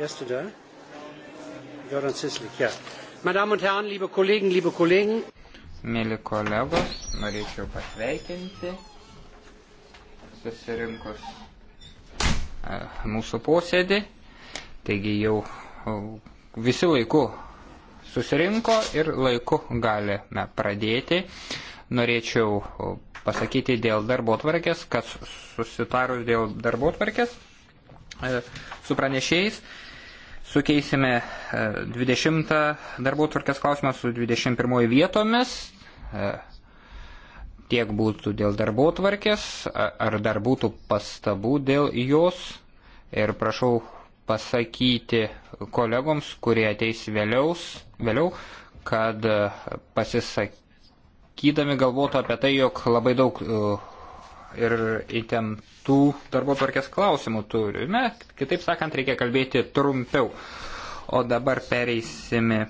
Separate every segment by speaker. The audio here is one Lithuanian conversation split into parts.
Speaker 1: erste da? Jordan Sislik, ja. Madame und Herren, liebe Kollegen, liebe Kollegen. Mėly kolegos, norėčiau pasveikinti susirinkus mūsų posėdį. Taigi jau visi laiku susirinko ir laiku galime pradėti. Norėčiau pasakyti dėl darbo tvarkės, kad susitarus dėl darbo tvarkės su pranešėjais sukeisime 20 e, darbų tvarkės klausimą su 21 vietomis. E, tiek būtų dėl darbų tvarkės, ar dar būtų pastabų dėl jos. Ir prašau pasakyti kolegoms, kurie ateis vėliaus, vėliau, kad e, pasisakydami galvotų apie tai, jog labai daug ir įtemptų darbo tvarkės klausimų turime. Kitaip sakant, reikia kalbėti trumpiau. O dabar pereisime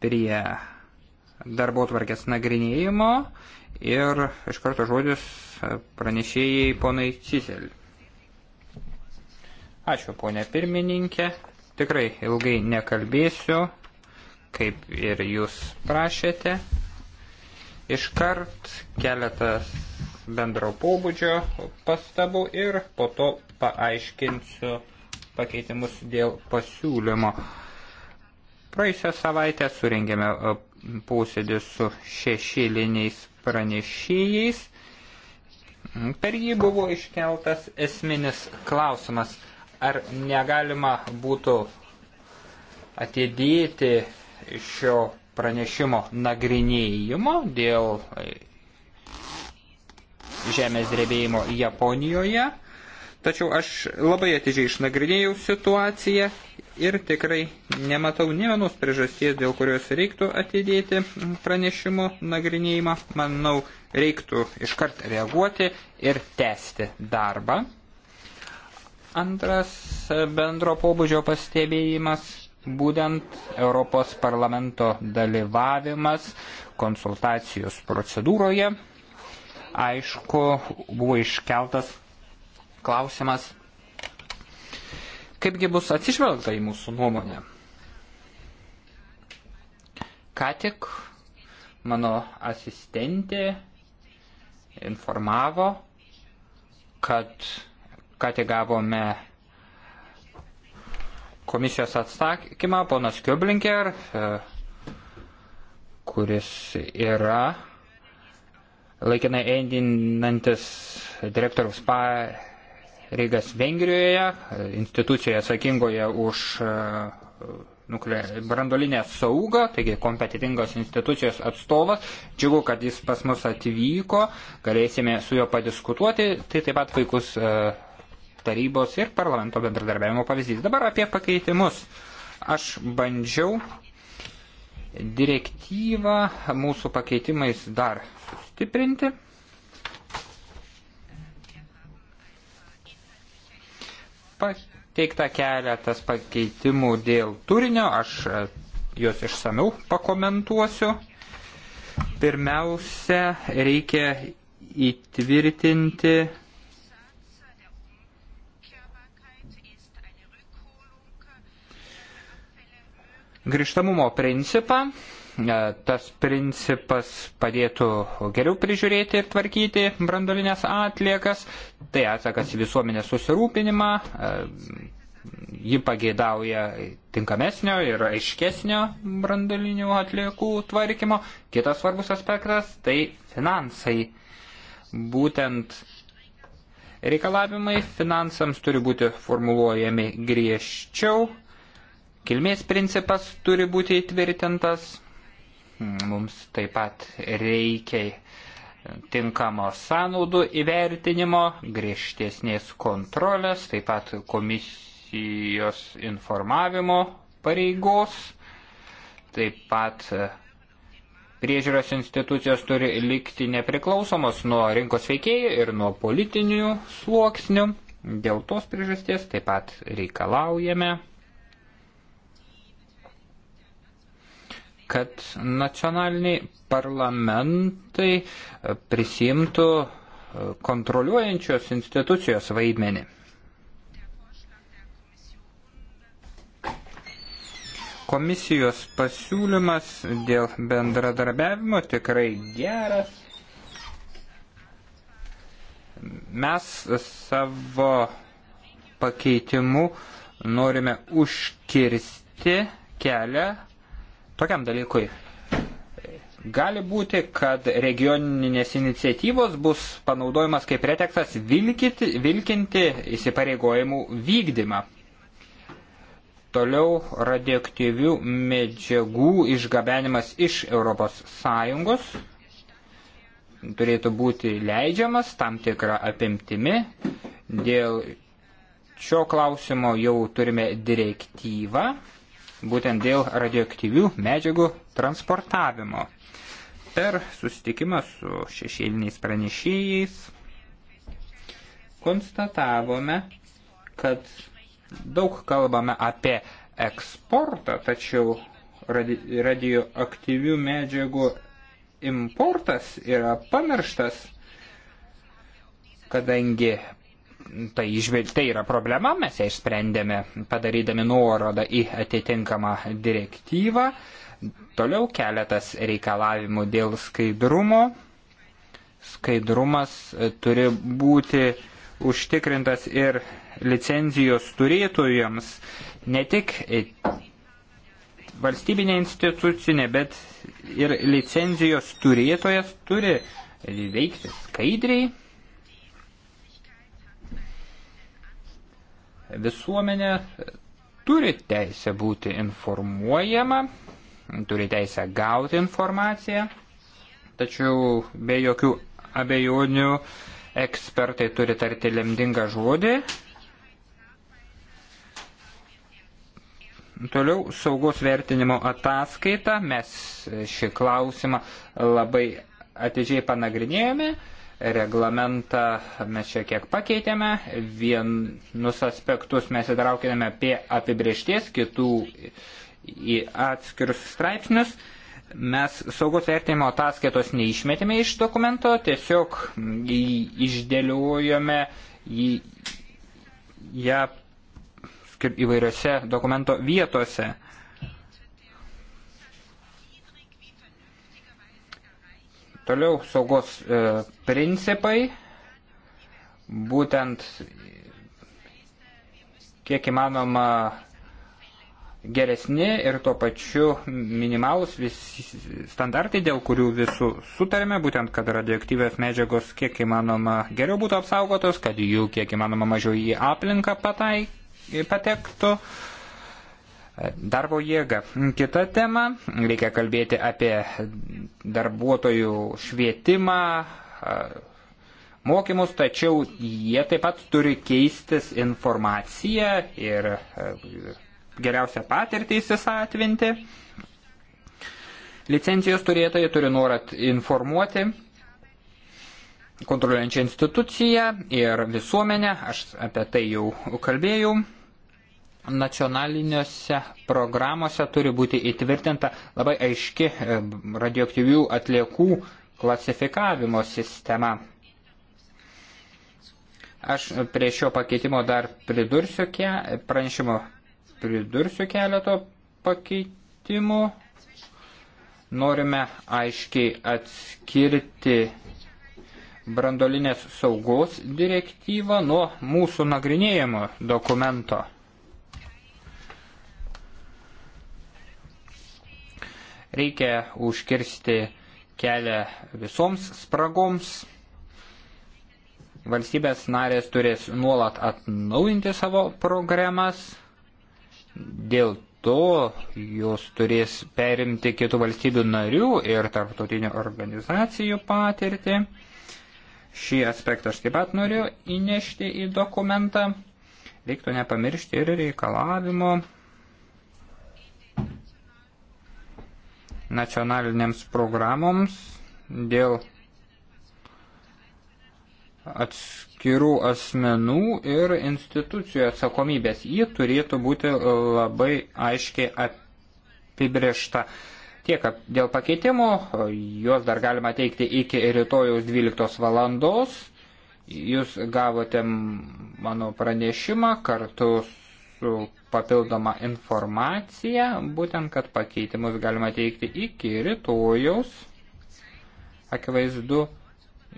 Speaker 1: prie darbo tvarkės nagrinėjimo ir iš karto žodis pranešėjai ponai Cizel. Ačiū ponė pirmininkė. Tikrai ilgai nekalbėsiu, kaip ir jūs prašėte. Iškart keletas bendro pobūdžio pastabų ir po to paaiškinsiu pakeitimus dėl pasiūlymo. Praėjusią savaitę surengėme e, posėdį su šešėliniais pranešėjais. Per jį buvo iškeltas esminis klausimas, ar negalima būtų atidėti šio pranešimo nagrinėjimo dėl žemės drebėjimo Japonijoje. Tačiau aš labai atidžiai išnagrinėjau situaciją ir tikrai nematau ne vienos priežasties, dėl kurios reiktų atidėti pranešimo nagrinėjimą. Manau, reiktų iškart reaguoti ir tęsti darbą. Antras bendro pobūdžio pastebėjimas - būtent Europos parlamento dalyvavimas konsultacijos procedūroje aišku, buvo iškeltas klausimas, kaipgi bus atsižvelgta į mūsų nuomonę. Ką tik mano asistentė informavo, kad ką tik gavome komisijos atsakymą, ponas Kioblinker, e, kuris yra laikinai einantis direktoriaus pareigas Vengrijoje, institucijoje atsakingoje už e, brandolinę saugą, taigi kompetitingos institucijos atstovas. Džiugu, kad jis pas mus atvyko, galėsime su juo padiskutuoti. Tai taip pat vaikus e, tarybos ir parlamento bendradarbiavimo pavyzdys. Dabar apie pakeitimus. Aš bandžiau direktyvą mūsų pakeitimais dar stiprinti. Pateikta keletas pakeitimų dėl turinio, aš e, juos išsamiau pakomentuosiu. Pirmiausia, reikia įtvirtinti grįžtamumo principą. E, tas principas padėtų geriau prižiūrėti ir tvarkyti brandolinės atliekas. Tai atsakas į visuomenės susirūpinimą. E, ji pageidauja tinkamesnio ir aiškesnio brandolinių atliekų tvarkymo. Kitas svarbus aspektas - tai finansai. Būtent reikalavimai finansams turi būti formuluojami griežčiau kilmės principas turi būti įtvirtintas. Mums taip pat reikia tinkamo sąnaudų įvertinimo, griežtesnės kontrolės, taip pat komisijos informavimo pareigos, taip pat priežiūros institucijos turi likti nepriklausomos nuo rinkos veikėjų ir nuo politinių sluoksnių. Dėl tos priežasties taip pat reikalaujame kad nacionaliniai parlamentai e, prisimtų e, kontroliuojančios institucijos vaidmenį. Komisijos pasiūlymas dėl bendradarbiavimo tikrai geras. Mes savo pakeitimu norime užkirsti kelią tokiam dalykui. Gali būti, kad regioninės iniciatyvos bus panaudojamas kaip pretekstas vilkiti, vilkinti įsipareigojimų vykdymą. Toliau radioaktyvių medžiagų išgabenimas iš ES turėtų būti leidžiamas tam tikrą apimtimi. Dėl šio klausimo jau turime direktyvą būtent dėl radioaktyvių medžiagų transportavimo. Per susitikimą su šešėliniais pranešėjais konstatavome, kad daug kalbame apie eksportą, tačiau radioaktyvių medžiagų importas yra pamirštas, kadangi tai išvelgta yra problema, mes ją išsprendėme padarydami nuorodą į atitinkamą direktyvą. Toliau keletas reikalavimų dėl skaidrumo. Skaidrumas e, turi būti užtikrintas ir licenzijos turėtojams, ne tik e, valstybinė institucinė, bet ir licenzijos turėtojas turi veikti skaidriai visuomenė turi teisę būti informuojama, turi teisę gauti informaciją, tačiau be jokių abejonių ekspertai turi tarti lemdingą žodį. Toliau saugos vertinimo ataskaita, mes šį klausimą labai atidžiai panagrinėjome reglamentą mes šiek tiek pakeitėme. Vienus aspektus mes įtraukėme apie apibriešties, kitų į atskirus straipsnius. Mes saugos vertinimo ataskaitos neišmetėme iš dokumento, tiesiog išdėliojome jį, ją įvairiose dokumento vietose. Toliau saugos e, principai, būtent kiek įmanoma geresni ir tuo pačiu minimalus visi standartai, dėl kurių visų sutarėme, būtent kad radioaktyvios medžiagos kiek įmanoma geriau būtų apsaugotos, kad jų kiek įmanoma mažiau į aplinką patai, patektų. E, Darbo jėga. Kita tema. Reikia kalbėti apie darbuotojų švietimą, mokymus, tačiau jie taip pat turi keistis informaciją ir geriausią patirtį įsisatvinti. Licencijos turėtojai turi nuorat informuoti kontroliuojančią instituciją ir visuomenę, aš apie tai jau kalbėjau nacionaliniuose programuose turi būti įtvirtinta labai aiški e, radioaktyvių atliekų klasifikavimo sistema. Aš prie šio pakeitimo dar pridursiu ke, pranešimo pridursiu keleto pakeitimų. Norime aiškiai atskirti brandolinės saugos direktyvą nuo mūsų nagrinėjimo dokumento. Reikia užkirsti kelią visoms spragoms. Valstybės narės turės nuolat atnaujinti savo programas. Dėl to jos turės perimti kitų valstybių narių ir tarptautinių organizacijų patirtį. Šį aspektą aš taip pat noriu įnešti į dokumentą. Reiktų nepamiršti ir reikalavimo nacionalinėms programoms dėl atskirų asmenų ir institucijų atsakomybės. Ji turėtų būti labai aiškiai apibriešta. Tiek dėl pakeitimų, juos dar galima teikti iki rytojaus 12 valandos. Jūs gavote mano pranešimą kartu su papildomą informaciją, būtent, kad pakeitimus galima teikti iki rytojaus. Akivaizdu,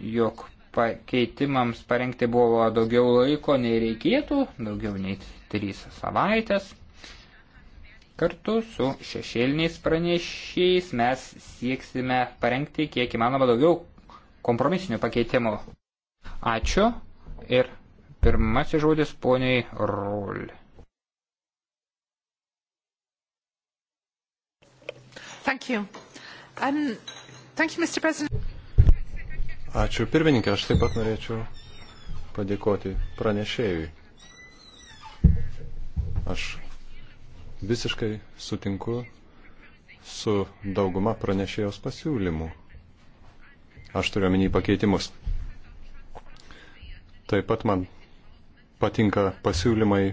Speaker 1: jog pakeitimams parengti buvo daugiau laiko nei reikėtų, daugiau nei trys savaitės. Kartu su šešėliniais pranešiais mes sieksime parengti kiek įmanoma daugiau kompromisinių pakeitimų. Ačiū ir pirmasis žodis poniai Rol.
Speaker 2: Thank you. Um, thank you, Mr. President.
Speaker 3: Ačiū pirmininkė, aš taip pat norėčiau padėkoti pranešėjui. Aš visiškai sutinku su dauguma pranešėjos pasiūlymų. Aš turiu omeny pakeitimus. Taip pat man patinka pasiūlymai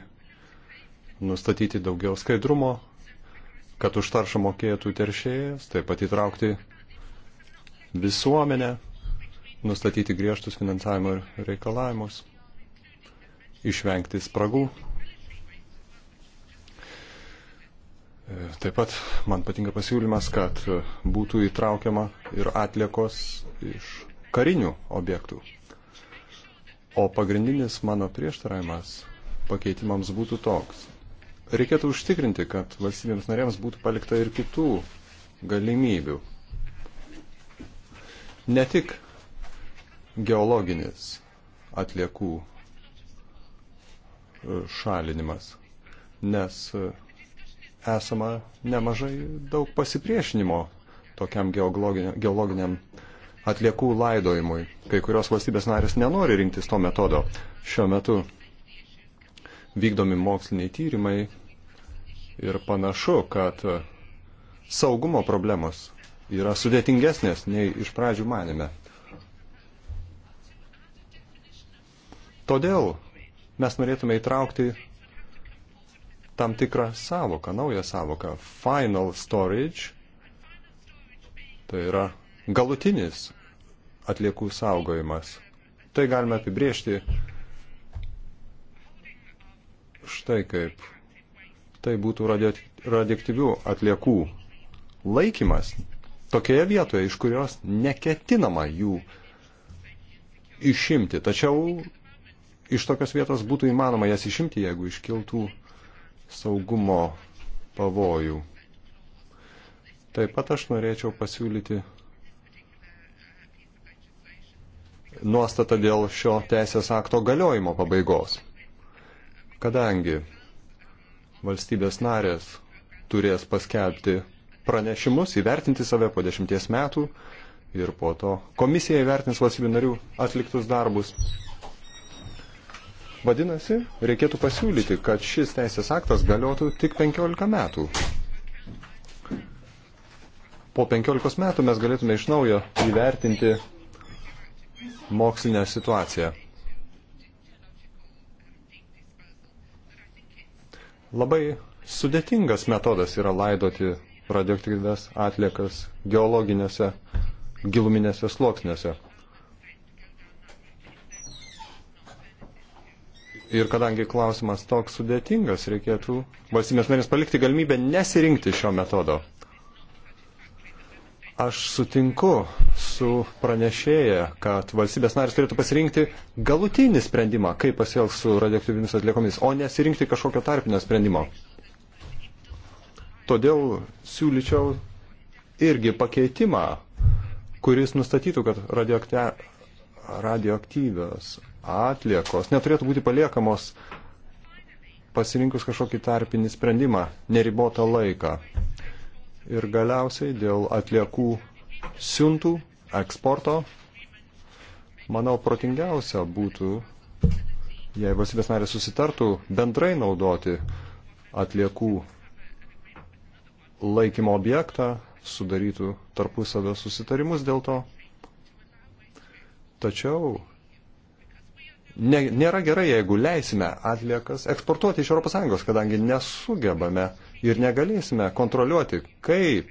Speaker 3: nustatyti daugiau skaidrumo kad už taršą mokėtų teršėjas, taip pat įtraukti visuomenę, nustatyti griežtus finansavimo reikalavimus, išvengti spragų. Taip pat man patinka pasiūlymas, kad būtų įtraukiama ir atliekos iš karinių objektų. O pagrindinis mano prieštaravimas pakeitimams būtų toks reikėtų užtikrinti, kad valstybėms narėms būtų palikta ir kitų galimybių. Ne tik geologinis atliekų e, šalinimas, nes e, esama nemažai daug pasipriešinimo tokiam geologiniam atliekų laidojimui. Kai kurios valstybės narės nenori rinktis to metodo šiuo metu vykdomi moksliniai tyrimai ir panašu, kad saugumo problemos yra sudėtingesnės nei iš pradžių manėme. Todėl mes norėtume įtraukti tam tikrą savoką, naują savoką - final storage, tai yra galutinis atliekų saugojimas. Tai galime apibriežti štai kaip. Tai būtų radioaktyvių atliekų laikymas tokioje vietoje, iš kurios neketinama jų išimti. Tačiau iš tokios vietos būtų įmanoma jas išimti, jeigu iškiltų saugumo pavojų. Taip pat aš norėčiau pasiūlyti nuostata dėl šio teisės akto galiojimo pabaigos kadangi valstybės narės turės paskelbti pranešimus, įvertinti save po dešimties metų ir po to komisija įvertins valstybių narių atliktus darbus. Vadinasi, reikėtų pasiūlyti, kad šis teisės aktas galiotų tik 15 metų. Po 15 metų mes galėtume iš naujo įvertinti mokslinę situaciją. Labai sudėtingas metodas yra laidoti radioaktyves atliekas geologinėse giluminėse sluoksniuose. Ir kadangi klausimas toks sudėtingas, reikėtų valstybės narės palikti galimybę nesirinkti šio metodo. Aš sutinku su pranešėja, kad valstybės narės turėtų pasirinkti galutinį sprendimą, kaip pasielgs su radioaktyvimis atliekomis, o nesirinkti kažkokio tarpinio sprendimo. Todėl siūlyčiau irgi pakeitimą, kuris nustatytų, kad radioakte... radioaktyvios atliekos neturėtų būti paliekamos pasirinkus kažkokį tarpinį sprendimą, neribotą laiką ir galiausiai dėl atliekų siuntų, eksporto, manau, protingiausia būtų, jei valstybės narės susitartų bendrai naudoti atliekų laikymo objektą, sudarytų tarpusavio susitarimus dėl to. Tačiau ne, nėra gerai, jeigu leisime atliekas eksportuoti iš ES, kadangi nesugebame ir negalėsime kontroliuoti, kaip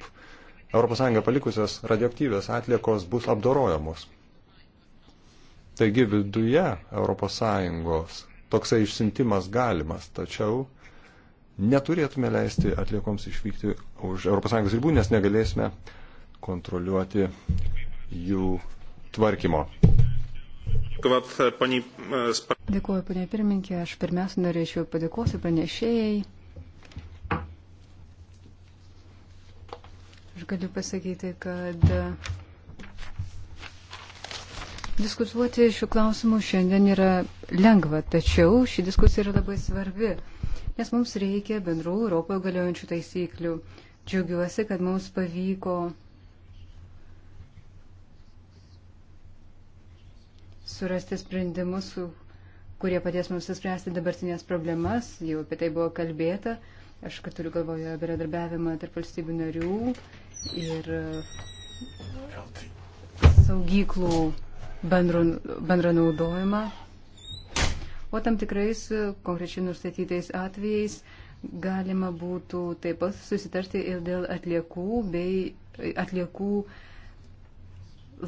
Speaker 3: ES palikusios radioaktyvios atliekos bus apdorojamos. Taigi viduje ES toksai išsintimas galimas, tačiau neturėtume leisti atliekoms išvykti už ES ribų, nes negalėsime kontroliuoti jų tvarkymo.
Speaker 1: Dėkuoju,
Speaker 2: panė pirmininkė. Aš pirmiausia norėčiau padėkoti pranešėjai Aš galiu pasakyti, kad e, diskutuoti šių klausimų šiandien yra lengva, tačiau ši diskusija yra labai svarbi, nes mums reikia bendrų Europoje galiojančių taisyklių. Džiaugiuosi, kad mums pavyko surasti sprendimus, kurie padės mums įspręsti dabartinės problemas, jau apie tai buvo kalbėta. Aš turiu galvoje bendradarbiavimą tarp valstybių narių ir e, saugyklų bendro, bendrą naudojimą, o tam tikrais e, konkrečiai nustatytais atvejais galima būtų taip pat susitarti ir dėl atliekų bei e, atliekų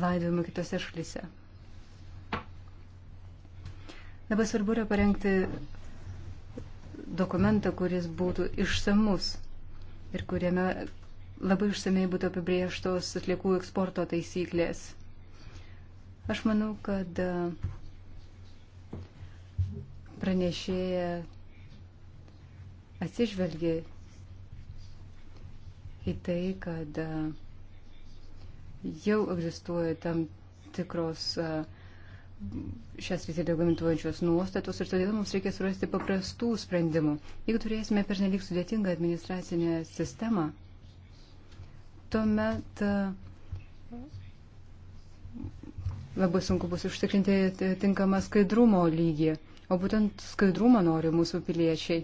Speaker 2: laidojimo kitose šalyse. Dabar svarbu yra parengti dokumentą, kuris būtų išsamus ir kuriame labai užsamei būtų apibrieštos atliekų eksporto taisyklės. Aš manau, kad e, pranešėja atsižvelgia į tai, kad e, jau egzistuoja tam tikros e, šias rytį reglamentuojančios nuostatos ir todėl mums reikia surasti paprastų sprendimų. Jeigu turėsime pernelyg sudėtingą administracinę sistemą, tuomet e, labai sunku bus užtikrinti tinkamą skaidrumo lygį, o būtent skaidrumą nori mūsų piliečiai.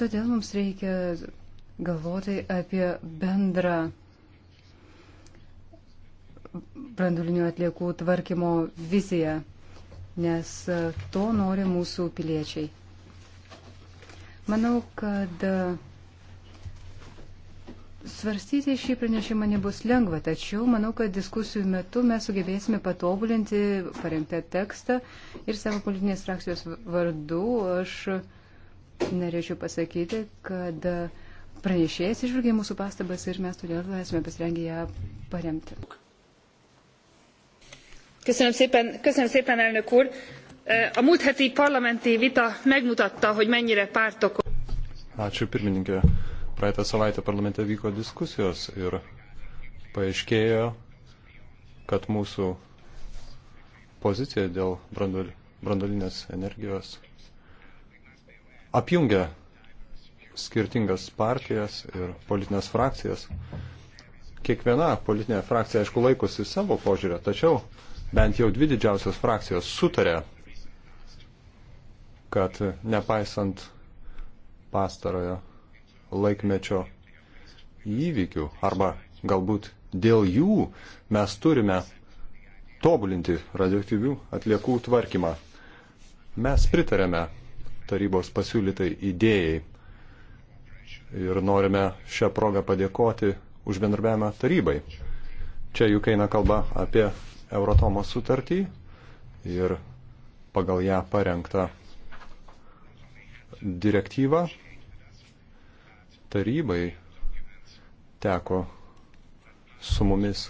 Speaker 2: Todėl mums reikia galvoti apie bendrą brandulinių atliekų tvarkymo viziją, nes e, to nori mūsų piliečiai. Manau, kad e, Svarstyti šį pranešimą nebus lengva, tačiau manau, kad diskusijų metu mes sugebėsime patobulinti parengtą tekstą ir savo politinės frakcijos vardu aš norėčiau pasakyti, kad pranešėjas išvirgė mūsų pastabas ir mes todėl esame pasirengę ją paremti.
Speaker 1: Köszönöm szépen, köszönöm szépen, elnök úr! A múlt heti parlamenti vita megmutatta,
Speaker 2: hogy mennyire pártok.
Speaker 3: Ačiū pirmininkė. Praeitą savaitę parlamente vyko diskusijos ir paaiškėjo, kad mūsų pozicija dėl brandolinės energijos apjungia skirtingas partijas ir politinės frakcijas. Kiekviena politinė frakcija, aišku, laikosi savo požiūrio, tačiau bent jau dvi didžiausios frakcijos sutarė, kad nepaisant pastarojo laikmečio įvykių arba galbūt dėl jų mes turime tobulinti radioaktyvių atliekų tvarkymą. Mes pritarėme tarybos pasiūlytai idėjai ir norime šią progą padėkoti už bendrabiavimą tarybai. Čia juk eina kalba apie Eurotomo sutartį ir pagal ją parengtą direktyvą tarybai teko su mumis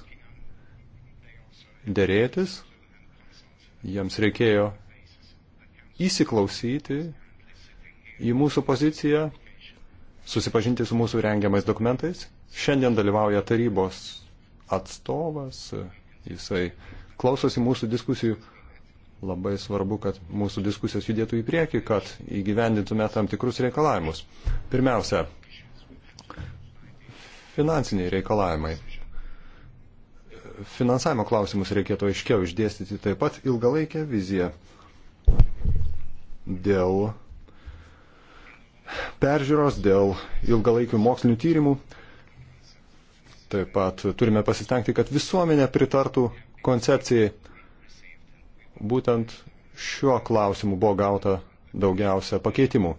Speaker 3: dėrėtis, jiems reikėjo įsiklausyti į mūsų poziciją, susipažinti su mūsų rengiamais dokumentais. Šiandien dalyvauja tarybos atstovas, jisai klausosi mūsų diskusijų. Labai svarbu, kad mūsų diskusijos judėtų į priekį, kad įgyvendintume tam tikrus reikalavimus. Pirmiausia, finansiniai reikalavimai. Finansavimo klausimus reikėtų aiškiau išdėstyti taip pat ilgalaikę viziją dėl peržiūros, dėl ilgalaikių mokslinių tyrimų. Taip pat turime pasistengti, kad visuomenė pritartų koncepcijai. Būtent šiuo klausimu buvo gauta daugiausia pakeitimų.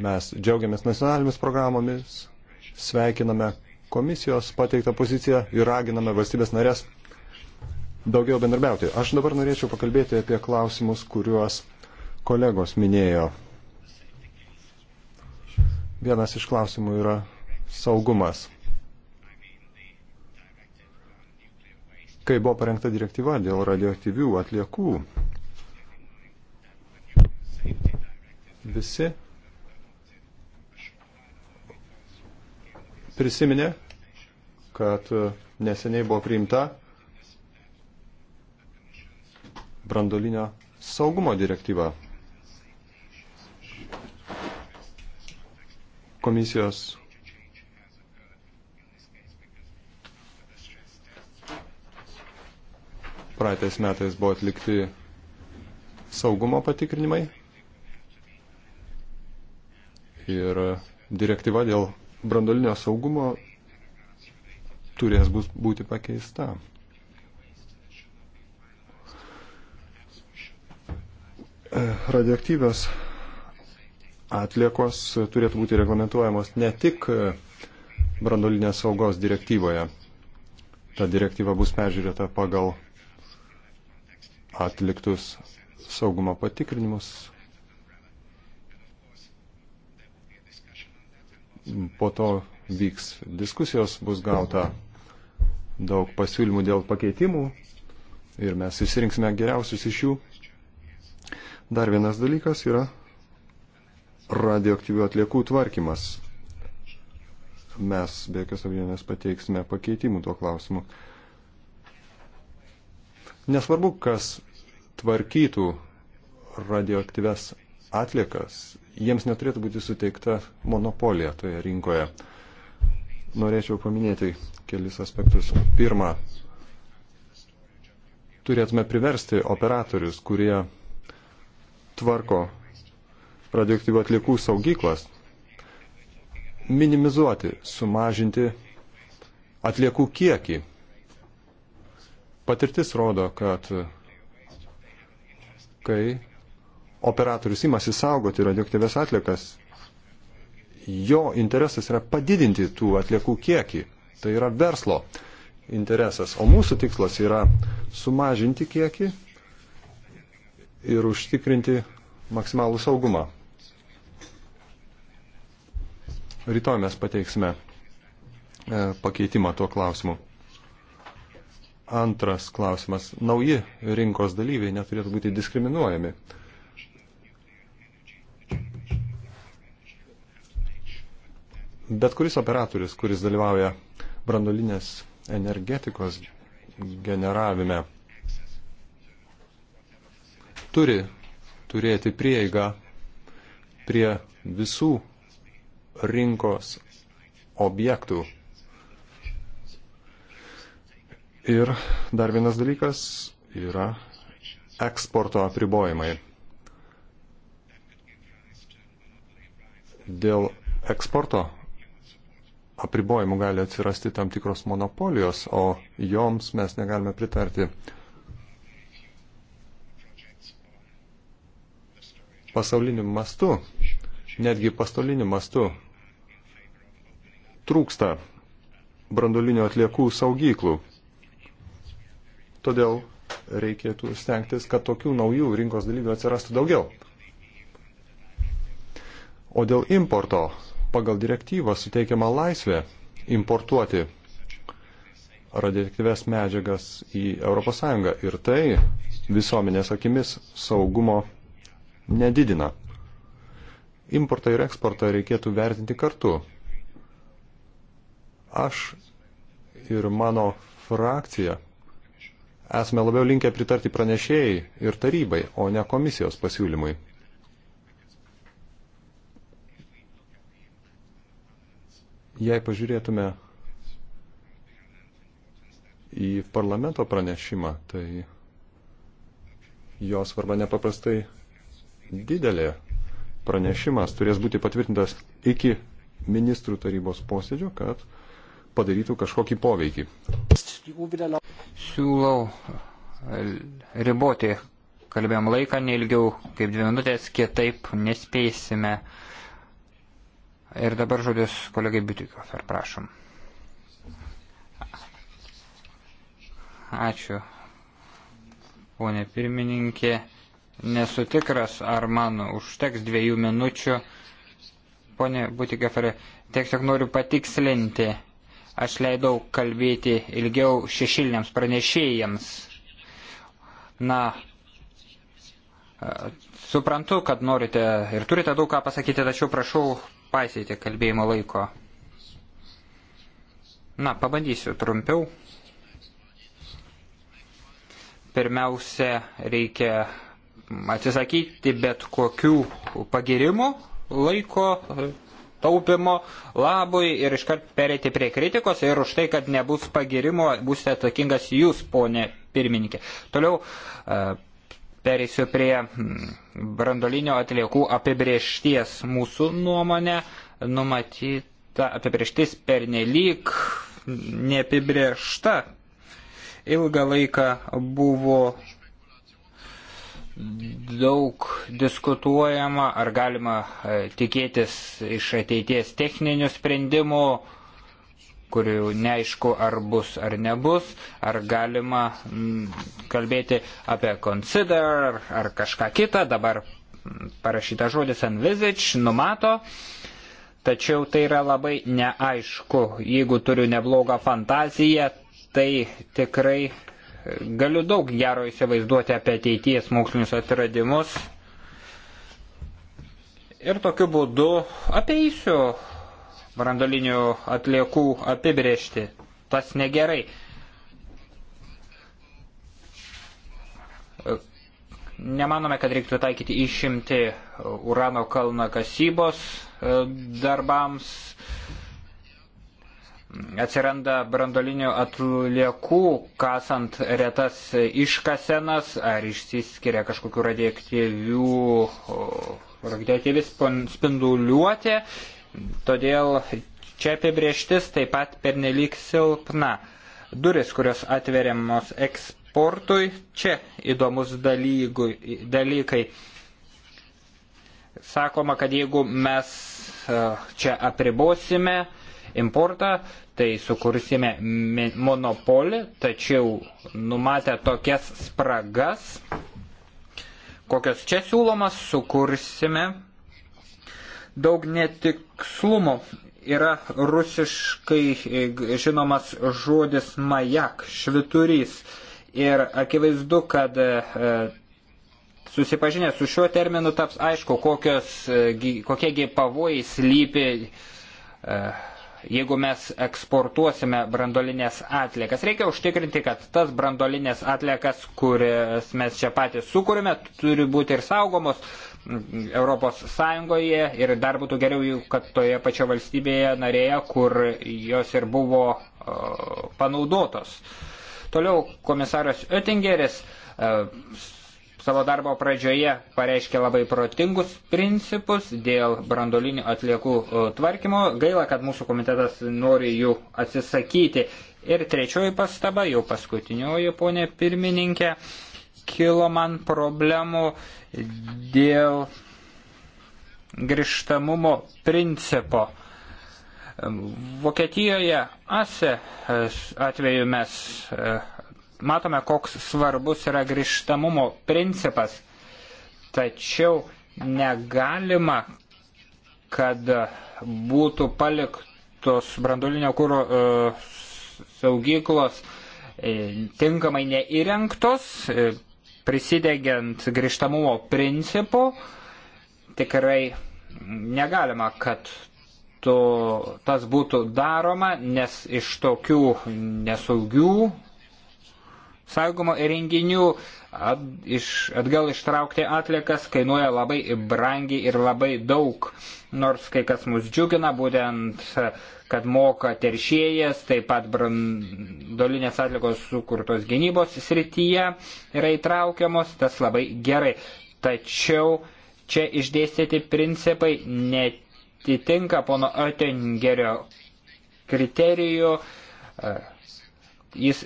Speaker 3: Mes džiaugiamės nacionalinėmis programomis, Sveikiname komisijos pateiktą poziciją ir raginame valstybės narės daugiau bendarbiauti. Aš dabar norėčiau pakalbėti apie klausimus, kuriuos kolegos minėjo. Vienas iš klausimų yra saugumas. Kai buvo parengta direktyva dėl radioaktyvių atliekų, visi prisiminė, kad e, neseniai buvo priimta brandolinio saugumo direktyva. Komisijos praeitais metais buvo atlikti saugumo patikrinimai ir direktyva dėl brandolinio saugumo turės bus būti pakeista. Radioaktyvios atliekos turėtų būti reglamentuojamos ne tik brandolinės saugos direktyvoje. Ta direktyva bus peržiūrėta pagal atliktus saugumo patikrinimus po to vyks diskusijos, bus gauta daug pasiūlymų dėl pakeitimų ir mes išsirinksime geriausius iš jų. Dar vienas dalykas yra radioaktyvių atliekų tvarkymas. Mes be jokios abejonės pateiksime pakeitimų tuo klausimu. Nesvarbu, kas tvarkytų radioaktyves atliekas, jiems neturėtų būti suteikta monopolija toje rinkoje. Norėčiau paminėti kelis aspektus. Pirma, turėtume priversti operatorius, kurie tvarko radioaktyvių atliekų saugyklas, minimizuoti, sumažinti atliekų kiekį. Patirtis rodo, kad kai operatorius imasi saugoti radioaktyves atliekas, jo interesas yra padidinti tų atliekų kiekį. Tai yra verslo interesas. O mūsų tikslas yra sumažinti kiekį ir užtikrinti maksimalų saugumą. Rytoj mes pateiksime e, pakeitimą tuo klausimu. Antras klausimas. Nauji rinkos dalyviai neturėtų būti diskriminuojami. Bet kuris operatorius, kuris dalyvauja brandolinės energetikos generavime, turi turėti prieigą prie visų rinkos objektų. Ir dar vienas dalykas yra eksporto apribojimai. Dėl eksporto apribojimų gali atsirasti tam tikros monopolijos, o joms mes negalime pritarti. Pasauliniu mastu, netgi pastoliniu mastu trūksta brandolinio atliekų saugyklų. Todėl reikėtų stengtis, kad tokių naujų rinkos dalyvių atsirastų daugiau. O dėl importo pagal direktyvą suteikiama laisvė importuoti radioaktyves medžiagas į ES ir tai visuomenės akimis saugumo nedidina. Importą ir eksportą reikėtų vertinti kartu. Aš ir mano frakcija esame labiau linkę pritarti pranešėjai ir tarybai, o ne komisijos pasiūlymui. Jei pažiūrėtume į parlamento pranešimą, tai jo svarba nepaprastai didelė. Pranešimas turės būti patvirtintas iki ministrų tarybos posėdžio, kad padarytų kažkokį poveikį.
Speaker 1: Siūlau e, riboti kalbėjom laiką neilgiau kaip dvi minutės, kitaip nespėsime Ir dabar žodis kolegai Biutikofer, prašom. Ačiū, ponė pirmininkė. Nesu tikras, ar man užteks dviejų minučių. Pone Butikofer, tiek tik noriu patikslinti. Aš leidau kalbėti ilgiau šešiliniams pranešėjams. Na, e, suprantu, kad norite ir turite daug ką pasakyti, tačiau prašau paisyti kalbėjimo laiko. Na, pabandysiu trumpiau. Pirmiausia, reikia atsisakyti bet kokių pagirimų laiko taupimo labui ir iškart perėti prie kritikos ir už tai, kad nebus pagirimo, būsite atsakingas jūs, ponė pirmininkė. Toliau e, Perėsiu prie mm, brandolinio atliekų apibriešties mūsų nuomonę. Numatyta apibrieštis pernelyg neapibriešta. Ilgą laiką buvo daug diskutuojama, ar galima e, tikėtis iš ateities techninių sprendimų kurių neaišku ar bus ar nebus, ar galima mm, kalbėti apie consider ar kažką kitą, dabar parašyta žodis envisage, numato, tačiau tai yra labai neaišku, jeigu turiu neblogą fantaziją, tai tikrai galiu daug gero įsivaizduoti apie ateities mokslinius atradimus. Ir tokiu būdu apeisiu brandolinių atliekų apibrėžti. Tas negerai. Nemanome, kad reiktų taikyti išimti urano kalną kasybos e, darbams. Atsiranda brandolinių atliekų, kasant retas iškasenas ar išsiskiria kažkokiu radioaktyvių radioaktyvi spinduliuotė Todėl čia apibrieštis taip pat pernelyg silpna. Duris, kurios atveriamos eksportui, čia įdomus dalygų, dalykai. Sakoma, kad jeigu mes e, čia apribosime importą, tai sukursime monopolį, tačiau numatę tokias spragas, kokios čia siūlomas, sukursime daug netikslumo. Yra rusiškai e, žinomas žodis majak, šviturys. Ir akivaizdu, kad e, susipažinę su šiuo terminu taps aišku, kokios, e, kokiegi pavojai slypi, jeigu mes eksportuosime brandolinės atliekas. Reikia užtikrinti, kad tas brandolinės atliekas, kurias mes čia patys sukūrime, turi būti ir saugomos, Europos Sąjungoje ir dar būtų geriau, kad toje pačioje valstybėje narėje, kur jos ir buvo panaudotos. Toliau komisaras Oettingeris e, savo darbo pradžioje pareiškė labai protingus principus dėl brandolinių atliekų tvarkymo. Gaila, kad mūsų komitetas nori jų atsisakyti. Ir trečioji pastaba, jau paskutinioji, ponė pirmininkė. Uh, kilo man problemų dėl grįžtamumo principo. Vokietijoje ASE atveju mes e, matome, koks svarbus yra grįžtamumo principas, tačiau negalima, kad būtų paliktos brandulinio kūro e, saugyklos e, tinkamai neįrengtos, prisidegiant grįžtamumo principu, tikrai negalima, kad to, tas būtų daroma, nes iš tokių nesaugių saugumo įrenginių at, iš, atgal ištraukti atlikas kainuoja labai brangiai ir labai daug. Nors kai kas mus džiugina, būtent, kad moka teršėjas, taip pat bran, dalinės atlikos sukurtos gynybos srityje yra įtraukiamos, tas labai gerai. Tačiau čia išdėstyti principai netitinka pono Oettingerio kriterijų. Jis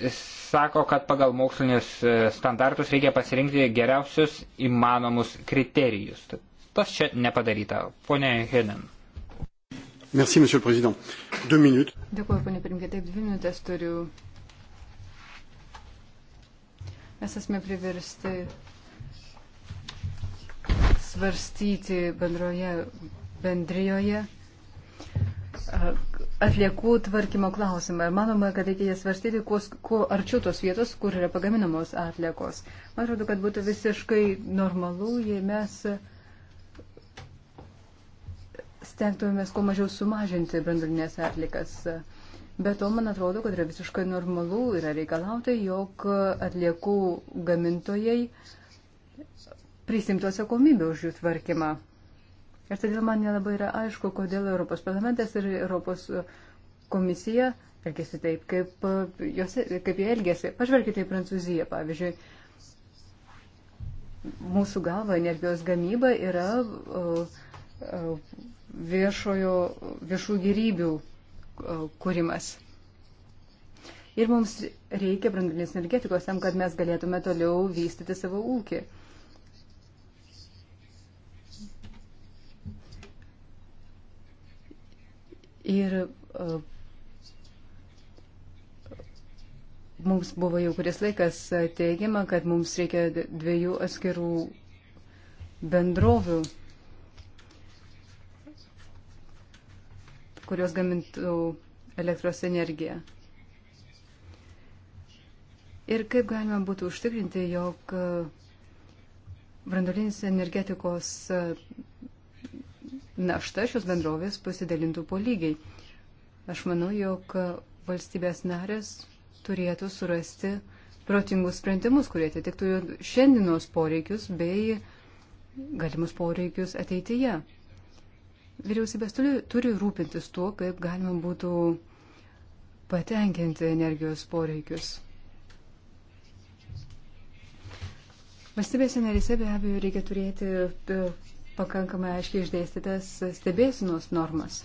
Speaker 1: sako, kad pagal mokslinius standartus reikia pasirinkti geriausius įmanomus kriterijus. Tas čia nepadaryta. Pone Henin. Merci, monsieur le président. Deux minutes.
Speaker 2: Dėkuoju, ponė pirmininkė, taip dvi minutės turiu mes esame priversti svarstyti bendroje bendrijoje atliekų tvarkymo klausimą. Ir manoma, kad reikia jas svarstyti, kuo, kuo arčiau tos vietos, kur yra pagaminamos atliekos. Man atrodo, kad būtų visiškai normalu, jei mes stengtumėmės kuo mažiau sumažinti brandulinės atlikas. Uh, Be to, man atrodo, kad yra visiškai normalu, yra reikalauti, jog atliekų gamintojai prisimtų atsakomybę už jų tvarkymą. Ir todėl man nelabai yra aišku, kodėl Europos parlamentas ir Europos komisija elgesi taip, kaip, jos, kaip jie elgesi. Pažvelkite į Prancūziją, pavyzdžiui. Mūsų galva energijos gamyba yra o, uh, o, uh, viešojo, viešų gyrybių kūrimas. Ir mums reikia branduolinės energetikos tam, kad mes galėtume toliau vystyti savo ūkį. Ir uh, mums buvo jau kuris laikas teigiama, kad mums reikia dviejų atskirų bendrovių kurios gamintų elektros energiją. Ir kaip galima būtų užtikrinti, jog e, brandolinis energetikos e, našta šios bendrovės pasidalintų po lygiai. Aš manau, jog e, valstybės narės turėtų surasti protingus sprendimus, kurie atitiktų šiandienos poreikius bei galimus poreikius ateityje. Vyriausybės turi, turi rūpintis tuo, kaip galima būtų patenkinti energijos poreikius. Valstybėse narise be abejo reikia turėti e, pakankamai aiškiai išdėstytas stebėsinos normas.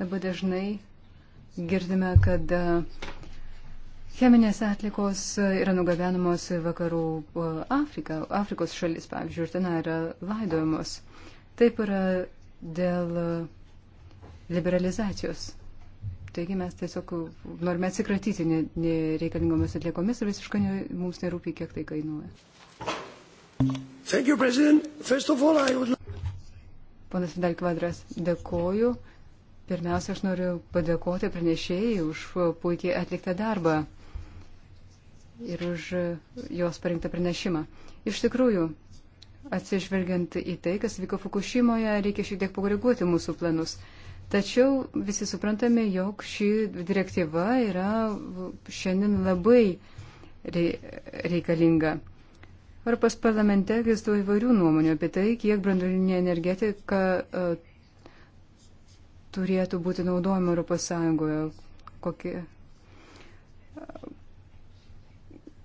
Speaker 2: Labai dažnai girdime, kad e, Cheminės atlikos yra nugabenamos į vakarų Afriką, Afrikos šalis, pavyzdžiui, ir ten yra laidojamos. Taip yra dėl liberalizacijos. Taigi mes tiesiog norime atsikratyti nereikalingomis atliekomis ir visiškai mums nerūpi, kiek tai kainuoja.
Speaker 3: You, all,
Speaker 2: would... Ponas Vidal Kvadras, dėkoju. Pirmiausia, aš noriu padėkoti pranešėjai už puikiai atliktą darbą ir už jos parinktą pranešimą. Iš tikrųjų, atsižvelgiant į tai, kas vyko Fukushimoje, reikia šiek tiek pakoreguoti mūsų planus. Tačiau visi suprantame, jog ši direktyva yra šiandien labai reikalinga. Europos parlamente egzistuoja įvairių nuomonių apie tai, kiek branduolinė energetika e, turėtų būti naudojama Europos Sąjungoje, kokie,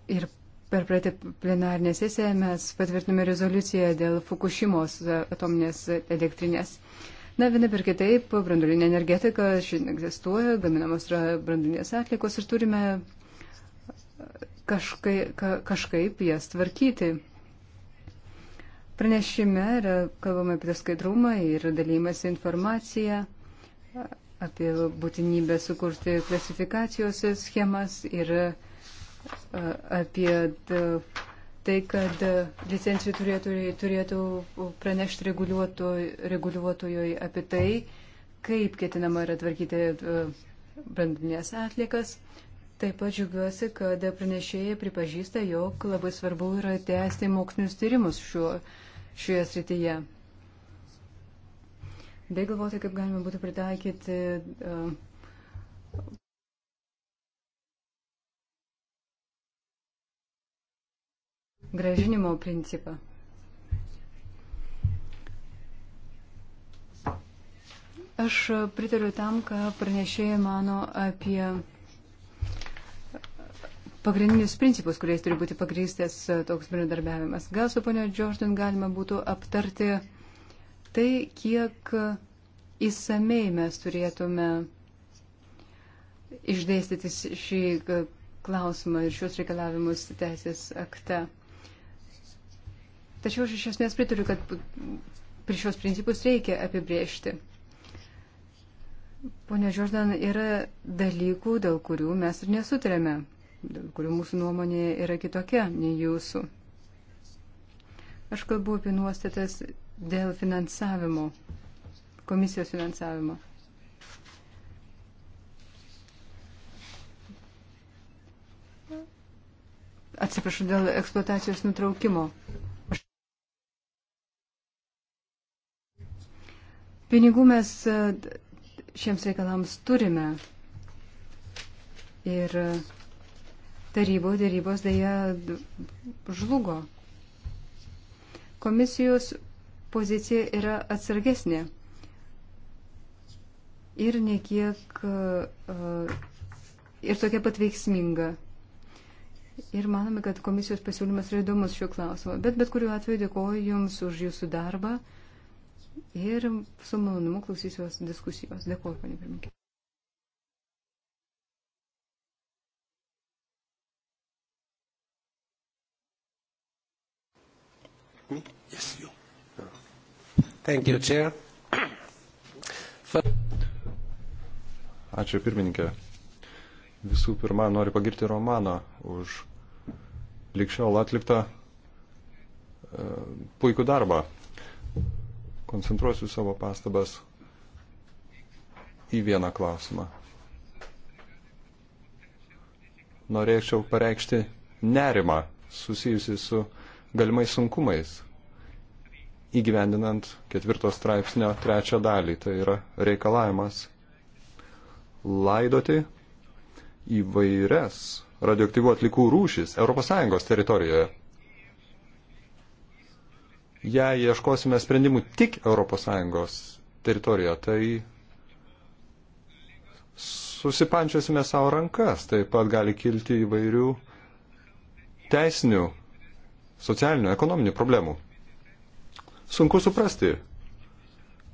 Speaker 2: Ir per praeitą plenarinę sesiją mes patvirtinome rezoliuciją dėl Fukushimos atominės elektrinės. Na, viena per kitaip, brandulinė energetika šiandien egzistuoja, gaminamos yra brandulinės atlikos ir turime e, kažkai, ka, kažkaip jas tvarkyti. Pranešime yra kalbama apie skaidrumą ir dalymas informaciją, e, apie būtinybę sukurti klasifikacijos schemas ir uh, apie tai, kad licencijų turėtojai turėtų pranešti reguliuotojui apie tai, kaip ketinama yra tvarkyti brandinės atlikas. Taip pat džiugiuosi, kad pranešėjai pripažįsta, jog labai svarbu yra tęsti mokslinius tyrimus šiuo, šioje srityje. Bei galvoti, kaip galima būtų pritaikyti uh, gražinimo principą. Aš pritariu tam, ką pranešėjai mano apie pagrindinius principus, kuriais turi būti pagrystas toks bendradarbiavimas. Gal su ponia Džordžin galima būtų aptarti tai, kiek įsamei mes turėtume išdėstyti šį klausimą ir šios reikalavimus teisės akte. Tačiau aš iš esmės pritariu, kad prie šios principus reikia apibriežti. Pone Žordan, yra dalykų, dėl kurių mes ir nesutarėme, dėl kurių mūsų nuomonė yra kitokia nei jūsų. Aš kalbu apie nuostatas dėl finansavimo, komisijos finansavimo. Atsiprašau, dėl eksploatacijos nutraukimo. Pinigų mes e, šiems reikalams turime. Ir e, tarybų dėrybos dėja žlugo. Komisijos pozicija yra atsargesnė ir nekiek e, ir tokia pat veiksminga. Ir manome, kad komisijos pasiūlymas yra įdomus šiuo klausimu. Bet bet kuriuo atveju dėkoju Jums už Jūsų darbą ir su malonumu klausysiuos diskusijos. Dėkuoju, panė pirmininkė.
Speaker 1: Me? Hmm? Yes, you. No. Thank you, Chair.
Speaker 3: Ačiū pirmininkė. Visų pirma, noriu pagirti Romaną už likščiol atliktą e, puikų darbą koncentruosiu savo pastabas į vieną klausimą. Norėčiau pareikšti nerimą susijusi su galimais sunkumais įgyvendinant ketvirto straipsnio trečią dalį. Tai yra reikalavimas laidoti įvairias radioaktyvų atlikų rūšis ES teritorijoje jei ieškosime sprendimų tik ES teritorijoje, tai susipančiosime savo rankas. Taip pat gali kilti įvairių teisinių, socialinių, ekonominių problemų. Sunku suprasti,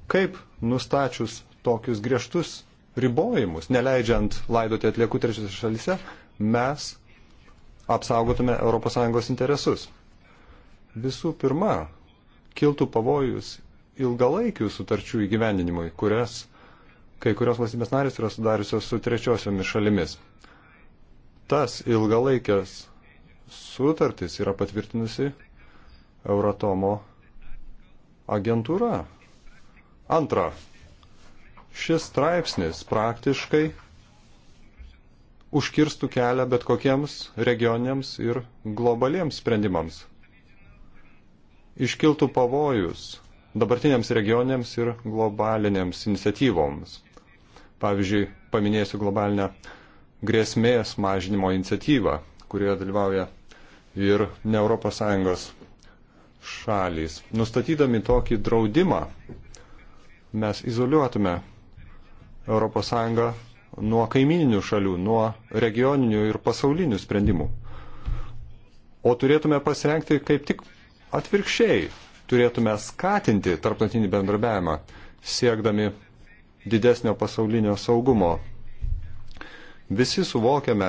Speaker 3: kaip nustačius tokius griežtus ribojimus, neleidžiant laidoti atliekų trečiose šalise, mes apsaugotume ES interesus. Visų pirma, kiltų pavojus ilgalaikių sutarčių įgyvendinimui, kurias kai kurios valstybės narės yra sudariusios su trečiosiomis šalimis. Tas ilgalaikės sutartis yra patvirtinusi Euratomo agentūra. Antra, šis straipsnis praktiškai užkirstų kelią bet kokiems regioniniams ir globaliems sprendimams iškiltų pavojus dabartiniams regioniams ir globaliniams iniciatyvoms. Pavyzdžiui, paminėsiu globalinę grėsmės mažinimo iniciatyvą, kurioje dalyvauja ir ne ES šalys. Nustatydami tokį draudimą, mes izoliuotume ES nuo kaimininių šalių, nuo regioninių ir pasaulinių sprendimų. O turėtume pasirengti kaip tik Atvirkščiai turėtume skatinti tarptautinį bendrabiavimą, siekdami didesnio pasaulinio saugumo. Visi suvokiame,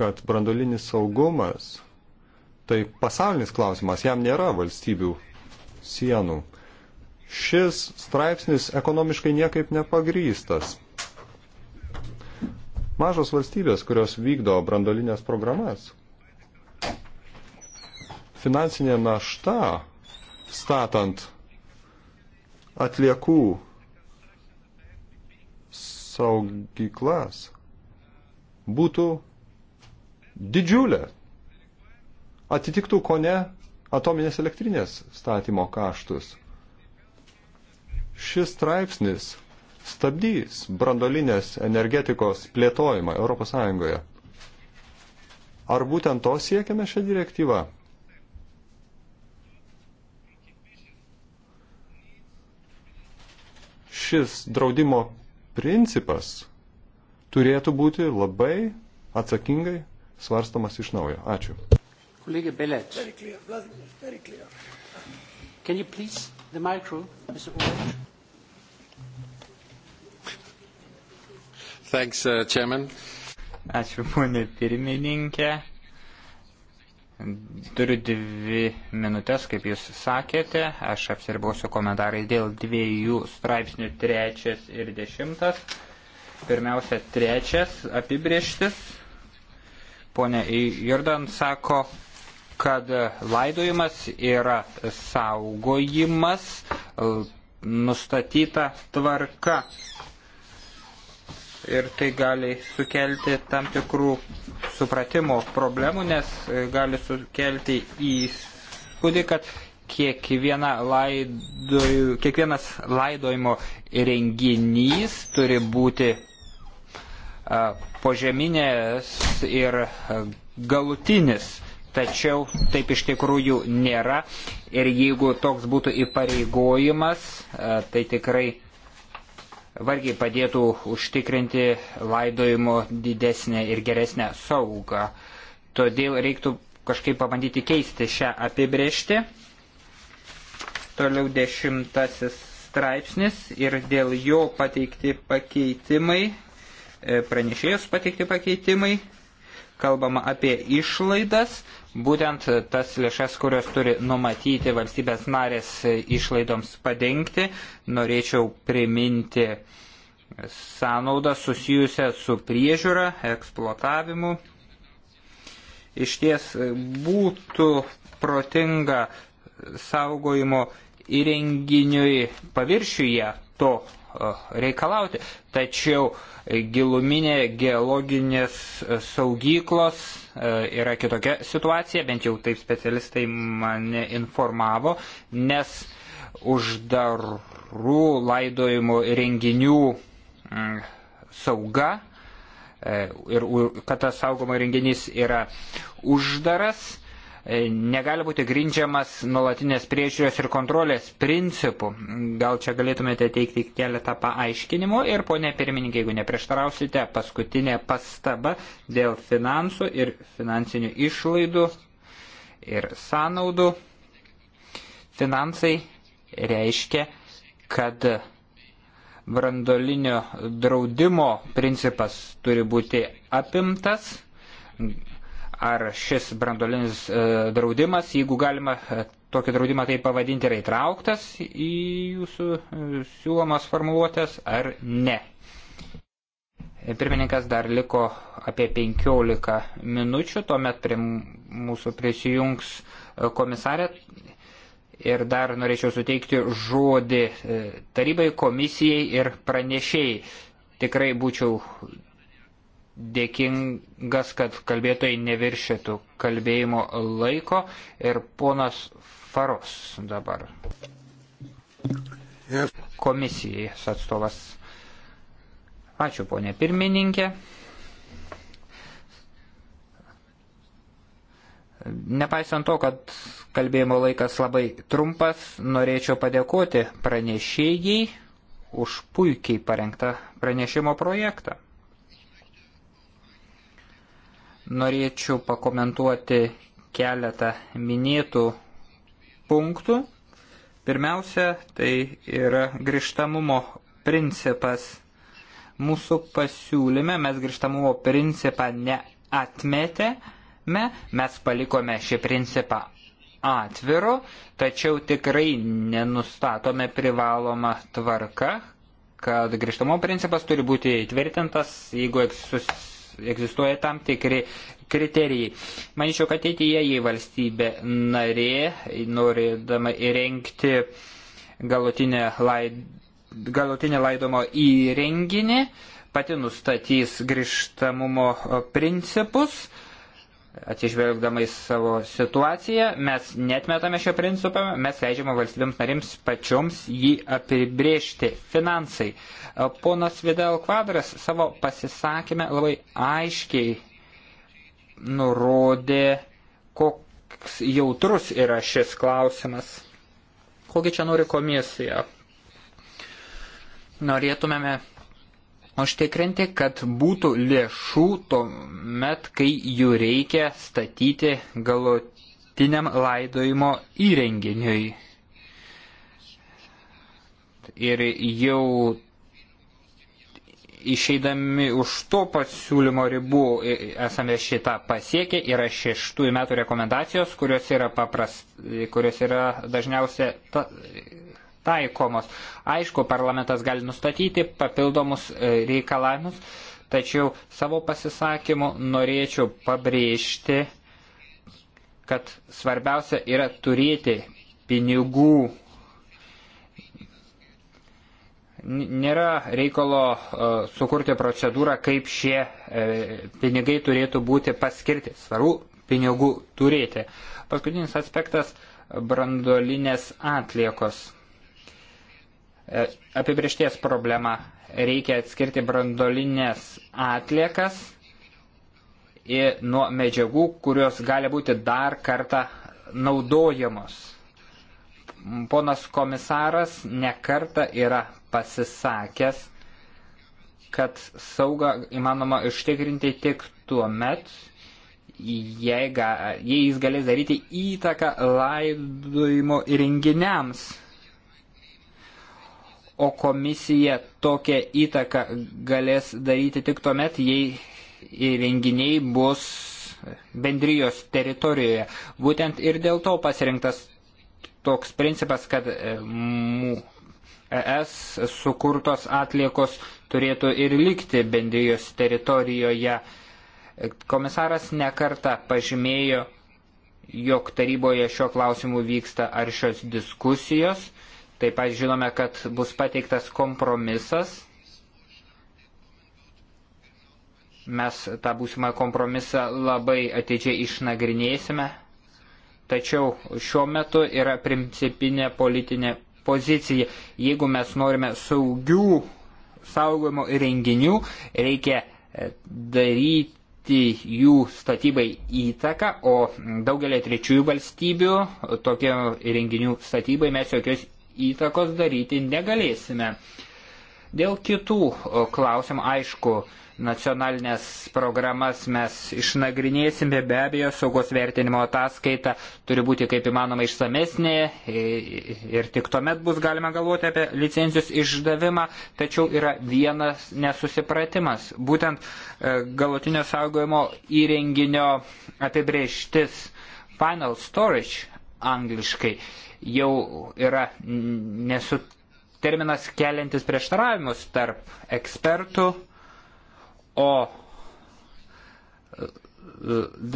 Speaker 3: kad brandolinis saugumas tai pasaulinis klausimas, jam nėra valstybių sienų. Šis straipsnis ekonomiškai niekaip nepagrystas. Mažos valstybės, kurios vykdo brandolinės programas, finansinė našta statant atliekų saugyklas būtų didžiulė, atitiktų ko ne atominės elektrinės statymo kaštus. Šis straipsnis stabdys brandolinės energetikos plėtojimą ES. Ar būtent to siekiame šią direktyvą? šis draudimo principas turėtų būti labai atsakingai svarstamas iš naujo. Ačiū.
Speaker 1: Kolegė Belet. Very clear, Vladimir, very clear. Can you please the micro, Mr. Ulrich? Thanks, uh, Chairman. Ačiū, ponė pirmininkė. Turiu dvi minutės, kaip jūs sakėte. Aš apsiribosiu komentarai dėl dviejų straipsnių trečias ir dešimtas. Pirmiausia, trečias apibrieštis. Pone Jordan sako, kad laidojimas yra saugojimas nustatyta tvarka ir tai gali sukelti tam tikrų supratimo problemų, nes e, gali sukelti įspūdį, kad kiekviena laidoju, kiekvienas laidojimo renginys turi būti požeminės ir galutinis. Tačiau taip iš tikrųjų nėra ir jeigu toks būtų įpareigojimas, tai tikrai vargiai padėtų užtikrinti laidojimo didesnę ir geresnę saugą. Todėl reiktų kažkaip pabandyti keisti šią apibrėžtį. Toliau dešimtasis straipsnis ir dėl jo pateikti pakeitimai, e, pranešėjos pateikti pakeitimai kalbama apie išlaidas, būtent tas lėšas, kurios turi numatyti valstybės narės išlaidoms padengti. Norėčiau priminti sąnaudą susijusią su priežiūra, eksploatavimu. Iš ties būtų protinga saugojimo įrenginiui paviršiuje to Eh, reikalauti. Tačiau giluminė geologinės eh, saugyklos eh, yra kitokia situacija, bent jau taip specialistai mane informavo, nes uždarų laidojimo renginių mm, sauga ir kad tas saugomo renginys yra uždaras, E, negali būti grindžiamas nuolatinės priežiūros ir kontrolės principų. Gal čia galėtumėte teikti keletą paaiškinimų ir, ponė pirmininkė, jeigu neprieštarausite, paskutinė pastaba dėl finansų ir finansinių išlaidų ir sąnaudų. Finansai reiškia, kad brandolinio draudimo principas turi būti apimtas ar šis brandolinis e, draudimas, jeigu galima e, tokį draudimą tai pavadinti, yra įtrauktas į jūsų e, siūlomas formuluotės ar ne. Pirmininkas dar liko apie 15 minučių, tuomet prie mūsų prisijungs komisarė ir dar norėčiau suteikti žodį tarybai, komisijai ir pranešėjai. Tikrai būčiau dėkingas, kad kalbėtojai neviršėtų kalbėjimo laiko. Ir ponas Faros dabar. Komisijai atstovas. Ačiū, ponė pirmininkė. Nepaisant to, kad kalbėjimo laikas labai trumpas, norėčiau padėkoti pranešėjai už puikiai parengtą pranešimo projektą norėčiau pakomentuoti keletą minėtų punktų. Pirmiausia, tai yra grįžtamumo principas. Mūsų pasiūlyme mes grįžtamumo principą neatmetėme, mes palikome šį principą atviro, tačiau tikrai nenustatome privalomą tvarką, kad grįžtamo principas turi būti įtvirtintas, jeigu egzistuoja tam tikri kriterijai. Manyčiau, kad ateityje jei valstybė narė, norėdama įrengti galutinę, laid, galutinę laidomo įrenginį, pati nustatys grįžtamumo principus, atsižvelgdamai savo situaciją, mes netmetame šio principą, mes leidžiame valstybėms narims pačioms jį apibriežti finansai. Ponas Vidal Kvadras savo pasisakymę labai aiškiai nurodė, koks jautrus yra šis klausimas. Kokį čia nori komisija? Norėtumėme užtikrinti, kad būtų lėšų tuomet, kai jų reikia statyti galutiniam laidojimo įrenginiui. Ir jau išeidami už to pasiūlymo ribų esame šitą pasiekę, yra šeštųjų metų rekomendacijos, kurios yra, paprast, kurios yra dažniausia ta, taikomos. Aišku, parlamentas gali nustatyti papildomus e, reikalavimus, tačiau savo pasisakymu norėčiau pabrėžti, kad svarbiausia yra turėti pinigų. Nėra reikalo e, sukurti procedūrą, kaip šie e, pinigai turėtų būti paskirti. Svaru pinigų turėti. Paskutinis aspektas - brandolinės atliekos. E, apibriešties problema. Reikia atskirti brandolinės atliekas nuo medžiagų, kurios gali būti dar kartą naudojamos. Ponas komisaras nekarta yra pasisakęs, kad saugą įmanoma ištikrinti tik tuo met, jei, jei jis galės daryti įtaką laidojimo įrenginiams o komisija tokią įtaką galės daryti tik tuomet, jei renginiai bus bendrijos teritorijoje. Būtent ir dėl to pasirinktas toks principas, kad e, ES sukurtos atliekos turėtų ir likti bendrijos teritorijoje. Komisaras nekarta pažymėjo, jog taryboje šio klausimu vyksta aršios diskusijos – Taip pat žinome, kad bus pateiktas kompromisas. Mes tą būsimą kompromisą labai atidžiai išnagrinėsime. Tačiau šiuo metu yra principinė politinė pozicija. Jeigu mes norime saugių saugojimo įrenginių, reikia e, daryti jų statybai įtaką, o daugelį trečiųjų valstybių tokio įrenginių statybai mes jokios įtakos daryti negalėsime. Dėl kitų klausimų, aišku, nacionalinės programas mes išnagrinėsime, be abejo, saugos vertinimo ataskaita turi būti kaip įmanoma išsamesnė ir tik tuomet bus galima galvoti apie licencijos išdavimą, tačiau yra vienas nesusipratimas. Būtent e, galutinio saugojimo įrenginio apibrieštis final storage angliškai jau yra nesu terminas keliantis prieštaravimus tarp ekspertų, o e,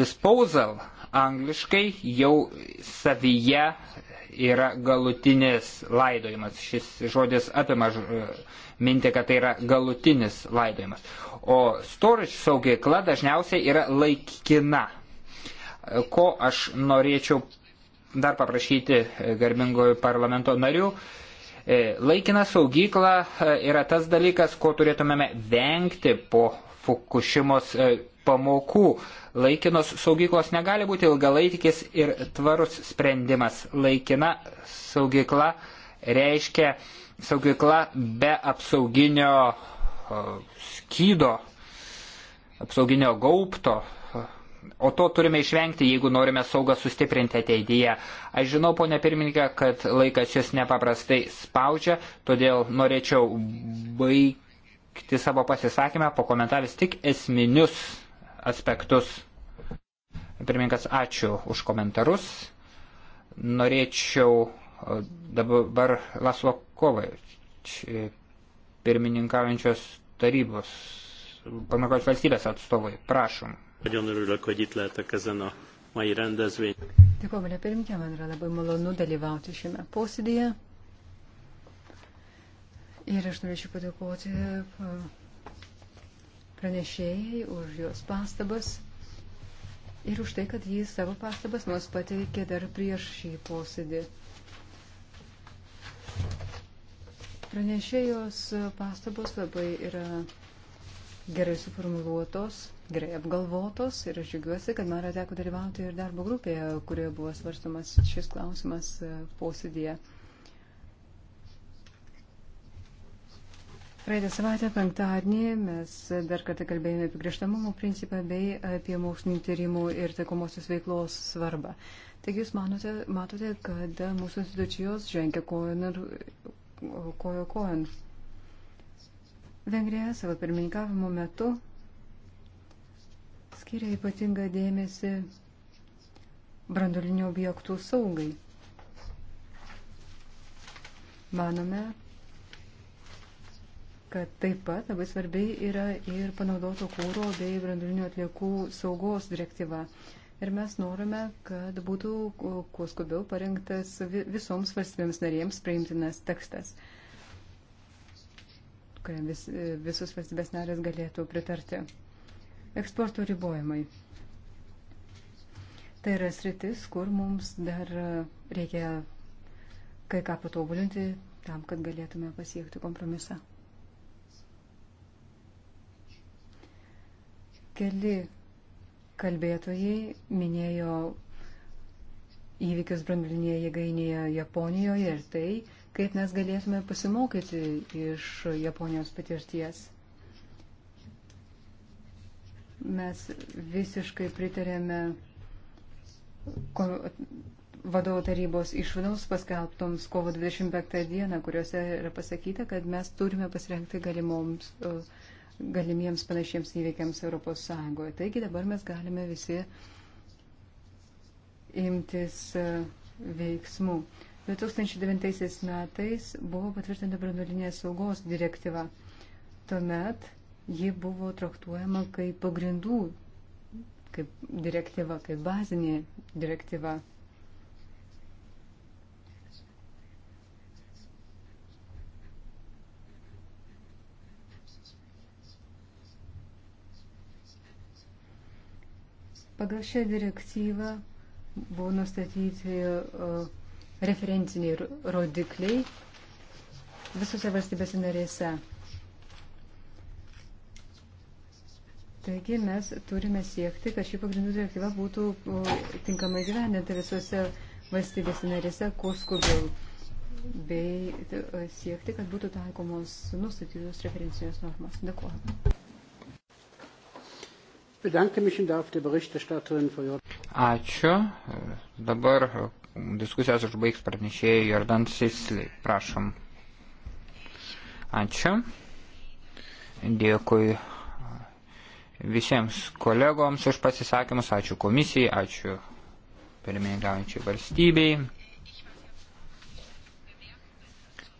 Speaker 1: disposal angliškai jau savyje yra galutinis laidojimas. Šis žodis apima e, mintį, kad tai yra galutinis laidojimas. O storage saugykla dažniausiai yra laikina. E, ko aš norėčiau dar paprašyti e, garbingojų parlamento narių. E, Laikina saugykla e, yra tas dalykas, ko turėtumėme vengti po Fukushimos pamokų. Laikinos saugyklos negali būti ilgalaikis ir tvarus sprendimas. Laikina saugykla reiškia saugykla be apsauginio skydo, apsauginio gaupto, O to turime išvengti, jeigu norime saugą sustiprinti ateityje. Aš žinau, ponė pirmininkė, kad laikas jūs nepaprastai spaudžia, todėl norėčiau baigti savo pasisakymą, pakomentavęs tik esminius aspektus. Pirmininkas, ačiū už komentarus. Norėčiau e, dabar Laslo Kovai, e, pirmininkaujančios tarybos, pamokos valstybės atstovai, prašom.
Speaker 2: Nagyon örülök, hogy itt lehetek ezen a mai rendezvényen. Dėkuoju, pirmininkė, man yra labai malonu dalyvauti šiame posėdėje. Ir aš norėčiau padėkoti pranešėjai už jos pastabas ir už tai, kad jis savo pastabas mums pateikė dar prieš šį posėdį. Pranešėjos pastabos labai yra gerai suformuluotos gerai apgalvotos ir aš džiugiuosi, kad man yra teko dalyvauti ir darbo grupėje, kurioje buvo svarstamas šis klausimas e, posėdėje. Praeitą savaitę penktadienį mes dar kartą kalbėjome apie grįžtamumo principą bei apie mokslinį tyrimų ir taikomosios veiklos svarbą. Taigi jūs manote, matote, kad mūsų institucijos žengia kojon ir kojo kojon. Vengrija savo pirmininkavimo metu skiria ypatingą dėmesį brandolinių objektų saugai. Manome, kad taip pat labai svarbiai yra ir panaudoto kūro bei brandolinių atliekų saugos direktyva. Ir mes norime, kad būtų kuo skubiau parengtas visoms valstybėms narėms priimtinas tekstas, kuriam vis, visus valstybės narės galėtų pritarti eksporto ribojimai. Tai yra sritis, kur mums dar reikia kai ką patobulinti tam, kad galėtume pasiekti kompromisą. Keli kalbėtojai minėjo įvykius brandulinėje jėgainėje Japonijoje ir tai, kaip mes galėtume pasimokyti iš Japonijos patirties. Mes visiškai pritarėme vadovo tarybos išvadoms paskelbtoms kovo 25 dieną, kuriuose yra pasakyta, kad mes turime pasirengti galimoms, galimiems panašiems įveikiams Europos Sąjungoje. Taigi dabar mes galime visi imtis e, veiksmų. 2009 metais buvo patvirtinta branduolinės saugos direktyva. Tuomet ji buvo traktuojama kaip pagrindų, kaip direktyva, kaip bazinė direktyva. Pagal šią direktyvą buvo nustatyti e, referenciniai rodikliai visose valstybėse narėse. Taigi mes turime siekti, kad ši pagrindų direktyva būtų tinkamai gyvendinta visose valstybėse narėse, kuo skubiau, bei siekti, kad būtų taikomos nustatytos referencijos normos. Dėkuoju.
Speaker 1: Ačiū. Dabar diskusijos užbaigs pranešėjai Jordan Sisli. Prašom. Ačiū. Dėkui visiems kolegoms už pasisakymus, ačiū komisijai, ačiū pirmininkaujančiai valstybei.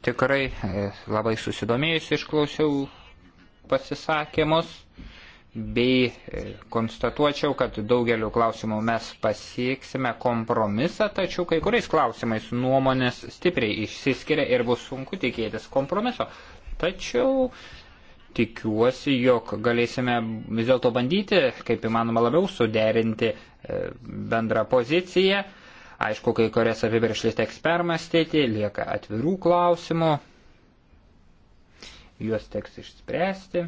Speaker 1: Tikrai e, labai susidomėjus išklausiau pasisakymus bei e, konstatuočiau, kad daugeliu klausimų mes pasieksime kompromisą, tačiau kai kuriais klausimais nuomonės stipriai išsiskiria ir bus sunku tikėtis kompromiso. Tačiau uh, tikiuosi, jog galėsime vis dėlto bandyti, kaip įmanoma labiau, suderinti e, bendrą poziciją. Aišku, kai kurias apibriešlis teks permastyti, lieka atvirų klausimų, juos teks išspręsti.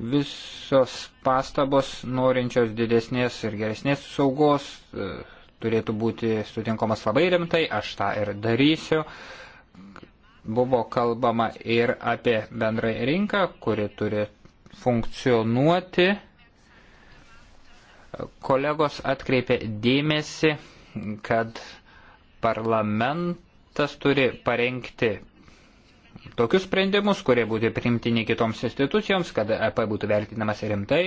Speaker 1: Visos pastabos norinčios didesnės ir geresnės saugos e, turėtų būti sutinkamas labai rimtai, aš tą ir darysiu. Buvo kalbama ir apie bendrą rinką, kuri turi funkcionuoti. Kolegos atkreipė dėmesį, kad parlamentas turi parengti tokius sprendimus, kurie būtų primtini kitoms institucijoms, kad EP būtų vertinamas rimtai.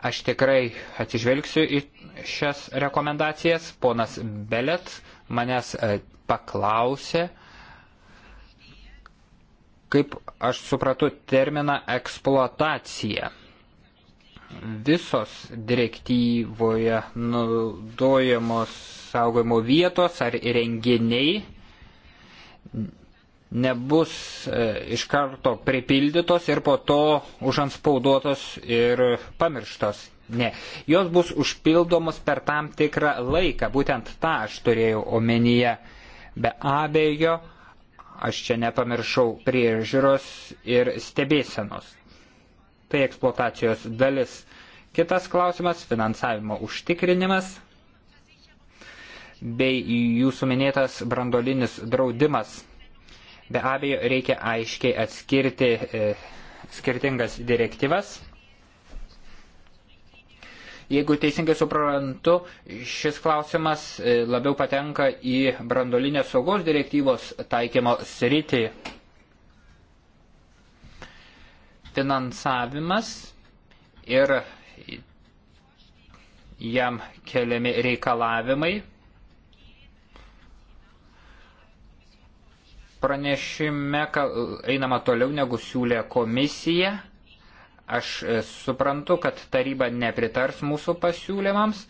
Speaker 1: Aš tikrai atsižvelgsiu į šias rekomendacijas. Ponas Belet manęs e, paklausė, kaip aš supratau terminą eksploatacija. Visos direktyvoje naudojamos saugojimo vietos ar įrenginiai nebus e, iš karto pripildytos ir po to užanspauduotos ir pamirštos. Ne, jos bus užpildomos per tam tikrą laiką, būtent tą aš turėjau omenyje. Be abejo, aš čia nepamiršau priežiūros ir stebėsenos. Tai eksploatacijos dalis. Kitas klausimas - finansavimo užtikrinimas bei jūsų minėtas brandolinis draudimas Be abejo, reikia aiškiai atskirti e, skirtingas direktyvas. Jeigu teisingai suprantu, šis klausimas e, labiau patenka į brandolinės saugos direktyvos taikymo sritį. Finansavimas ir jam keliami reikalavimai pranešime einama toliau negu siūlė komisija. Aš e, suprantu, kad taryba nepritars mūsų pasiūlymams.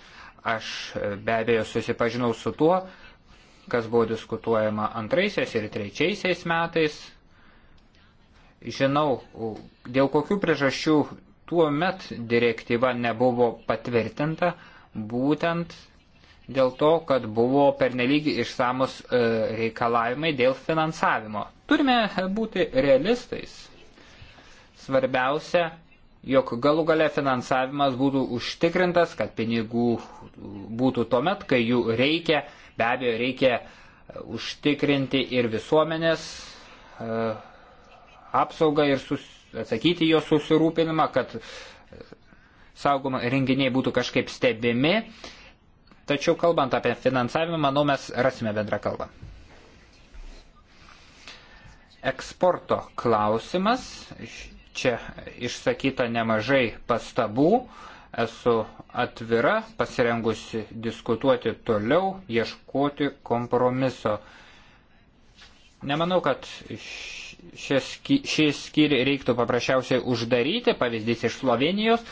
Speaker 1: Aš e, be abejo susipažinau su tuo, kas buvo diskutuojama antraisiais ir trečiaisiais metais. Žinau, dėl kokių priežasčių tuo met direktyva nebuvo patvirtinta, būtent dėl to, kad buvo pernelyg išsamus e, reikalavimai dėl finansavimo. Turime būti realistais. Svarbiausia, jog galų gale finansavimas būtų užtikrintas, kad pinigų būtų tuomet, kai jų reikia. Be abejo, reikia užtikrinti ir visuomenės e, apsaugą ir sus, atsakyti jo susirūpinimą, kad saugoma renginiai būtų kažkaip stebimi. Uh, Tačiau kalbant apie finansavimą, manau, mes rasime bendrą kalbą. Eksporto klausimas. Čia išsakyta nemažai pastabų. Esu atvira, pasirengusi diskutuoti toliau, ieškoti kompromiso. Nemanau, kad šį skyrį reiktų paprasčiausiai uždaryti, pavyzdys iš Slovenijos,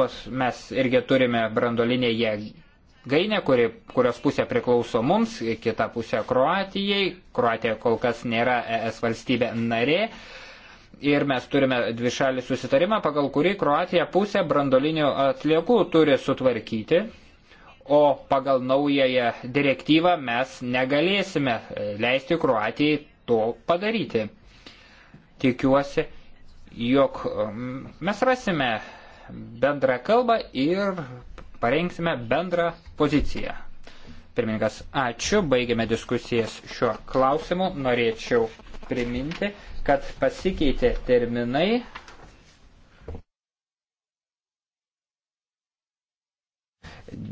Speaker 1: pas, mes irgi turime brandolinę jėgą gainė, kuri, kurios pusė priklauso mums, kita pusė Kroatijai. Kroatija kol kas nėra ES valstybė narė. Ir mes turime dvišalį susitarimą, pagal kurį Kroatija pusę brandolinių atliekų turi sutvarkyti, o pagal naująją direktyvą mes negalėsime leisti Kroatijai to padaryti. Tikiuosi, jog mm, mes rasime bendrą kalbą ir parengsime bendrą poziciją. Pirmininkas, ačiū. Baigėme diskusijas šiuo klausimu. Norėčiau priminti, kad pasikeitė terminai.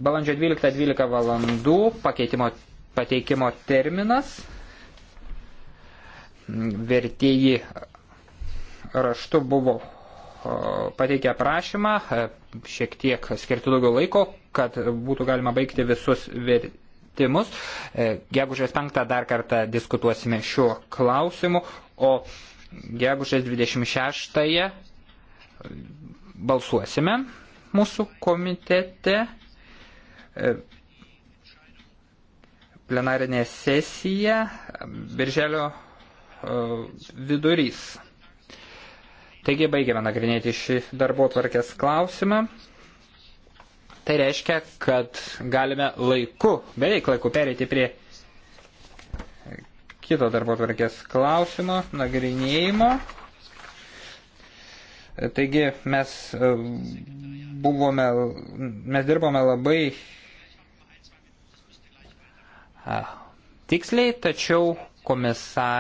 Speaker 1: Balandžio 12-12 valandų pakeitimo pateikimo terminas. Vertėjai raštu buvo pateikę prašymą šiek tiek skirti daugiau laiko, kad būtų galima baigti visus vertimus. Gegužės 5 dar kartą diskutuosime šiuo klausimu, o gegužės 26 balsuosime mūsų komitete plenarinė sesija birželio e, vidurys. Taigi baigiame nagrinėti šį darbo tvarkės klausimą. Tai reiškia, kad galime laiku, beveik laiku perėti prie kito darbo tvarkės klausimo, nagrinėjimo. Taigi mes e, buvome, mes dirbome labai tiksliai, tačiau komisa,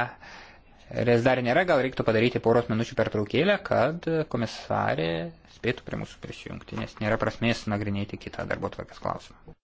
Speaker 1: narės dar nėra, gal reiktų padaryti poros minučių pertraukėlę, kad komisarė spėtų prie mūsų prisijungti, nes nėra prasmės nagrinėti kitą darbo tvarkės klausimą.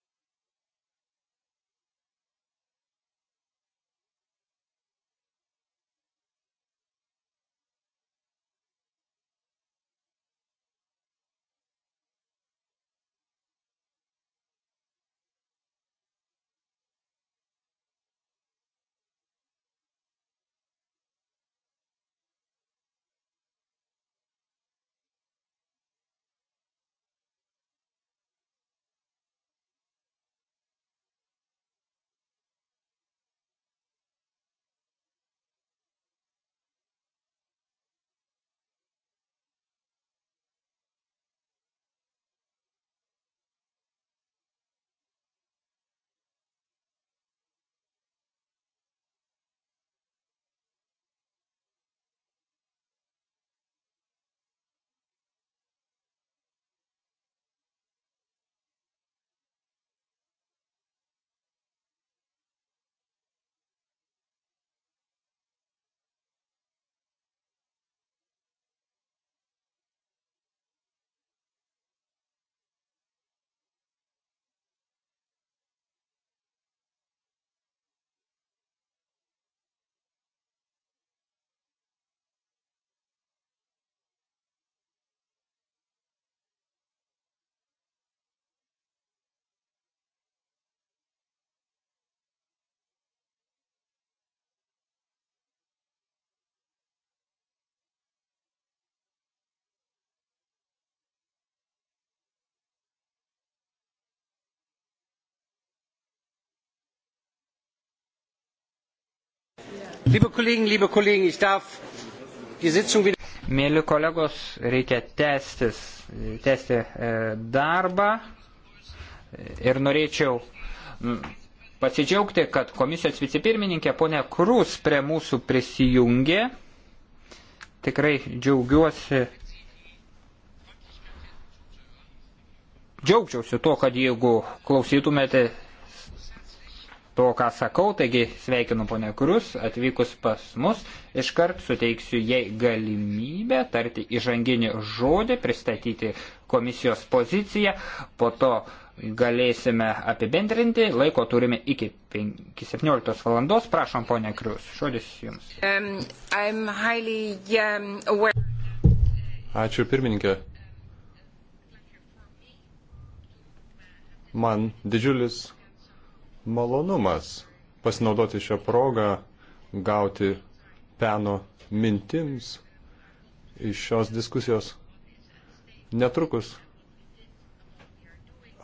Speaker 1: Mėly kolegos, reikia tęstis, tęsti e, darbą ir norėčiau pasidžiaugti, kad komisijos vicepirmininkė ponė Krus prie mūsų prisijungė. Tikrai džiaugiuosi. Džiaugčiausi tuo, kad jeigu klausytumėte to, ką sakau, taigi sveikinu ponę Krus atvykus pas mus, iškart suteiksiu jai galimybę tarti įžanginį žodį, pristatyti komisijos poziciją, po to galėsime apibendrinti, laiko turime iki 5, 17 valandos, prašom ponė Krius, žodis jums.
Speaker 2: Um, highly, um,
Speaker 1: Ačiū pirmininkė.
Speaker 3: Man didžiulis malonumas pasinaudoti šią progą, gauti peno mintims iš šios diskusijos. Netrukus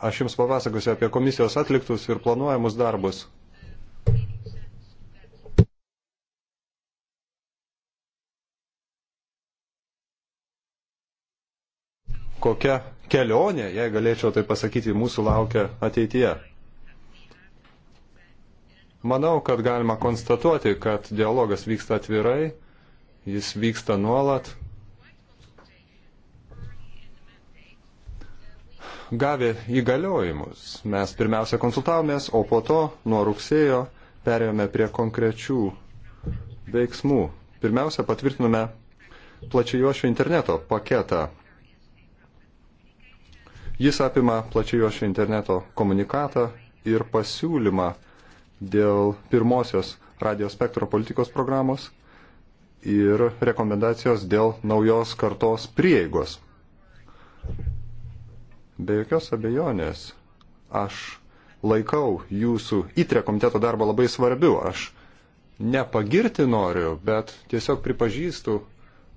Speaker 3: aš Jums papasakosiu apie komisijos atliktus ir planuojamus darbus. Kokia kelionė, jei galėčiau tai pasakyti, mūsų laukia ateityje. Manau, kad galima konstatuoti, kad dialogas vyksta atvirai, jis vyksta nuolat. Gavę įgaliojimus mes pirmiausia konsultavomės, o po to nuo rugsėjo perėjome prie konkrečių veiksmų. Pirmiausia, patvirtinome plačiajuošio interneto paketą. Jis apima plačiajuošio interneto komunikatą ir pasiūlymą dėl pirmosios radijos spektro politikos programos ir rekomendacijos dėl naujos kartos prieigos. Be jokios abejonės, aš laikau jūsų įtre komiteto darbą labai svarbiu. Aš nepagirti noriu, bet tiesiog pripažįstu,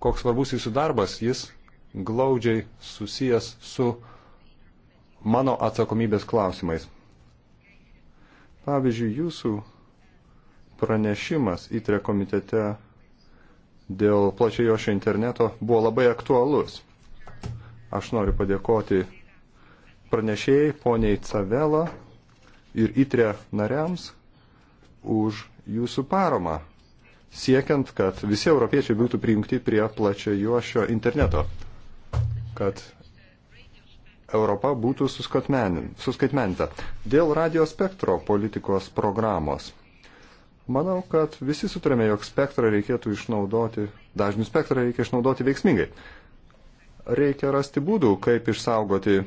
Speaker 3: koks svarbus jūsų darbas. Jis glaudžiai susijęs su mano atsakomybės klausimais. Pavyzdžiui, jūsų pranešimas įtrė komitete dėl plačiojo šio interneto buvo labai aktualus. Aš noriu padėkoti pranešėjai, poniai Cavela ir įtrė nariams už jūsų paramą, siekiant, kad visi europiečiai būtų prijungti prie plačiojo šio interneto, kad Europa būtų suskaitmenta. Dėl radio spektro politikos programos. Manau, kad visi sutarėme, jog spektrą reikėtų išnaudoti, dažnių spektrą reikia išnaudoti veiksmingai. Reikia rasti būdų, kaip išsaugoti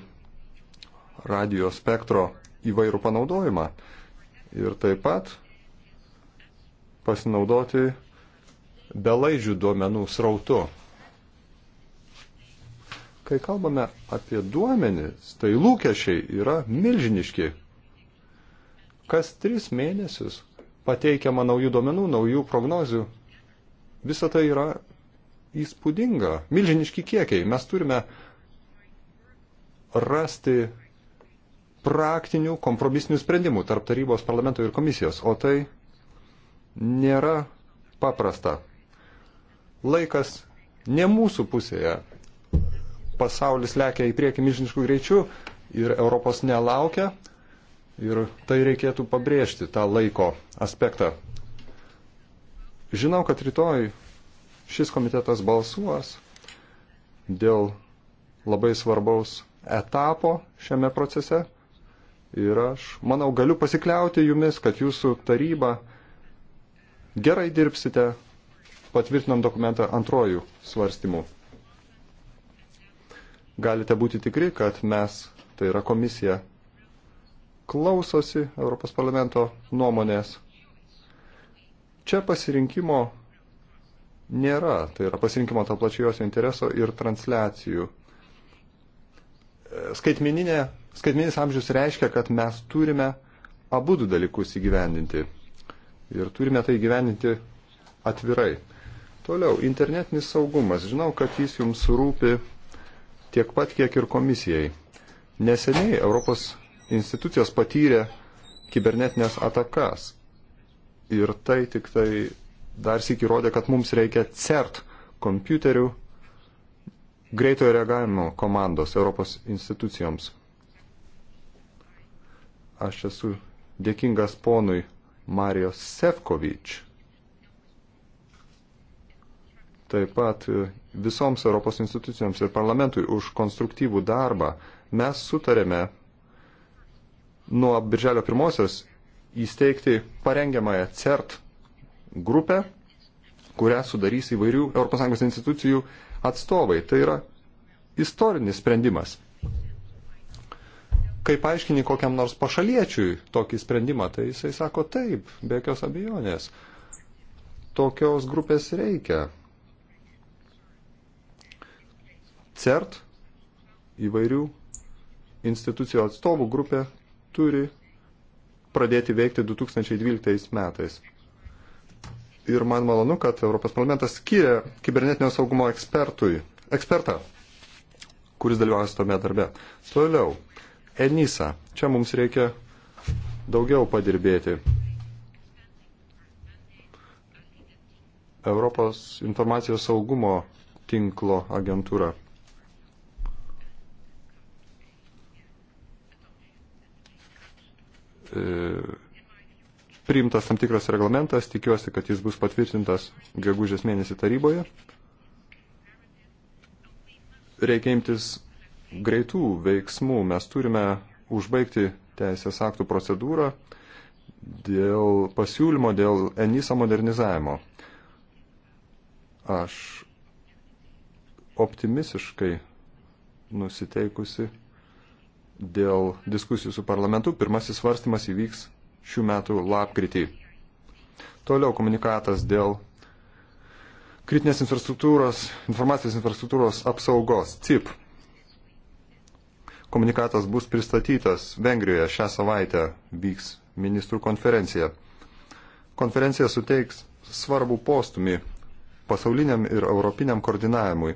Speaker 3: radio spektro įvairų panaudojimą ir taip pat pasinaudoti belaidžių duomenų srautu. Kai kalbame apie duomenis, tai lūkesčiai yra milžiniški. Kas tris mėnesius pateikiama naujų duomenų, naujų prognozių. Visa tai yra įspūdinga, milžiniški kiekiai. Mes turime rasti praktinių kompromisinių sprendimų tarp tarybos, parlamento ir komisijos, o tai nėra paprasta. Laikas ne mūsų pusėje pasaulis lekia į priekį milžiniškų greičių ir Europos nelaukia. Ir tai reikėtų pabrėžti, tą laiko aspektą. Žinau, kad rytoj šis komitetas balsuos dėl labai svarbaus etapo šiame procese. Ir aš, manau, galiu pasikliauti jumis, kad jūsų taryba gerai dirbsite, patvirtinam dokumentą antrojų svarstymų galite būti tikri, kad mes, tai yra komisija, klausosi Europos parlamento nuomonės. Čia pasirinkimo nėra, tai yra pasirinkimo to plačiojosio intereso ir transliacijų. Skaitmininė, skaitmininis amžius reiškia, kad mes turime abu du dalykus įgyvendinti. Ir turime tai įgyvendinti atvirai. Toliau, internetinis saugumas. Žinau, kad jis jums rūpi tiek pat, kiek ir komisijai. Neseniai Europos institucijos patyrė kibernetinės atakas. Ir tai tik tai dar sėki rodė, kad mums reikia CERT kompiuterių greitojo reagavimo komandos Europos institucijoms. Aš esu dėkingas ponui Marijos Sefkovič taip pat visoms Europos institucijoms ir parlamentui už konstruktyvų darbą. Mes sutarėme nuo birželio pirmosios įsteigti parengiamąją CERT grupę, kurią sudarys įvairių ES institucijų atstovai. Tai yra istorinis sprendimas. Kai paaiškini kokiam nors pašaliečiui tokį sprendimą, tai jisai sako taip, be jokios abejonės. Tokios grupės reikia. CERT įvairių institucijų atstovų grupė turi pradėti veikti 2012 metais. Ir man malonu, kad Europos parlamentas skiria kibernetinio saugumo ekspertui, ekspertą, kuris dalyvauja tome darbe. Toliau, ENISA. Čia mums reikia daugiau padirbėti. Europos informacijos saugumo tinklo agentūra. E, priimtas tam tikras reglamentas, tikiuosi, kad jis bus patvirtintas gegužės mėnesį taryboje. Reikia imtis greitų veiksmų. Mes turime užbaigti teisės aktų procedūrą dėl pasiūlymo, dėl ENISA modernizavimo. Aš optimistiškai nusiteikusi dėl diskusijų su parlamentu. Pirmasis svarstymas įvyks šių metų lapkritį. Toliau komunikatas dėl kritinės infrastruktūros, informacijos infrastruktūros apsaugos, CIP. Komunikatas bus pristatytas Vengrijoje šią savaitę vyks ministrų konferencija. Konferencija suteiks svarbų postumį pasauliniam ir europiniam koordinavimui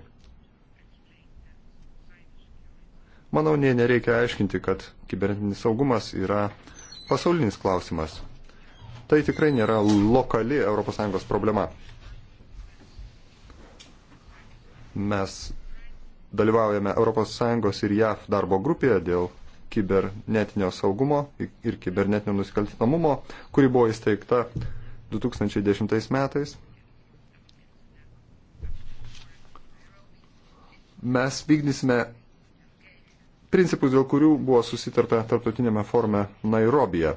Speaker 3: Manau, nė nereikia aiškinti, kad kibernetinis saugumas yra pasaulinis klausimas. Tai tikrai nėra lokali ES problema. Mes dalyvaujame ES ir JAF darbo grupėje dėl kibernetinio saugumo ir kibernetinio nusikaltinamumo, kuri buvo įsteigta 2010 metais. Mes vykdysime principus, dėl kurių buvo susitarta tarptautinėme forme Nairobija.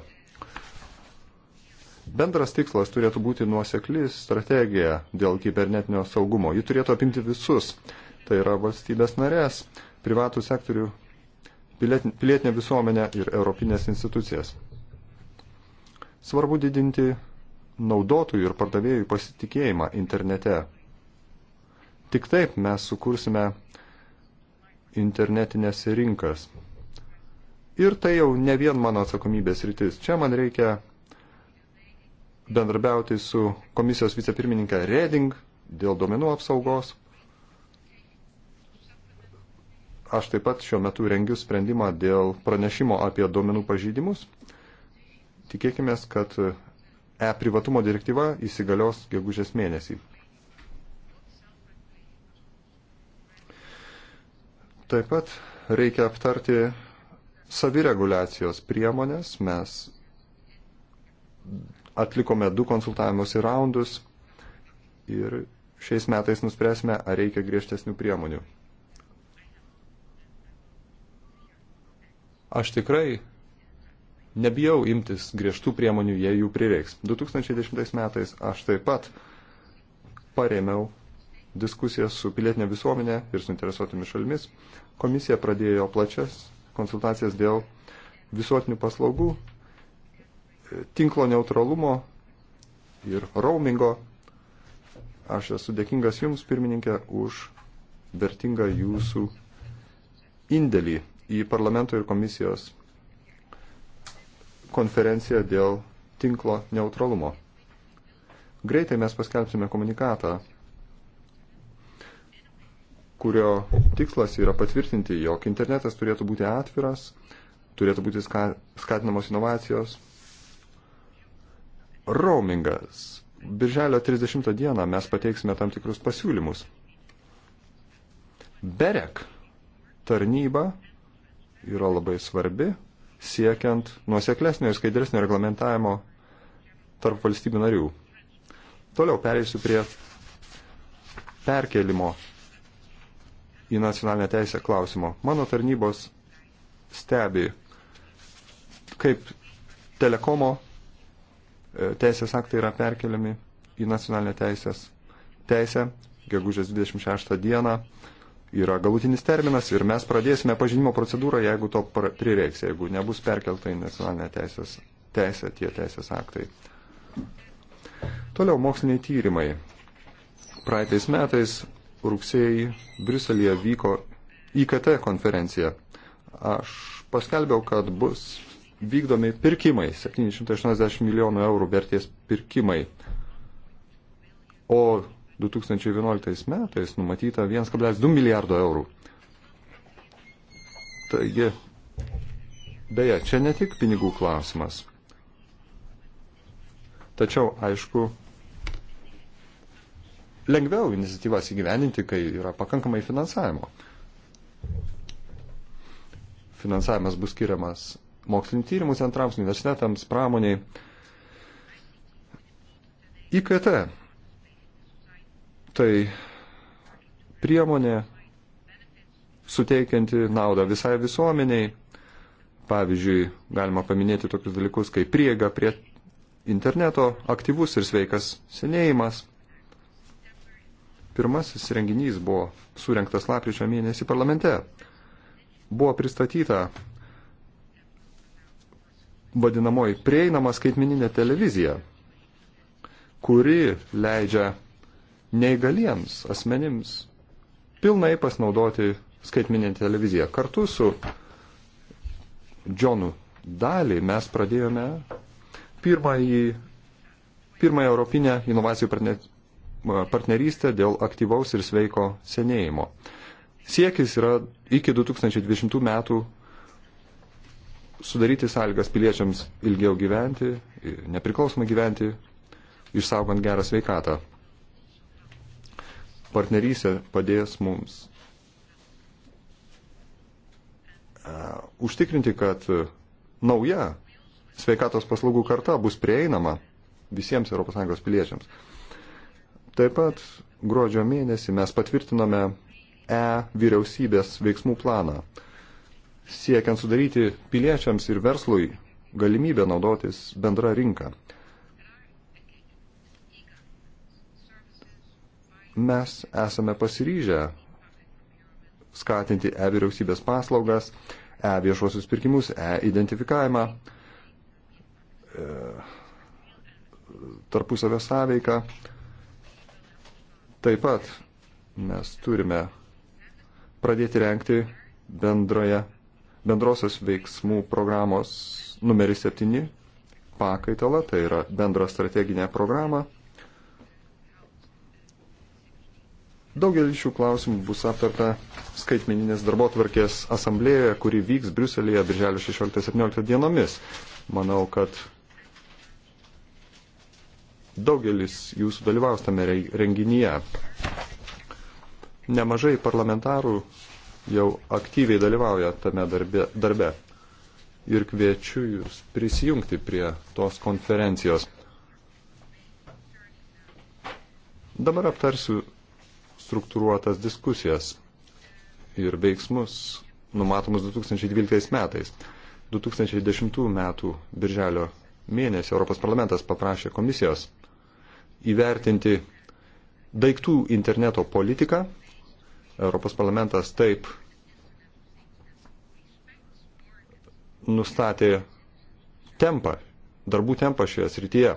Speaker 3: Bendras tikslas turėtų būti nuosekli strategija dėl kibernetinio saugumo. Ji turėtų apimti visus. Tai yra valstybės narės, privatų sektorių, pilietinę visuomenę ir europinės institucijas. Svarbu didinti naudotojų ir pardavėjų pasitikėjimą internete. Tik taip mes sukursime internetinės rinkas. Ir tai jau ne vien mano atsakomybės rytis. Čia man reikia bendrabiauti su komisijos vicepirmininkė Reding dėl domenų apsaugos. Aš taip pat šiuo metu rengiu sprendimą dėl pranešimo apie domenų pažydimus. Tikėkime, kad e-privatumo direktyva įsigalios gegužės mėnesį. Taip pat reikia aptarti savireguliacijos priemonės. Mes atlikome du konsultavimus į raundus ir šiais metais nuspręsime, ar reikia griežtesnių priemonių. Aš tikrai nebijau imtis griežtų priemonių, jei jų prireiks. 2010 metais aš taip pat paremiau diskusijas su pilietinė visuomenė ir suinteresuotomis šalimis, komisija pradėjo plačias konsultacijas dėl visuotinių paslaugų, tinklo neutralumo ir roamingo. Aš esu dėkingas Jums, pirmininkė, už vertingą Jūsų indėlį į parlamento ir komisijos konferenciją dėl tinklo neutralumo. Greitai mes paskelbsime komunikatą kurio tikslas yra patvirtinti, jog internetas turėtų būti atviras, turėtų būti skatinamos inovacijos. Roamingas. Birželio 30 dieną mes pateiksime tam tikrus pasiūlymus. Berek tarnyba yra labai svarbi, siekiant nuoseklesnio ir skaidresnio reglamentavimo tarp valstybių narių. Toliau pereisiu prie perkelimo į nacionalinę teisę klausimo. Mano tarnybos stebi, kaip telekomo e, teisės aktai yra perkeliami į nacionalinę teisės teisę. Gegužės 26 dieną yra galutinis terminas ir mes pradėsime pažinimo procedūrą, jeigu to prireiks, jeigu nebus perkelta į nacionalinę teisės, teisę tie teisės aktai. Toliau moksliniai tyrimai. Praeitais metais rugsėjį Briuselėje vyko IKT konferencija. Aš paskelbiau, kad bus vykdomi pirkimai, 780 milijonų eurų vertės pirkimai. O 2011 metais numatyta 1,2 milijardo eurų. Taigi, beje, čia ne tik pinigų klausimas. Tačiau, aišku, lengviau iniciatyvas įgyveninti, kai yra pakankamai finansavimo. Finansavimas bus skiriamas mokslinio tyrimų centrams, universitetams, pramoniai. IKT tai priemonė suteikianti naudą visai visuomeniai. Pavyzdžiui, galima paminėti tokius dalykus kaip prieiga prie interneto, aktyvus ir sveikas senėjimas, Pirmasis renginys buvo surinktas lapkričio mėnesį parlamente. Buvo pristatyta vadinamoji prieinama skaitmininė televizija, kuri leidžia neįgaliems asmenims pilnai pasinaudoti skaitmininę televiziją. Kartu su Džonu Dalį mes pradėjome pirmąjį, pirmąją Europinę inovacijų partnerystę dėl aktyvaus ir sveiko senėjimo. Siekis yra iki 2020 metų sudaryti sąlygas piliečiams ilgiau gyventi, nepriklausomai gyventi, išsaugant gerą sveikatą. Partnerysė padės mums užtikrinti, kad nauja sveikatos paslaugų karta bus prieinama visiems ES piliečiams. Taip pat gruodžio mėnesį mes patvirtinome E vyriausybės veiksmų planą, siekiant sudaryti piliečiams ir verslui galimybę naudotis bendra rinka. Mes esame pasiryžę skatinti E vyriausybės paslaugas, E viešuosius pirkimus, E identifikavimą, e, tarpusavę sąveiką, Taip pat mes turime pradėti renkti bendroje, bendrosios veiksmų programos numeris 7 pakaitalą, tai yra bendrą strateginę programą. Daugelį šių klausimų bus aptarta skaitmeninės darbo tvarkės asamblėje, kuri vyks Briuselėje birželio 16-17 dienomis. Manau, kad daugelis jūsų dalyvaus tame renginyje. Nemažai parlamentarų jau aktyviai dalyvauja tame darbe, darbe. Ir kviečiu jūs prisijungti prie tos konferencijos. Dabar aptarsiu struktūruotas diskusijas ir veiksmus numatomus 2012 metais. 2010 metų birželio mėnesį Europos parlamentas paprašė komisijos įvertinti daiktų interneto politiką. Europos parlamentas taip nustatė tempą, darbų tempą šioje srityje.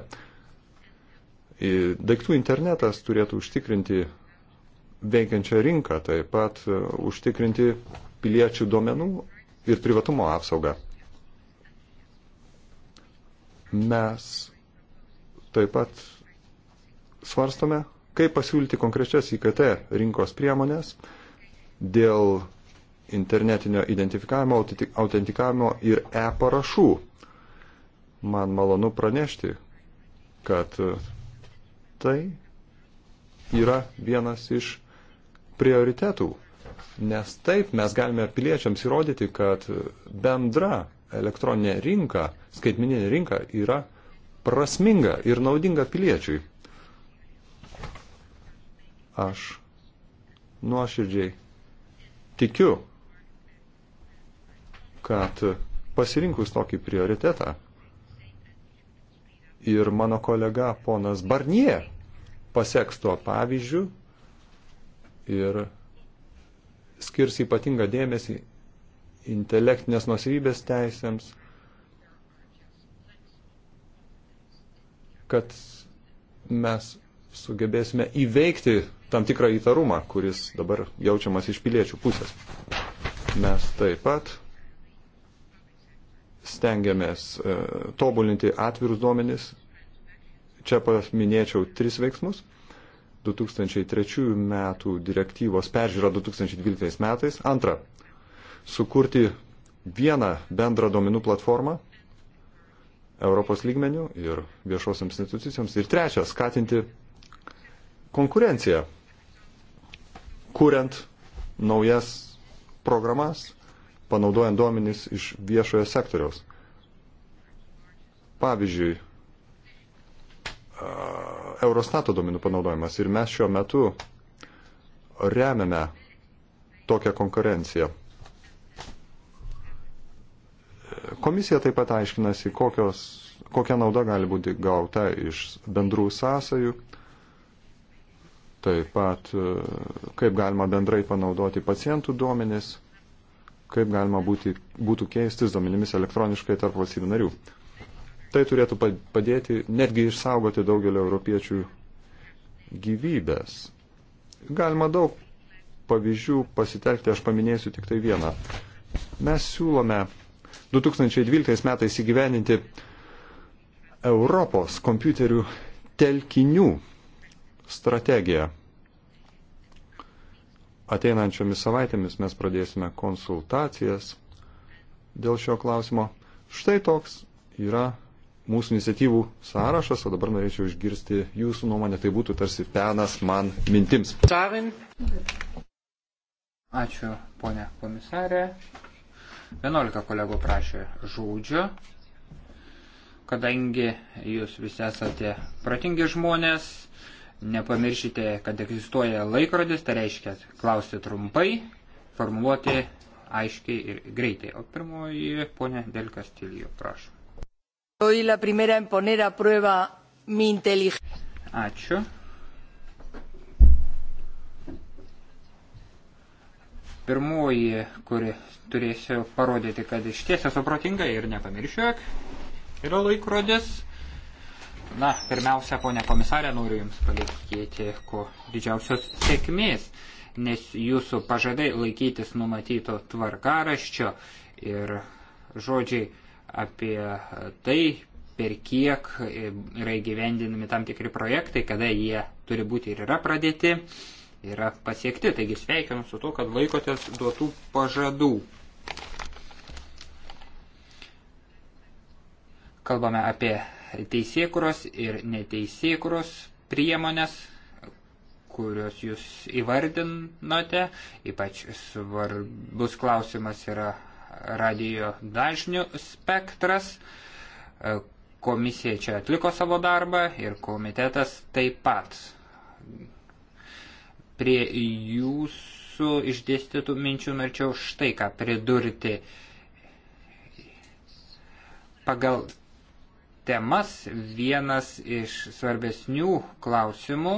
Speaker 3: Daiktų internetas turėtų užtikrinti veikiančią rinką, taip pat užtikrinti piliečių duomenų ir privatumo apsaugą. Mes taip pat svarstome, kaip pasiūlyti konkrečias IKT rinkos priemonės dėl internetinio identifikavimo, autentikavimo ir e-parašų. Man malonu pranešti, kad tai yra vienas iš prioritetų, nes taip mes galime piliečiams įrodyti, kad bendra elektroninė rinka, skaitmininė rinka yra prasminga ir naudinga piliečiui. Aš nuoširdžiai tikiu, kad pasirinkus tokį prioritetą ir mano kolega ponas Barnie paseks tuo pavyzdžiu ir skirs ypatingą dėmesį intelektinės nusivybės teisėms, kad mes sugebėsime įveikti tam tikrą įtarumą, kuris dabar jaučiamas iš piliečių pusės. Mes taip pat stengiamės e, tobulinti atvirus duomenis. Čia paminėčiau tris veiksmus. 2003 metų direktyvos peržiūra 2012 metais. Antra, sukurti vieną bendrą duomenų platformą Europos lygmenių ir viešosioms institucijoms. Ir trečia, skatinti konkurenciją kuriant naujas programas, panaudojant duomenys iš viešojo sektoriaus. Pavyzdžiui, Eurostato duomenų panaudojimas ir mes šiuo metu remiame tokią konkurenciją. Komisija taip pat aiškinasi, kokios, kokia nauda gali būti gauta iš bendrų sąsajų taip pat e, kaip galima bendrai panaudoti pacientų duomenis, kaip galima būti, būtų keistis duomenimis elektroniškai tarp valstybių narių. Tai turėtų padėti netgi išsaugoti daugelio europiečių gyvybės. Galima daug pavyzdžių pasitelkti, aš paminėsiu tik tai vieną. Mes siūlome 2012 metais įgyveninti Europos kompiuterių telkinių strategiją. Ateinančiomis savaitėmis mes pradėsime konsultacijas dėl šio klausimo. Štai toks yra mūsų iniciatyvų sąrašas, o dabar norėčiau išgirsti jūsų nuomonę, tai būtų tarsi penas man mintims.
Speaker 1: Ačiū, ponė komisarė. 11 kolegų prašė žodžio, kadangi jūs visi esate pratingi žmonės, Nepamiršite, kad egzistuoja laikrodis, tai reiškia klausti trumpai, formuluoti aiškiai ir greitai. O pirmoji, ponė Del Castillo, prašom. Ačiū. Pirmoji, kuri turėsiu parodyti, kad iš ties esu protinga ir nepamiršiu, yra laikrodis. Na, pirmiausia, ponė komisarė, noriu Jums palinkėti ko didžiausios sėkmės, nes Jūsų pažadai laikytis numatyto tvarkaraščio ir žodžiai apie tai, per kiek yra įgyvendinami tam tikri projektai, kada jie turi būti ir yra pradėti, yra pasiekti. Taigi sveikinu su to, kad laikotės duotų pažadų. Kalbame apie teisėkuros ir neteisėkuros priemonės, kurios jūs įvardinote. Ypač svarbus klausimas yra radio dažnių spektras. Komisija čia atliko savo darbą ir komitetas taip pat. Prie jūsų išdėstytų minčių norėčiau štai ką pridurti. Pagal temas vienas iš svarbesnių klausimų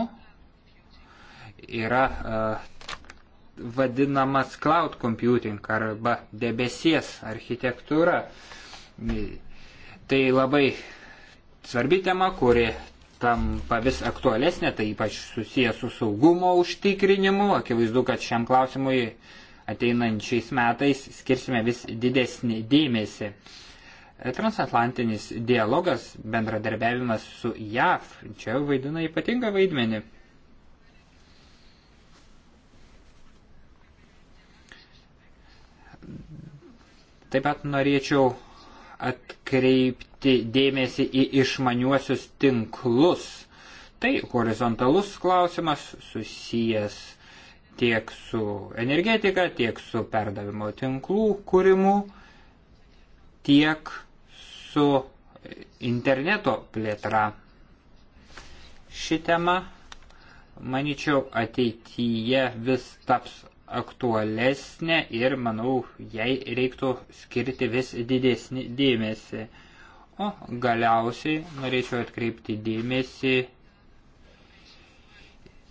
Speaker 1: yra e, vadinamas cloud computing arba debesies architektūra. Tai labai svarbi tema, kuri tampa vis aktualesnė, tai ypač susijęs su saugumo užtikrinimu. Akivaizdu, kad šiam klausimui ateinančiais metais skirsime vis didesnį dėmesį. Transatlantinis dialogas, bendradarbiavimas su JAV čia vaidina ypatingą vaidmenį. Taip pat norėčiau atkreipti dėmesį į išmaniuosius tinklus. Tai horizontalus klausimas susijęs tiek su energetika, tiek su perdavimo tinklų kūrimu, tiek su interneto plėtra. Ši tema, manyčiau, ateityje vis taps aktualesnė ir, manau, jai reiktų skirti vis didesnį dėmesį. O galiausiai norėčiau atkreipti dėmesį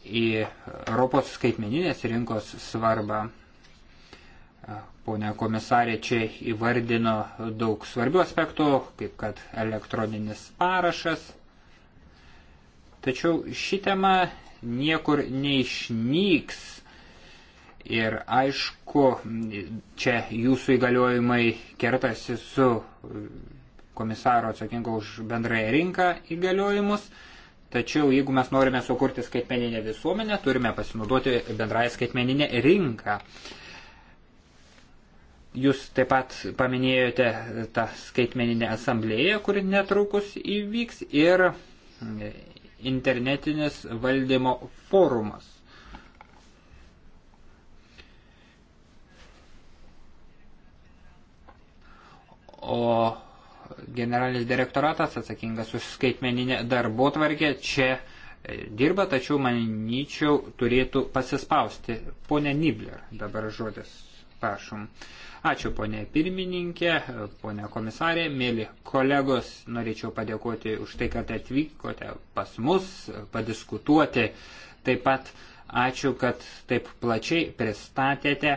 Speaker 1: į Europos skaitmeninės rinkos svarbą. Pone komisarė čia įvardino daug svarbių aspektų, kaip kad elektroninis parašas. Tačiau ši tema niekur neišnyks. Ir aišku, čia jūsų įgaliojimai kertasi su komisaro atsakingo už bendrąją rinką įgaliojimus. Tačiau jeigu mes norime sukurti skaitmeninę visuomenę, turime pasinaudoti bendrąją skaitmeninę rinką. Uh, Jūs taip pat paminėjote tą skaitmeninę asamblėją, kuri netrukus įvyks, ir internetinis valdymo forumas. O generalinis direktoratas atsakingas už skaitmeninę darbo tvarkę čia e, dirba, tačiau manyčiau turėtų pasispausti. Pone Nibler, dabar žodis Prašom. Ačiū ponė pirmininkė, ponė komisarė, mėly kolegos, norėčiau padėkoti už tai, kad atvykote pas mus padiskutuoti. Taip pat ačiū, kad taip plačiai pristatėte,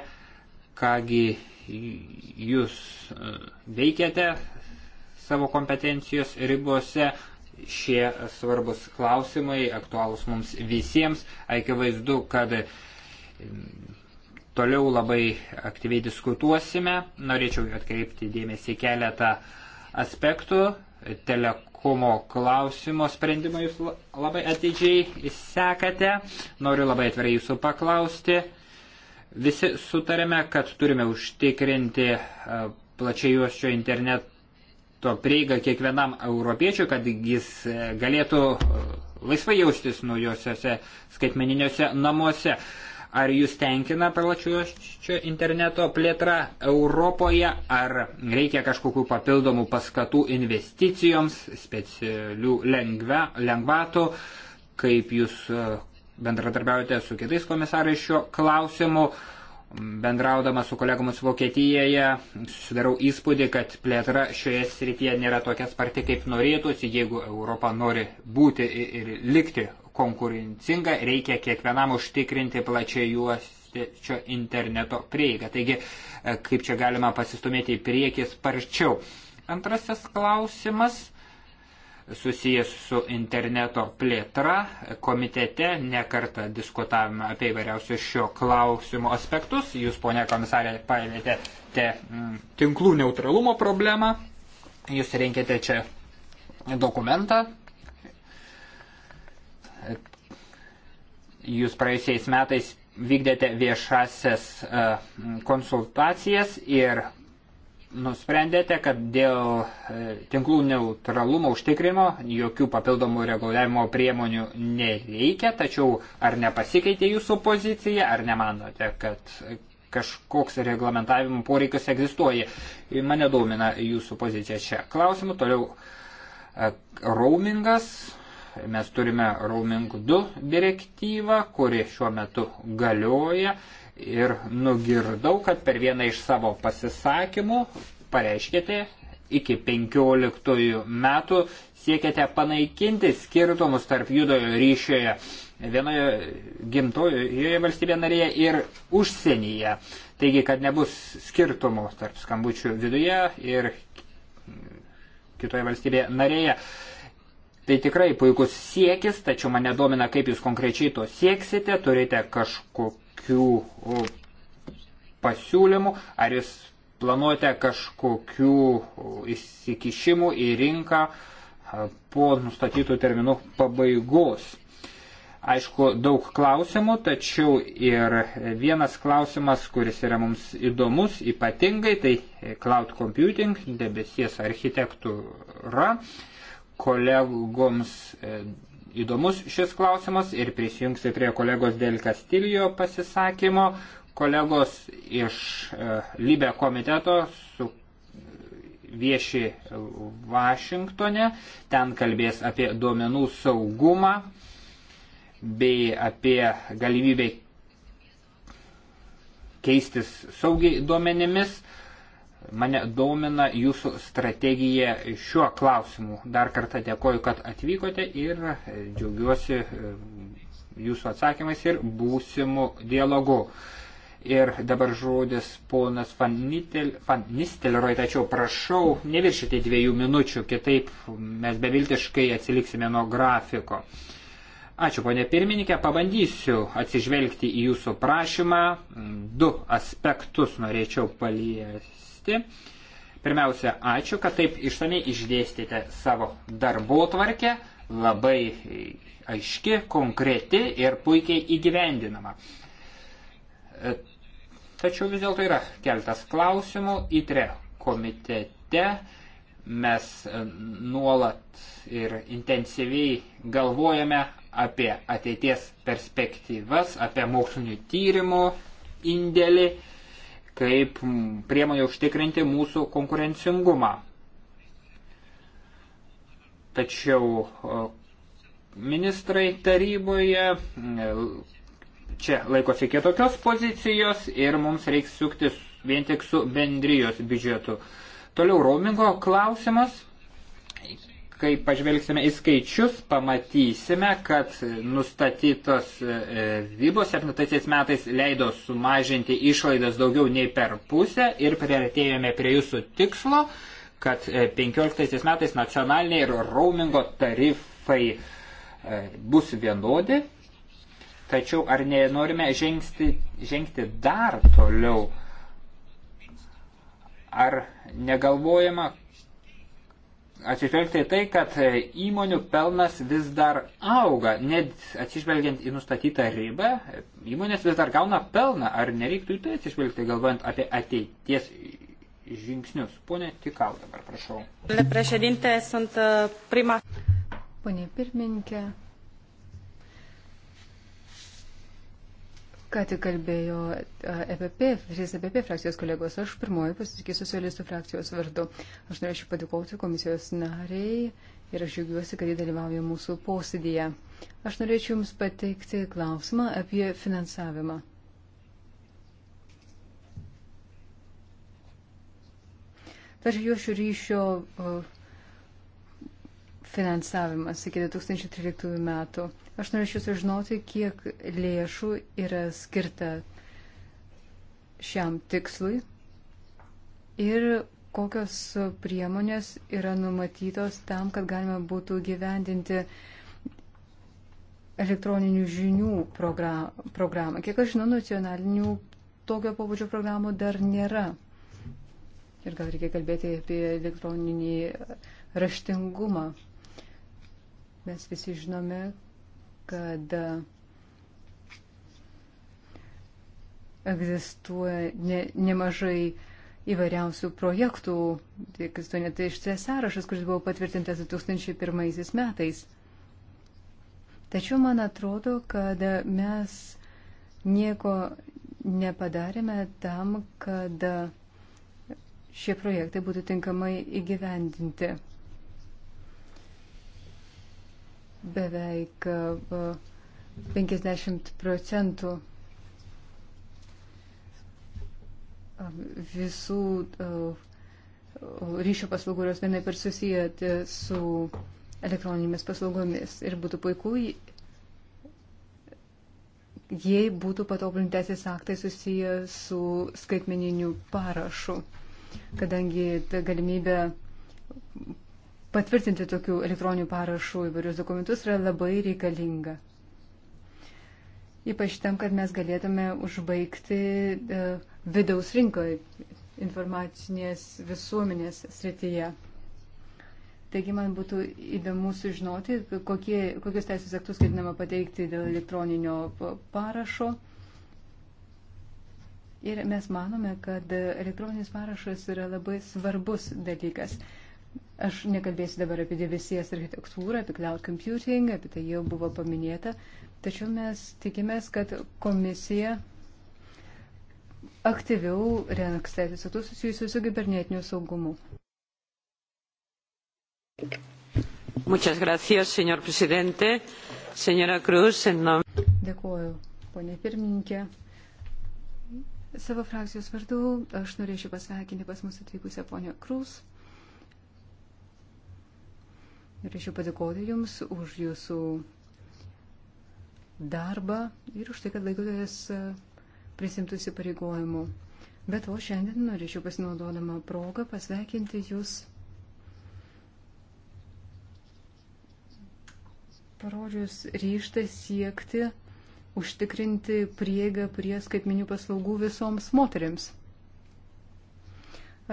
Speaker 1: kągi jūs e, veikiate savo kompetencijos ribose. Šie svarbus klausimai aktualūs mums visiems. Akivaizdu, kad Toliau labai aktyviai diskutuosime. Norėčiau atkreipti dėmesį keletą aspektų. Telekomo klausimo sprendimą jūs labai atidžiai sekate. Noriu labai atvirai jūsų paklausti. Visi sutarėme, kad turime užtikrinti e, plačiai juosčio interneto prieigą kiekvienam europiečiui, kad jis e, galėtų e, laisvai jaustis naujosiuose skaitmeniniuose namuose. Ar jūs tenkina perlačiuoščio interneto plėtra Europoje, ar reikia kažkokių papildomų paskatų investicijoms, specialių lengve, lengvatų, kaip jūs e, bendradarbiaujate su kitais komisarais šiuo klausimu. Bendraudama su kolegomis Vokietijoje, susidarau įspūdį, kad plėtra šioje srityje nėra tokia sparti, kaip norėtųsi, jeigu Europa nori būti ir likti konkurencinga, reikia kiekvienam užtikrinti plačiai juostečio interneto prieigą. Taigi, e, kaip čia galima pasistumėti į priekį sparčiau. Antrasis klausimas susijęs su interneto plėtra. Komitete nekartą diskutavome apie įvairiausius šio klausimo aspektus. Jūs, ponia komisarė, palėtėte mm, tinklų neutralumo problemą. Jūs renkėte čia dokumentą Jūs praėjusiais metais vykdėte viešasias e, konsultacijas ir nusprendėte, kad dėl e, tinklų neutralumo užtikrimo jokių papildomų reguliavimo priemonių nereikia, tačiau ar nepasikeitė jūsų pozicija, ar nemanote, kad kažkoks reglamentavimo poreikis egzistuoja. Mane domina jūsų pozicija čia. Klausimų toliau. E, Roamingas mes turime Roaming 2 direktyvą, kuri šiuo metu galioja ir nugirdau, kad per vieną iš savo pasisakymų pareiškite iki 15 metų siekiate panaikinti skirtumus tarp judojo ryšioje vienoje gimtojoje valstybėje narėje ir užsienyje. Taigi, kad nebus skirtumų tarp skambučių viduje ir kitoje valstybėje narėje. Tai tikrai puikus siekis, tačiau mane domina, kaip jūs konkrečiai to sieksite, turite kažkokių pasiūlymų, ar jūs planuojate kažkokių įsikišimų į rinką po nustatytų terminų pabaigos. Aišku, daug klausimų, tačiau ir vienas klausimas, kuris yra mums įdomus ypatingai, tai cloud computing, debesies architektūra. Uh, kolegoms e, įdomus šis klausimas ir prisijungsiu prie kolegos dėl Kastilijo pasisakymo. Kolegos iš e, Libė komiteto su vieši Vašingtone, ten kalbės apie duomenų saugumą bei apie galimybę keistis saugiai duomenimis. Mane domina jūsų strategija šiuo klausimu. Dar kartą dėkoju, kad atvykote ir e, džiaugiuosi e, jūsų atsakymais ir būsimu dialogu. Ir dabar žodis ponas Van, Nitel, Van Nistelroj, tačiau prašau, neviršite dviejų minučių, kitaip mes beviltiškai atsiliksime nuo grafiko. Ačiū, ponė pirmininkė, pabandysiu atsižvelgti į jūsų prašymą. Mm, du aspektus norėčiau paliesti paklausti. Pirmiausia, ačiū, kad taip išsamei išdėstėte savo darbo tvarkę, labai aiški, konkreti ir puikiai įgyvendinama. E, tačiau vis dėlto yra keltas klausimų. ITRE komitete mes e, nuolat ir intensyviai galvojame apie ateities perspektyvas, apie mokslinių tyrimų indėlį kaip priemonė užtikrinti mūsų konkurencingumą. Tačiau ministrai taryboje čia laikosi kitokios pozicijos ir mums reiks suktis vien tik su bendrijos biudžetu. Toliau roamingo klausimas kai pažvelgsime į skaičius, pamatysime, kad nustatytos e, e, ribos 7 metais leido sumažinti išlaidas daugiau nei per pusę ir priartėjome prie jūsų tikslo, kad 15 e, metais nacionaliniai ir roamingo tarifai bus vienodi. Tačiau ar nenorime žengsti, žengti dar toliau? Ar negalvojama, atsižvelgti į tai, kad e, įmonių pelnas vis dar auga, net atsižvelgiant į nustatytą ribą, įmonės vis dar gauna pelną, ar nereiktų į tai atsižvelgti, galvojant apie ateities žingsnius. Pone Tikal
Speaker 2: dabar, prašau. Pane e, pirmininkė, Ką tik kalbėjo EPP, visais EPP frakcijos kolegos, aš pirmoji pasisakysiu socialistų frakcijos vardu. Aš norėčiau padėkoti komisijos nariai ir aš džiaugiuosi, kad jie dalyvauja mūsų posėdėje. Aš norėčiau Jums pateikti klausimą apie finansavimą. Tačiau jo šių ryšio finansavimas iki 2013 metų. Aš norėčiau sužinoti, kiek lėšų yra skirta šiam tikslui ir kokios priemonės yra numatytos tam, kad galima būtų gyvendinti elektroninių žinių programą. Kiek aš žinau, nacionalinių tokio pobūdžio programų dar nėra. Ir gal reikia kalbėti apie elektroninį raštingumą. Mes visi žinome, kad egzistuoja ne, nemažai įvairiausių projektų, tai egzistuoja net išties sąrašas, kuris buvo patvirtintas 2001 metais. Tačiau man atrodo, kad mes nieko nepadarėme tam, kad šie projektai būtų tinkamai įgyvendinti. beveik 50 e, procentų e, visų e, ryšio paslaugų, kurios vienai per susiję su elektroninėmis paslaugomis. Ir būtų puiku, jei būtų patobulinti teisės aktai susiję su skaitmeniniu parašu, kadangi galimybė patvirtinti tokių elektroninių parašų įvairius dokumentus yra labai reikalinga. Ypač tam, kad mes galėtume užbaigti e, vidaus rinkoje informacinės visuomenės srityje. Taigi man būtų įdomu sužinoti, kokie, kokius teisės aktus ketinama pateikti dėl elektroninio parašo. Ir mes manome, kad elektroninis parašas yra labai svarbus dalykas. Aš nekalbėsiu dabar apie debesies architektūrą, apie cloud computing, apie tai jau buvo paminėta, tačiau mes tikimės, kad komisija aktyviau renks teisės aktus susijusius su kibernetiniu saugumu. Muchas gracias, señor presidente. Señora Cruz, en nombre. Dėkuoju, ponė pirmininkė. Savo frakcijos vardu aš norėčiau pasveikinti pas mus atvykusią ponę Krūs. Norėčiau padėkoti Jums už Jūsų darbą ir už tai, kad laikotės e, prisimtųsi pareigojimų. Bet o šiandien norėčiau pasinaudodama progą pasveikinti Jūs parodžius ryštą siekti užtikrinti prieigą prie skaitminių paslaugų visoms moteriams.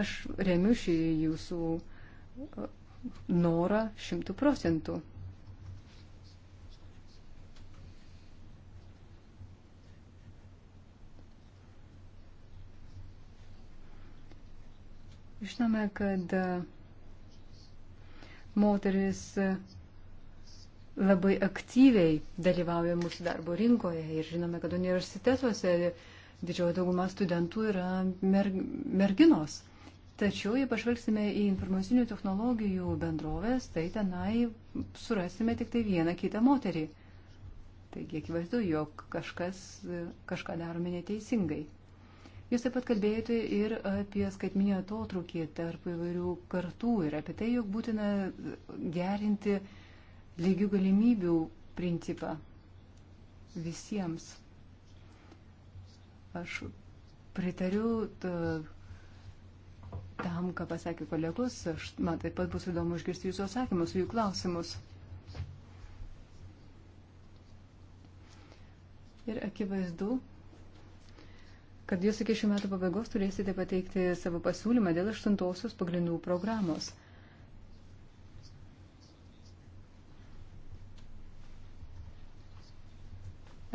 Speaker 2: Aš remiu šį jūsų norą šimtų procentų. Žinome, kad e, moteris e, labai aktyviai dalyvauja mūsų darbo rinkoje ir žinome, kad universitetuose didžioji dauguma studentų yra mer merginos. Tačiau, jei pažvelgsime į informacinių technologijų bendrovės, tai tenai surasime tik tai vieną kitą moterį. Taigi akivaizdu, jog kažkas, kažką darome neteisingai. Jūs taip pat kalbėjote ir apie skaitminį atotrukį tarp įvairių kartų ir apie tai, jog būtina gerinti lygių galimybių principą visiems. Aš pritariu. Ta, tam, ką pasakė kolegos. Aš, man taip pat bus įdomu išgirsti jūsų atsakymus, jų klausimus. Ir akivaizdu, kad jūs iki šių metų pabaigos turėsite pateikti savo pasiūlymą dėl aštuntosios pagrindų programos.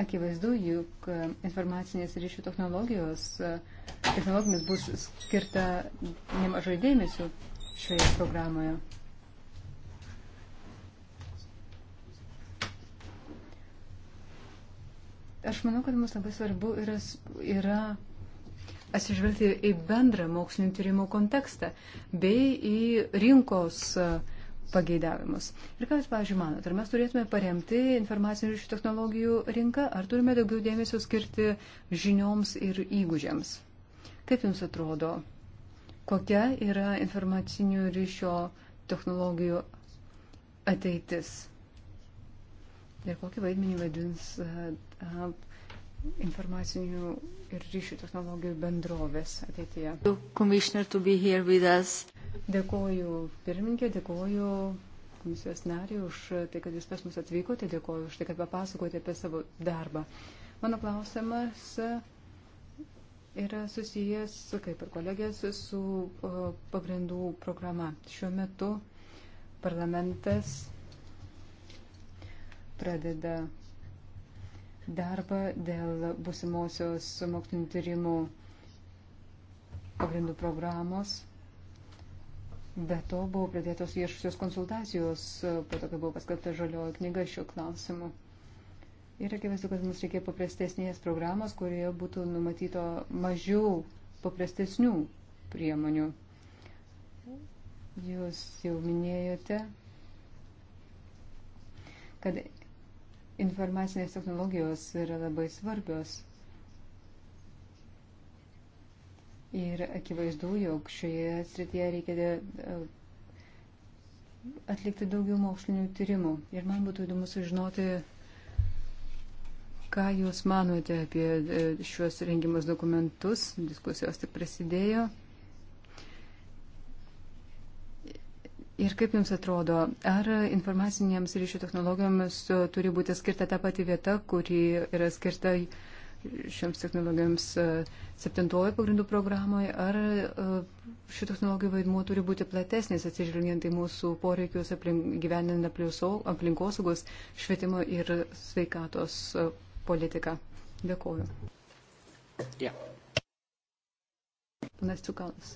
Speaker 2: Akivaizdu, juk informacinės ryšių technologijos e, technologijomis bus skirta nemažai dėmesio šioje programoje. Aš manau, kad mums labai svarbu yra, yra atsižvelgti į bendrą mokslinio tyrimų kontekstą bei į rinkos uh, pageidavimus. Ir ką Jūs, pavyzdžiui, manote, ar mes turėtume paremti informacinių ryšių technologijų rinką, ar turime daugiau dėmesio skirti žinioms ir įgūdžiams? Kaip Jums atrodo, kokia yra informacinių ryšio technologijų ateitis? Ir kokį vaidmenį vadins informacinių ir ryšių technologijų bendrovės ateityje. Dėkoju pirmininkė, dėkoju komisijos nariai už tai, kad jūs pas mus atvykote, dėkoju už tai, kad papasakote apie savo darbą. Mano klausimas yra susijęs, kaip ir kolegės, su pagrindų programa. Šiuo metu parlamentas pradeda darbą dėl busimosios mokslinio tyrimų pagrindų programos Be to buvo pradėtos viešusios konsultacijos, po to, kai buvo paskelbta žalioji knyga šiuo klausimu. Ir akivaizdu, kad mums reikėjo paprastesnės programos, kurioje būtų numatyto mažiau paprastesnių priemonių. Jūs jau minėjote, kad informacinės technologijos yra labai svarbios Ir akivaizdu, jog šioje srityje reikia e, atlikti daugiau mokslinių tyrimų. Ir man būtų įdomu sužinoti, ką Jūs manote apie e, šiuos rengimus dokumentus. Diskusijos tik prasidėjo. Ir kaip Jums atrodo, ar informacinėms ryšių technologijoms turi būti skirta ta pati vieta, kuri yra skirta uh, šiems technologijams e, septintojo pagrindų programoje, ar e, šių technologijų vaidmuo turi būti platesnis, atsižvelgiant į mūsų poreikius aplink, gyveninant aplinkosaugos, švietimo ir sveikatos e, politiką. Dėkuoju. Yeah. Panas
Speaker 1: Ciukalas.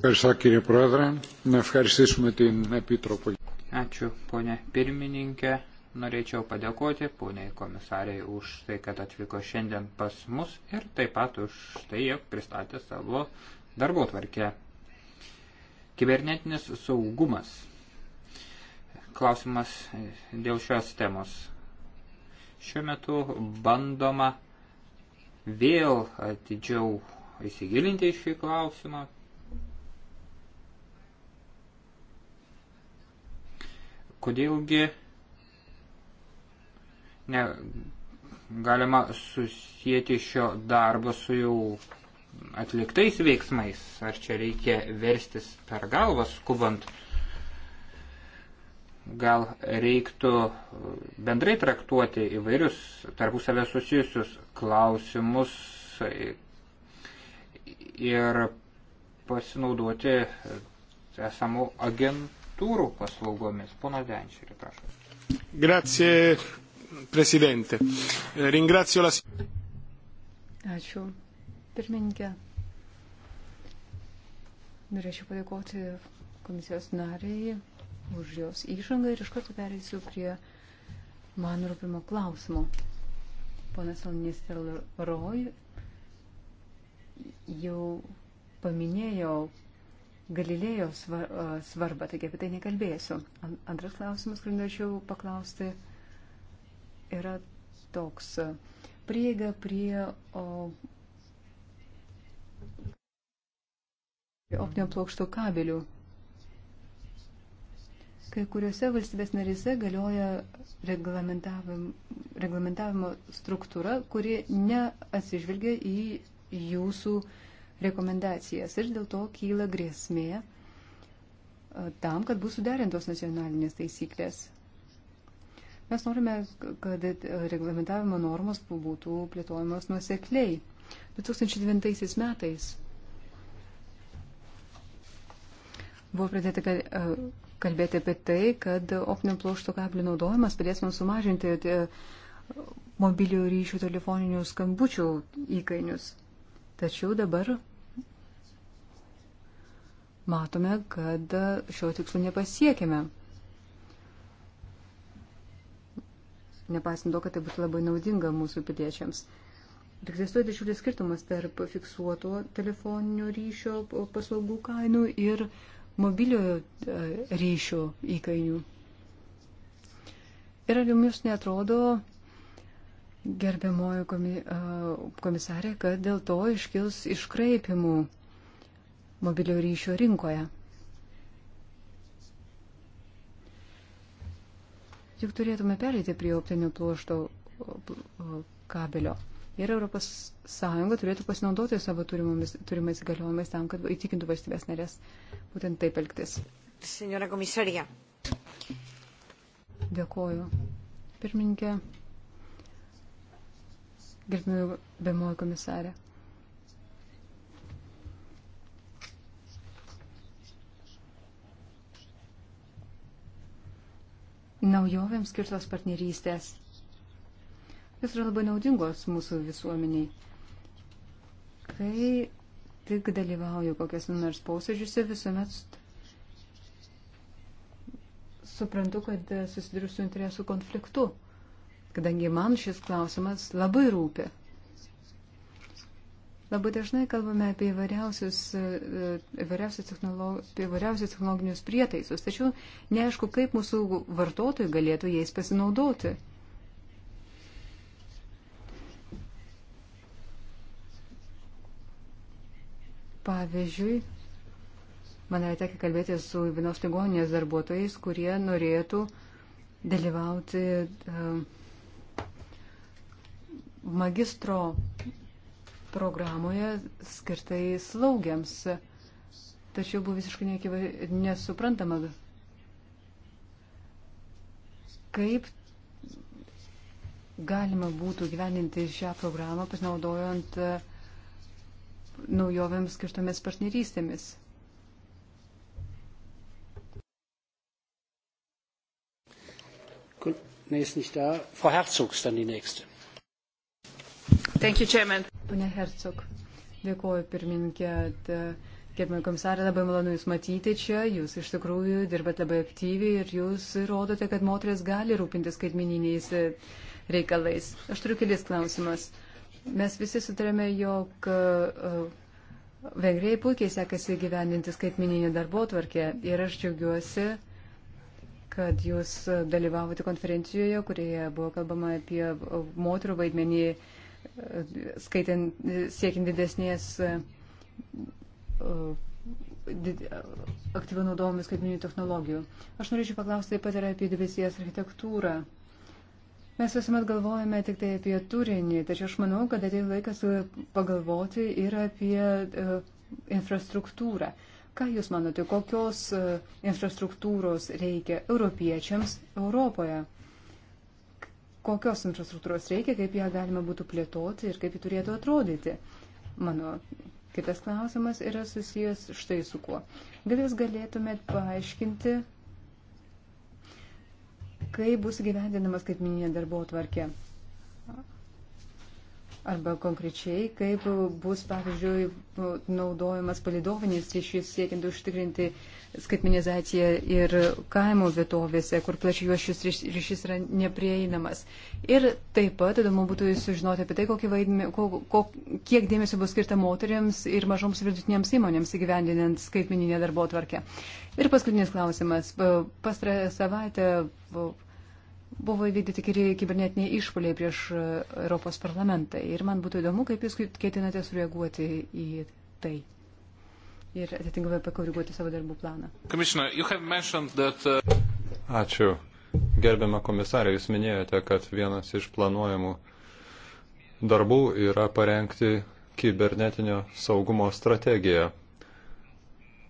Speaker 1: Ačiū, ponė pirmininkė. Norėčiau padėkoti poniai komisariai už tai, kad atvyko šiandien pas mus ir taip pat už tai, jog pristatė savo darbo tvarkę. Kibernetinis saugumas. Klausimas dėl šios temos. Šiuo metu bandoma vėl atidžiau įsigilinti į šį klausimą, kodėlgi ne, galima susijęti šio darbo su jau atliktais veiksmais, ar čia reikia verstis per galvą skubant. Gal reiktų bendrai traktuoti įvairius tarpusavę susijusius klausimus ir pasinaudoti esamų agentūrų paslaugomis. Pono Denčerį, prašau. Grazie, Presidente. Eh, ringrazio la.
Speaker 2: Ačiū. Pirmininkė. Norėčiau padėkoti komisijos nariai už jos įžangą ir iš karto pereisiu prie man rūpimo klausimo. Ponas Alnys Roj jau paminėjo Galilėjo svarbą, taigi apie tai nekalbėsiu. Antras klausimas, kurį norėčiau paklausti yra toks. E, prieiga prie o, optinio plokšto kabelių. Kai kuriuose valstybės narise galioja reglamentavimo, reglamentavimo struktūra, kuri neatsižvelgia į jūsų rekomendacijas ir dėl to kyla grėsmė e, tam, kad bus suderintos nacionalinės taisyklės. Mes norime, kad reglamentavimo normos būtų plėtojamos nuosekliai. 2009 metais buvo pradėta kalbėti apie tai, kad optinio plokšto kablių naudojimas padės mums sumažinti mobilių ryšių telefoninių skambučių įkainius. Tačiau dabar matome, kad šio tikslo nepasiekime. nepaisant to, kad tai būtų labai naudinga mūsų piliečiams. Ir egzistuoja tai didžiulis skirtumas tarp fiksuoto telefoninio ryšio paslaugų kainų ir mobiliojo e, ryšio įkainių. Ir ar jums netrodo, gerbiamoji e, komisarė, kad dėl to iškils iškraipimų mobiliojo ryšio rinkoje? juk turėtume perėti prie optinio pluošto kabelio. Ir ES turėtų pasinaudoti savo turimais, turimais galiojimais tam, kad įtikintų valstybės narės būtent taip elgtis. Senora komisarija. Dėkoju. Pirmininkė, gerbimiu bemoji komisarė. naujovėms skirtos partnerystės. Jos yra labai naudingos mūsų visuomeniai. Kai tik dalyvauju kokias nors posėdžiuose, visuomet suprantu, kad susiduriu su interesų konfliktu, kadangi man šis klausimas labai rūpi. Labai dažnai kalbame apie įvairiausius, e, įvairiausius, technolog, apie įvairiausius technologinius prietaisus, tačiau neaišku, kaip mūsų vartotojai galėtų jais pasinaudoti. Pavyzdžiui, man yra tekę kalbėti su vienos ligoninės darbuotojais, kurie norėtų dalyvauti e, magistro programoje skirtai slaugiams. Tačiau buvo visiškai nekyva, nesuprantama, kaip galima būtų gyveninti šią programą pasinaudojant e, naujovėms skirtomis partnerystėmis.
Speaker 1: Nee, ist nicht da. Frau Herzog ist dann die nächste.
Speaker 2: Thank you, Chairman. Pane Hercog, dėkuoju pirmininkė. Gerbėjai komisarė, labai malonu Jūs matyti čia, Jūs iš tikrųjų dirbat labai aktyviai ir Jūs rodote, kad moteris gali rūpintis skaitmininiais e, reikalais. Aš turiu kelis klausimas. Mes visi sutarėme, jog e, Vengrijai puikiai sekasi gyvendinti skaitmininį darbo tvarkę ir aš džiaugiuosi, kad jūs dalyvavote konferencijoje, kurioje buvo kalbama apie e, moterų vaidmenį skaitant, siekiant didesnės e, did, aktyviau naudojamų skaitmeninių technologijų. Aš norėčiau paklausti taip pat ir apie debesijos architektūrą. Mes visuomet galvojame tik tai apie turinį, tačiau aš manau, kad atėjo laikas pagalvoti ir apie uh, infrastruktūrą. Ką Jūs manote, kokios uh, infrastruktūros reikia europiečiams Europoje? kokios infrastruktūros reikia, kaip ją galima būtų plėtoti ir kaip ji turėtų atrodyti. Mano kitas klausimas yra susijęs štai su kuo. Gal jūs galėtumėt paaiškinti, kaip bus gyvendinamas skaitmininė darbo tvarkė? Arba konkrečiai, kaip bus, pavyzdžiui, naudojamas palidovinis ryšys siekiant užtikrinti skaitmenizaciją ir kaimo vietovėse, kur plačiai juos šis ryšys yra neprieinamas. Ir taip pat įdomu būtų sužinoti apie tai, vaidmė, ko, ko, kiek dėmesio bus skirta moteriams ir mažoms vidutinėms įmonėms įgyvendinant skaitmeninę darbo tvarkę. Ir paskutinis klausimas. Pastarąją savaitę buvo įvykdyti keli kibernetiniai išpoliai prieš e, Europos parlamentą. Ir man būtų įdomu, kaip jūs ketinate sureaguoti į tai. Ir atitinkamai pakoriguoti savo darbų planą.
Speaker 1: That, uh...
Speaker 3: Ačiū. Gerbiama komisarė, jūs minėjote, kad vienas iš planuojamų darbų yra parengti kibernetinio saugumo strategiją.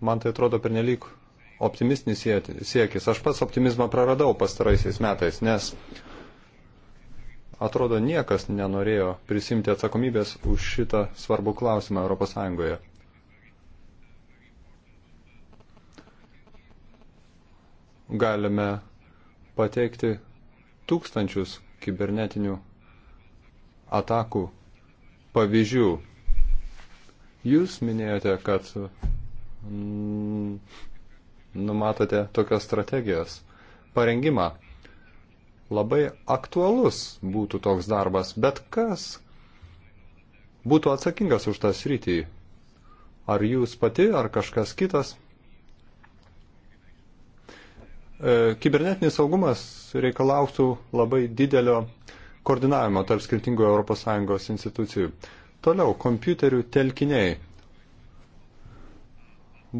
Speaker 3: Man tai atrodo pernelyg optimistinis siekis. Aš pats optimizmą praradau pastaraisiais metais, nes atrodo niekas nenorėjo prisimti atsakomybės už šitą svarbų klausimą ES. Galime pateikti tūkstančius kibernetinių atakų pavyzdžių. Jūs minėjote, kad numatote tokios strategijos parengimą. Labai aktualus būtų toks darbas, bet kas būtų atsakingas už tą sritį? Ar jūs pati, ar kažkas kitas? E, kibernetinis saugumas reikalautų labai didelio koordinavimo tarp skirtingų ES institucijų. Toliau, kompiuterių telkiniai.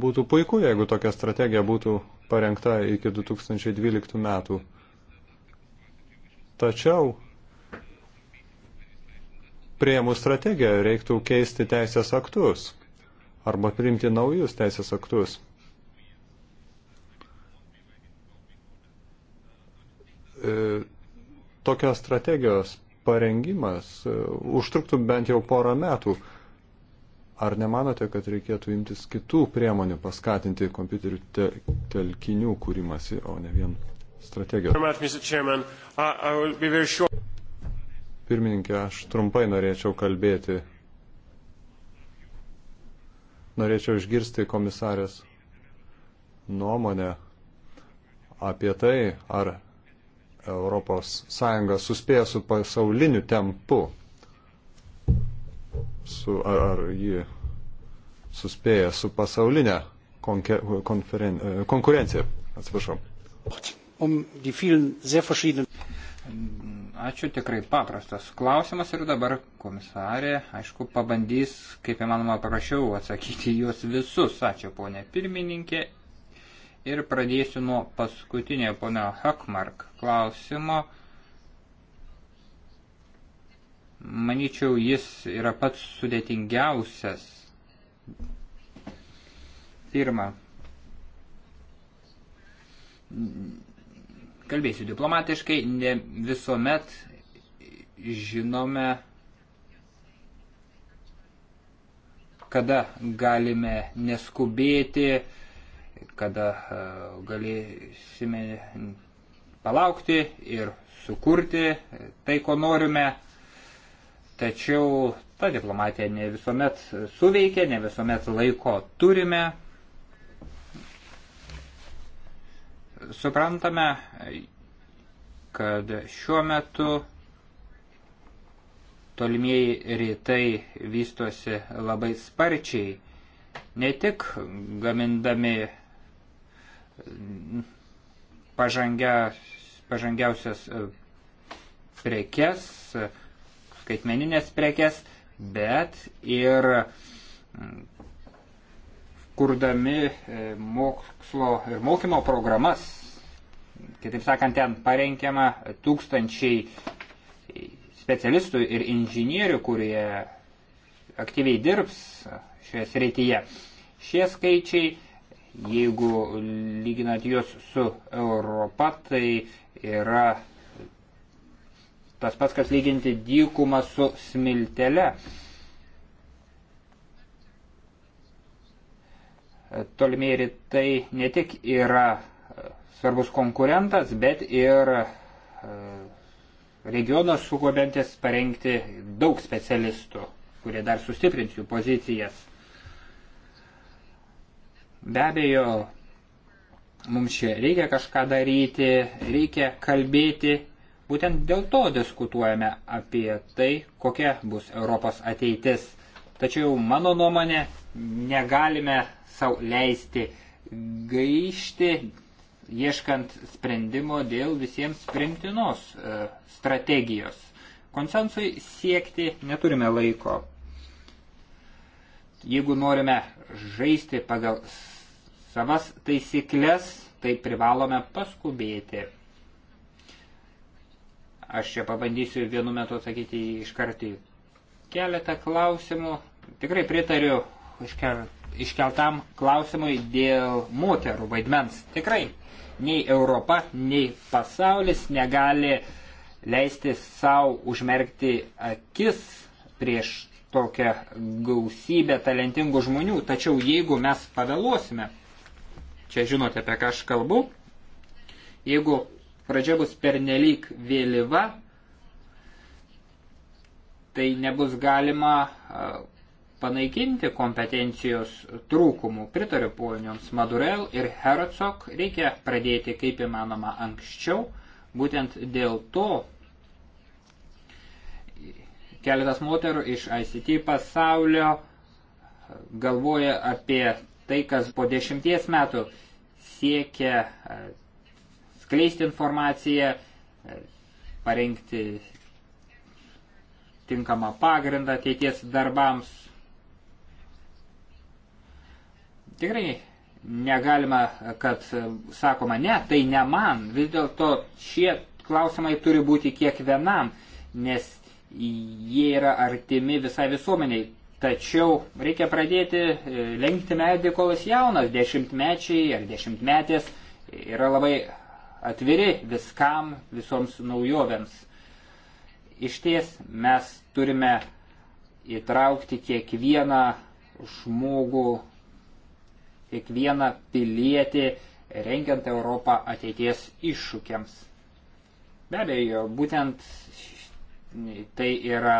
Speaker 3: Būtų puiku, jeigu tokia strategija būtų parengta iki 2012 metų. Tačiau priemų strategiją reiktų keisti teisės aktus arba priimti naujus teisės aktus. E, tokios strategijos parengimas e, užtruktų bent jau porą metų. Ar nemanote, kad reikėtų imtis kitų priemonių paskatinti kompiuterių te telkinių kūrimasi, o ne vien strategijos? Pirmininkė, aš trumpai norėčiau kalbėti. Norėčiau išgirsti komisarės nuomonę apie tai, ar ES suspėjo su pasauliniu tempu su, ar, ar ji suspėja su pasaulinė konke, konferen, e, konkurencija. Atsiprašau.
Speaker 1: Ačiū, tikrai paprastas klausimas ir dabar komisarė, aišku, pabandys, kaip įmanoma, paprašiau atsakyti juos visus. Ačiū, ponė pirmininkė. Ir pradėsiu nuo paskutinio ponio Hakmark klausimo Manyčiau, jis yra pats sudėtingiausias. Pirma, kalbėsiu diplomatiškai, ne visuomet žinome, kada galime neskubėti, kada e, galėsime palaukti ir sukurti tai, ko norime Tačiau ta diplomatija ne visuomet suveikia, ne visuomet laiko turime. Suprantame, kad šiuo metu tolimieji rytai vystosi labai sparčiai, ne tik gamindami pažangia, pažangiausias prekes, skaitmeninės prekes, bet ir mm, kurdami e, mokslo ir mokymo programas. Kitaip sakant, ten parenkiama tūkstančiai specialistų ir inžinierių, kurie aktyviai dirbs šioje srityje. Šie skaičiai, jeigu lyginat juos su Europa, tai yra tas pats, kas lyginti dykumą su smiltele. Tolimieji rytai ne tik yra e, svarbus konkurentas, bet ir e, regionas sugobentis parengti daug specialistų, kurie dar sustiprins jų pozicijas. Be abejo, mums čia reikia kažką daryti, reikia kalbėti Būtent dėl to diskutuojame apie tai, kokia bus Europos ateitis. Tačiau mano nuomonė, negalime savo leisti gaišti, ieškant sprendimo dėl visiems primtinos e, strategijos. Konsensui siekti neturime laiko. Jeigu norime žaisti pagal savas taisyklės, tai privalome paskubėti. Aš čia pabandysiu vienu metu atsakyti iškart į keletą klausimų. Tikrai pritariu iškeltam klausimui dėl moterų vaidmens. Tikrai nei Europa, nei pasaulis negali leisti savo užmerkti akis prieš tokią gausybę talentingų žmonių. Tačiau jeigu mes pavėluosime, čia žinote apie ką aš kalbu, jeigu pradžia bus pernelyg vėlyva, tai nebus galima panaikinti kompetencijos trūkumų. Pritariu ponioms Madurel ir Herzog, reikia pradėti kaip įmanoma anksčiau. Būtent dėl to keletas moterų iš ICT pasaulio galvoja apie tai, kas po dešimties metų siekia skleisti informaciją, parengti tinkamą pagrindą ateities darbams. Tikrai negalima, kad sakoma, ne, tai ne man. Vis dėlto šie klausimai turi būti kiekvienam, nes jie yra artimi visai visuomeniai. Tačiau reikia pradėti e, lenkti medį, kol jis jaunas, dešimtmečiai ar dešimtmetės yra labai atviri viskam, visoms naujovėms. Iš ties mes turime įtraukti kiekvieną žmogų, kiekvieną pilietį, rengiant Europą ateities iššūkiams. Be abejo, būtent tai yra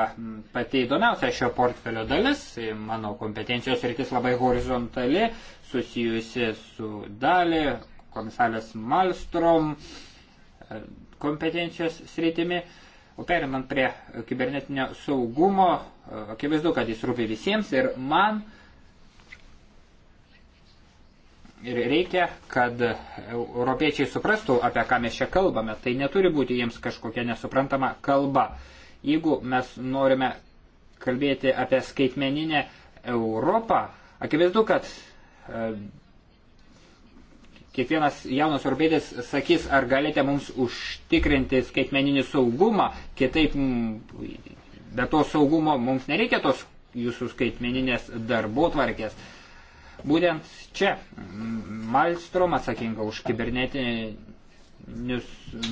Speaker 1: pati įdomiausia šio portfelio dalis. Mano kompetencijos rytis labai horizontali, susijusi su dalį komisarės Malstrom e, kompetencijos sritimi. O perimant prie kibernetinio saugumo, e, akivaizdu, kad jis rūpi visiems ir man. Ir reikia, kad europiečiai suprastų, apie ką mes čia kalbame. Tai neturi būti jiems kažkokia nesuprantama kalba. Jeigu mes norime kalbėti apie skaitmeninę Europą, akivaizdu, kad e, Kiekvienas jaunas orbėdis sakys, ar galite mums užtikrinti skaitmeninį saugumą, kitaip mm, be to saugumo mums nereikia tos jūsų skaitmeninės darbo tvarkės. Būtent čia mm, Malstrom atsakinga už kibernetinius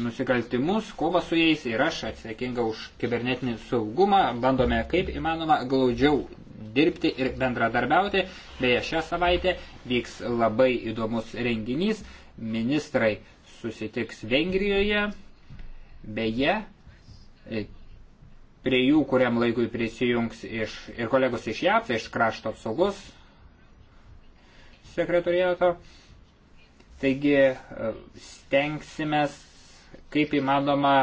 Speaker 1: nusikaltimus, kova su jais ir aš atsakinga už kibernetinį saugumą, bandome kaip įmanoma glaudžiau dirbti ir bendradarbiauti. Beje, šią savaitę vyks labai įdomus renginys. Ministrai susitiks Vengrijoje. Beje, e, prie jų kuriam laikui prisijungs iš, ir kolegos iš JAV, tai iš krašto apsaugos sekretoriato. Taigi e, stengsime kaip įmanoma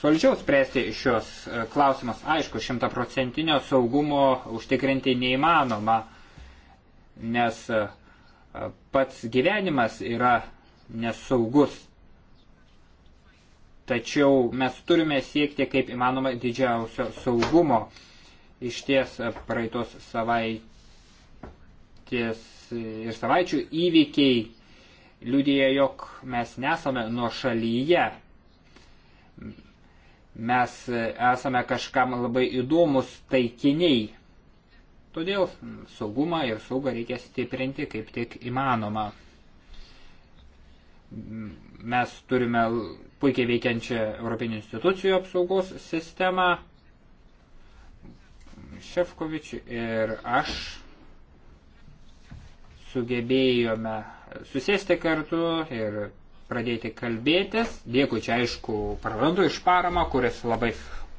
Speaker 1: solidžiau spręsti šios e, klausimus. Aišku, šimtaprocentinio saugumo užtikrinti neįmanoma, nes e, pats gyvenimas yra nesaugus. Tačiau mes turime siekti kaip įmanoma didžiausio saugumo. Iš ties e, praeitos savaitės ir savaičių įvykiai liudija, jog mes nesame nuo šalyje Mes esame kažkam labai įdomus taikiniai. Todėl saugumą ir saugą reikia stiprinti kaip tik įmanoma. Mes turime puikiai veikiančią Europinių institucijų apsaugos sistemą. Šefkovič ir aš sugebėjome susėsti kartu ir pradėti kalbėtis. Dėkui čia aišku prarandu iš paramą, kuris labai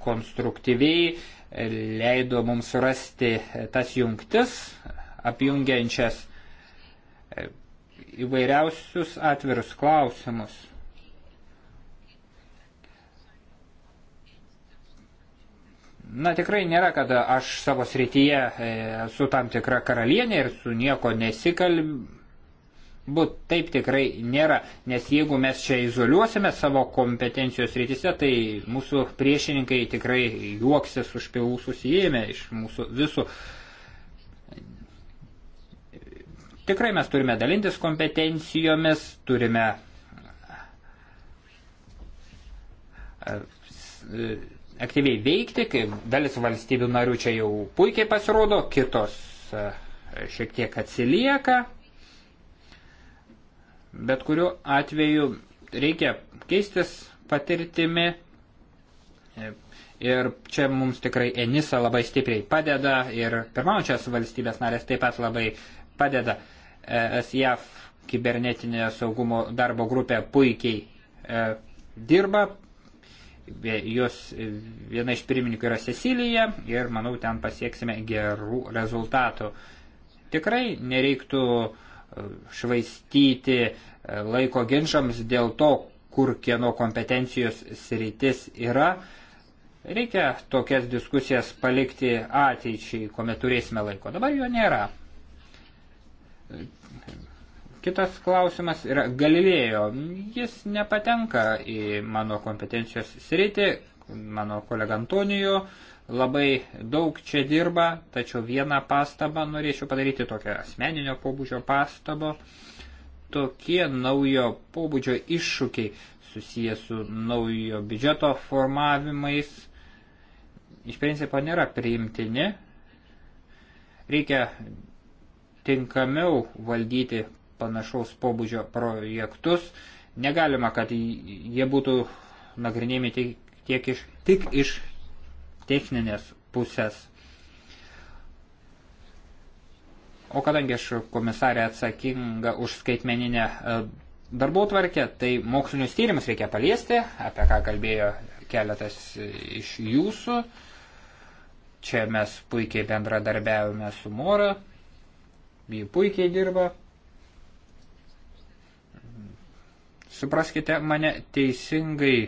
Speaker 1: konstruktyviai e, leido mums surasti e, tas jungtis, apjungiančias e, įvairiausius atvirus klausimus. Na tikrai nėra, kad aš savo srityje esu tam tikra karalienė ir su nieko nesikalbėjau būt taip tikrai nėra, nes jeigu mes čia izoliuosime savo kompetencijos rytise, tai mūsų priešininkai tikrai juoksis už pilvų susijėmę iš mūsų visų. Tikrai mes turime dalintis kompetencijomis, turime e, e, aktyviai veikti, kaip dalis valstybių narių čia jau puikiai pasirodo, kitos e, šiek tiek atsilieka, Bet kuriuo atveju reikia keistis patirtimi ir čia mums tikrai Enisa labai stipriai padeda ir pirmaujančios valstybės narės taip pat labai padeda. SJAF kibernetinė saugumo darbo grupė puikiai e, dirba. Jos viena iš pirmininkų yra Cecilija ir manau ten pasieksime gerų rezultatų. Tikrai nereiktų e, švaistyti e, laiko ginčiams dėl to, kur kieno kompetencijos sritis yra. Reikia tokias diskusijas palikti ateičiai, kuomet turėsime laiko. Dabar jo nėra. Kitas klausimas yra Galilėjo. Jis nepatenka į mano kompetencijos sritį, mano kolega Antonijo uh, labai daug čia dirba, tačiau vieną pastabą norėčiau padaryti tokią asmeninio pobūdžio pastabą. Tokie naujo pobūdžio iššūkiai susiję su naujo biudžeto formavimais iš principo nėra priimtini. Reikia tinkamiau valdyti panašaus pobūdžio projektus. Negalima, kad jie būtų nagrinėjami tik, tiek iš, tik iš techninės pusės. O kadangi aš komisarė atsakinga už skaitmeninę e, darbų tvarkę, tai mokslinius tyrimus reikia paliesti, apie ką kalbėjo keletas iš jūsų. Čia mes puikiai bendradarbiavome su Mora, ji puikiai dirba. Supraskite mane teisingai,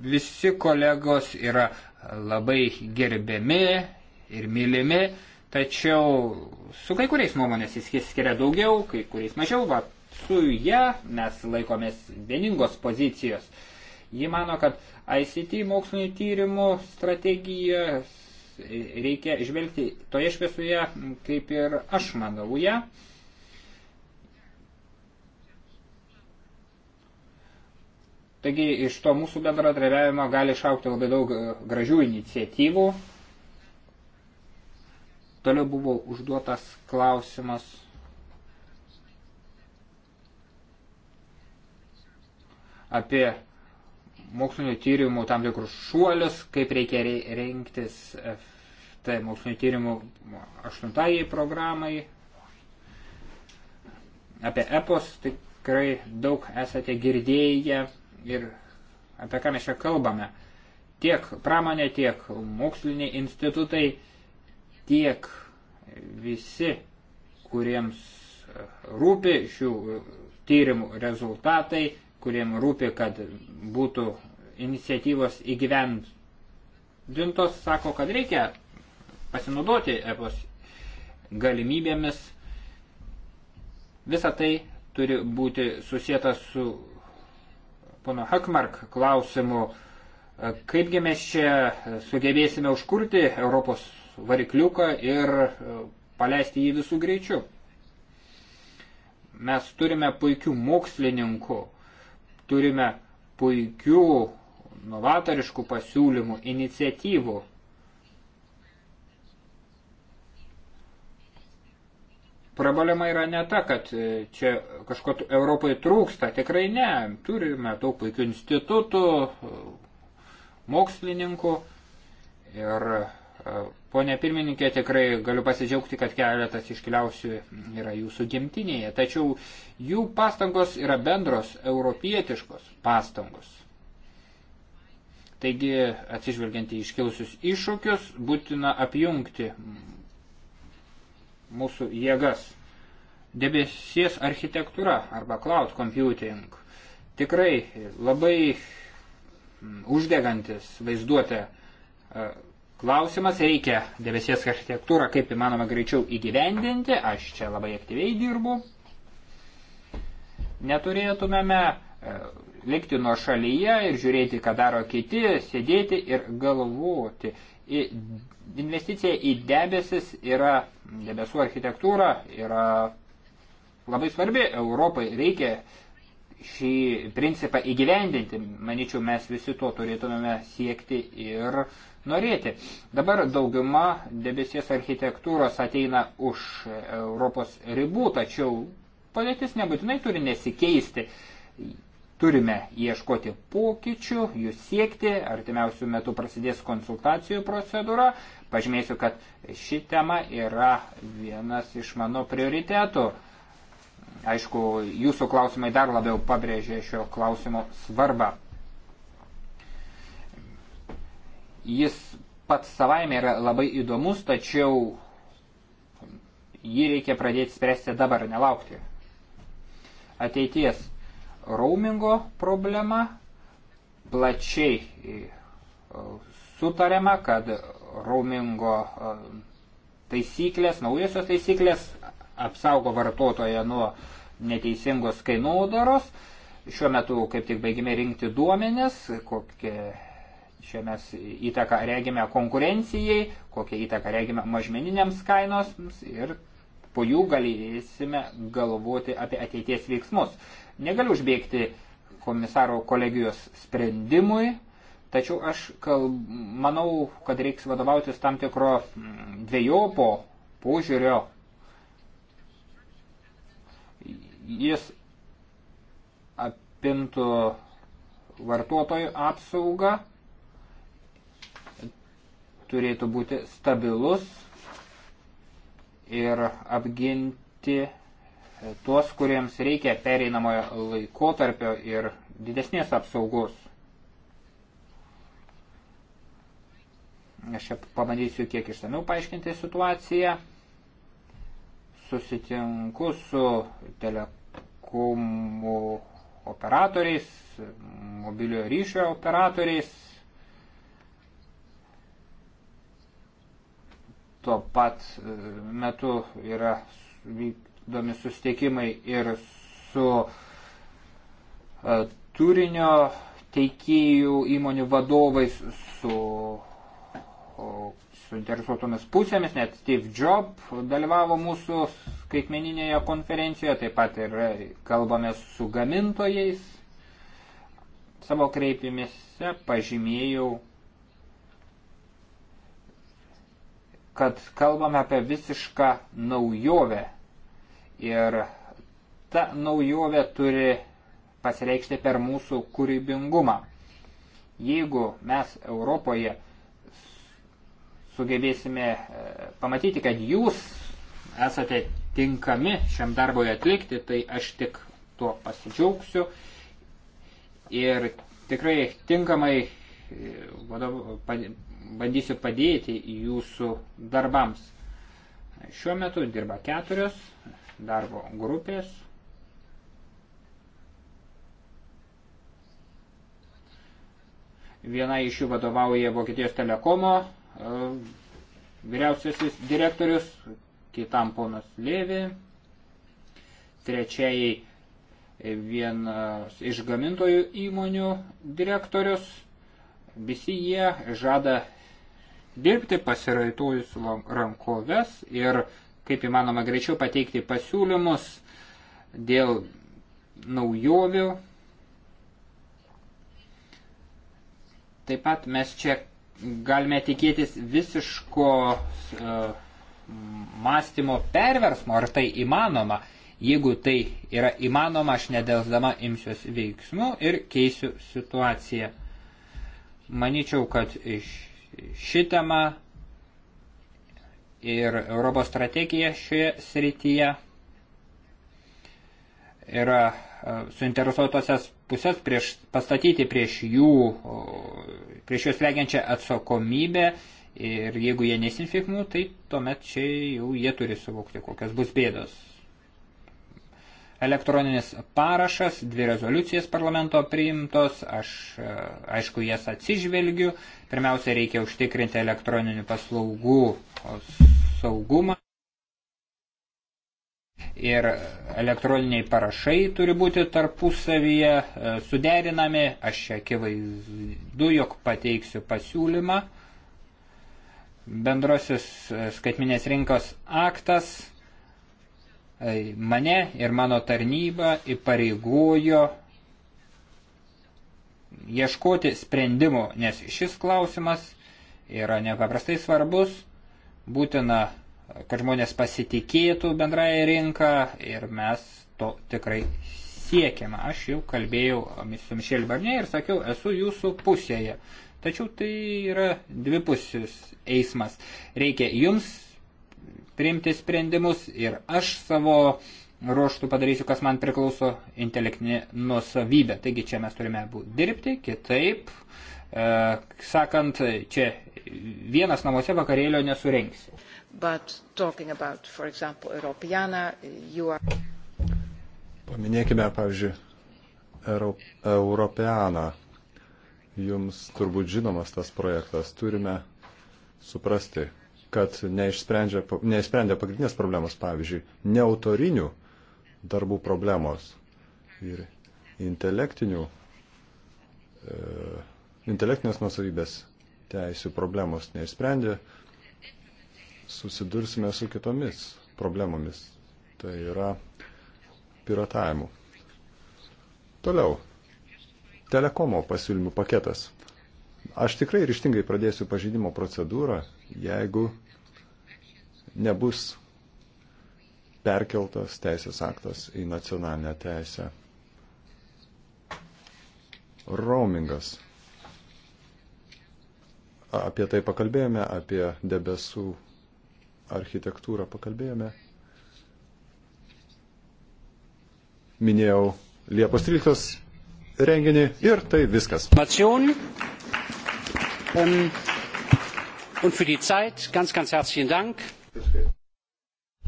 Speaker 1: visi kolegos yra labai gerbiami ir mylimi, tačiau su kai kuriais nuomonės jis skiria daugiau, kai kuriais mažiau, va, su ja mes laikomės vieningos pozicijos. Ji mano, kad ICT mokslinio tyrimų strategija reikia žvelgti toje šviesoje, kaip ir aš manau ją. Ja Taigi iš to mūsų bendradarbiavimo gali išaukti labai daug e, gražių iniciatyvų. Toliau buvo užduotas klausimas. apie mokslinio tyrimų tam tikrus šuolius, kaip reikia rinktis tai mokslinio tyrimų aštuntajai programai, apie epos tikrai daug esate girdėję ir apie ką mes čia kalbame. Tiek pramonė, tiek moksliniai institutai, tiek visi, kuriems rūpi šių tyrimų rezultatai, kuriems rūpi, kad būtų iniciatyvos įgyvendintos, sako, kad reikia pasinaudoti EPOS galimybėmis. Visa tai turi būti susijęta su pono Hakmark klausimų, e, kaipgi mes čia sugebėsime užkurti Europos varikliuką ir e, paleisti jį visų greičių. Mes turime puikių mokslininkų, turime puikių novatoriškų pasiūlymų, iniciatyvų, Problema yra ne ta, kad e, čia kažko Europai trūksta, tikrai ne. Turime daug puikių institutų, e, mokslininkų ir e, Pone pirmininkė, tikrai galiu pasidžiaugti, kad keletas iškiliausių yra jūsų gimtinėje, tačiau jų pastangos yra bendros europietiškos pastangos. Taigi, atsižvelgiant į iškilusius iššūkius, būtina apjungti mūsų jėgas. Debesies architektūra arba cloud computing tikrai labai mm, uždegantis vaizduotę e, klausimas. Reikia debesies architektūrą kaip įmanoma greičiau įgyvendinti. Aš čia labai aktyviai dirbu. Neturėtumėme e, likti nuo šalyje ir žiūrėti, ką daro kiti, sėdėti ir galvoti. Investicija į debesis yra, debesų architektūra yra labai svarbi Europai, reikia šį principą įgyvendinti. Manyčiau, mes visi to turėtumėme siekti ir norėti. Dabar dauguma debesies architektūros ateina už Europos ribų, tačiau padėtis nebūtinai turi nesikeisti. Turime ieškoti pokyčių, jų siekti, artimiausių metų prasidės konsultacijų procedūra. Pažymėsiu, kad ši tema yra vienas iš mano prioritetų. Aišku, jūsų klausimai dar labiau pabrėžė šio klausimo svarbą. Jis pats savaime yra labai įdomus, tačiau jį reikia pradėti spręsti dabar, nelaukti ateities raumingo problema. Plačiai e, e, sutarėma, kad raumingo e, taisyklės, naujosios taisyklės apsaugo vartotoje nuo neteisingos kainodaros. Šiuo metu kaip tik baigime rinkti duomenis, kokie čia mes įtaką regime konkurencijai, kokią įtaką regime mažmeniniams kainos ir po jų galėsime galvoti apie ateities veiksmus. Negaliu užbėgti komisaro kolegijos sprendimui, tačiau aš kalb, manau, kad reiks vadovautis tam tikro mm, dviejopo požiūrio. Jis apimtų vartotojų apsaugą, turėtų būti stabilus ir apginti tuos, kuriems reikia pereinamojo laikotarpio ir didesnės apsaugos. Aš čia pabandysiu kiek išsamiau paaiškinti situaciją. Susitinku su telekomų operatoriais, mobiliojo ryšio operatoriais. Tuo pat e, metu yra domi sustikimai ir su e, turinio teikėjų įmonių vadovais, su suinteresuotomis pusėmis, net Steve Job dalyvavo mūsų skaitmeninėje konferencijoje, taip pat ir kalbame su gamintojais. Savo kreipimėse pažymėjau, kad kalbame apie visišką naujovę Ir ta naujovė turi pasireikšti per mūsų kūrybingumą. Jeigu mes Europoje sugebėsime e, pamatyti, kad jūs esate tinkami šiam darbui atlikti, tai aš tik tuo pasidžiaugsiu ir tikrai tinkamai e, bandysiu padėti jūsų darbams. Šiuo metu dirba keturios darbo grupės. Viena iš jų vadovauja Vokietijos telekomo e, vyriausiasis direktorius, kitam ponas Lėvi, trečiajai vienas iš gamintojų įmonių direktorius. Visi jie žada dirbti pasiraitojus rankoves ir kaip įmanoma greičiau pateikti pasiūlymus dėl naujovių. Taip pat mes čia galime tikėtis visiško uh, e, mąstymo perversmo, ar tai įmanoma. Jeigu tai yra įmanoma, aš nedelsdama imsiuosi veiksmų ir keisiu situaciją. Maničiau, kad šitama ir Europos strategija šioje srityje yra e, suinteresuotosios pusės prieš, pastatyti prieš jų, prieš juos legiančią atsakomybę ir jeigu jie nesinfekmų, tai tuomet čia jau jie turi suvokti, kokios bus bėdos elektroninis parašas, dvi rezoliucijas parlamento priimtos, aš e, aišku jas atsižvelgiu. Pirmiausia, reikia užtikrinti elektroninių paslaugų saugumą. Ir elektroniniai parašai turi būti tarpusavyje e, suderinami. Aš akivaizdu, jog pateiksiu pasiūlymą. Bendrosios e, skaitminės rinkos aktas E, mane ir mano tarnybą įpareigojo ieškoti sprendimų, nes šis klausimas yra nepaprastai svarbus, būtina, kad žmonės pasitikėtų bendrąją rinką ir mes to tikrai siekiame. Aš jau kalbėjau su Mišel Barnė ir sakiau, esu jūsų pusėje. Tačiau tai yra dvipusis eismas. Reikia jums priimti sprendimus ir aš savo ruoštų padarysiu, kas man priklauso intelektinė nusavybė. Taigi čia mes turime dirbti kitaip, e, sakant, čia vienas namuose vakarėlio nesurenksi.
Speaker 2: About, example, Europeana, are...
Speaker 3: Paminėkime, pavyzdžiui, Euro, Europeaną. Jums turbūt žinomas tas projektas. Turime suprasti, kad neišsprendė pagrindinės problemos, pavyzdžiui, neautorinių darbų problemos ir intelektinių, e, intelektinės nusavybės teisų problemos neišsprendė, susidursime su kitomis problemomis. Tai yra piratavimu. Toliau. Telekomo pasiūlymų paketas. Aš tikrai ryštingai pradėsiu pažydimo procedūrą jeigu nebus perkeltas teisės aktas į nacionalinę teisę. Roamingas. Apie tai pakalbėjome, apie debesų architektūrą pakalbėjome. Minėjau Liepos 13 renginį
Speaker 1: ir tai viskas. Mačiūn. Um und für die Zeit. Ganz, ganz herzlichen Dank.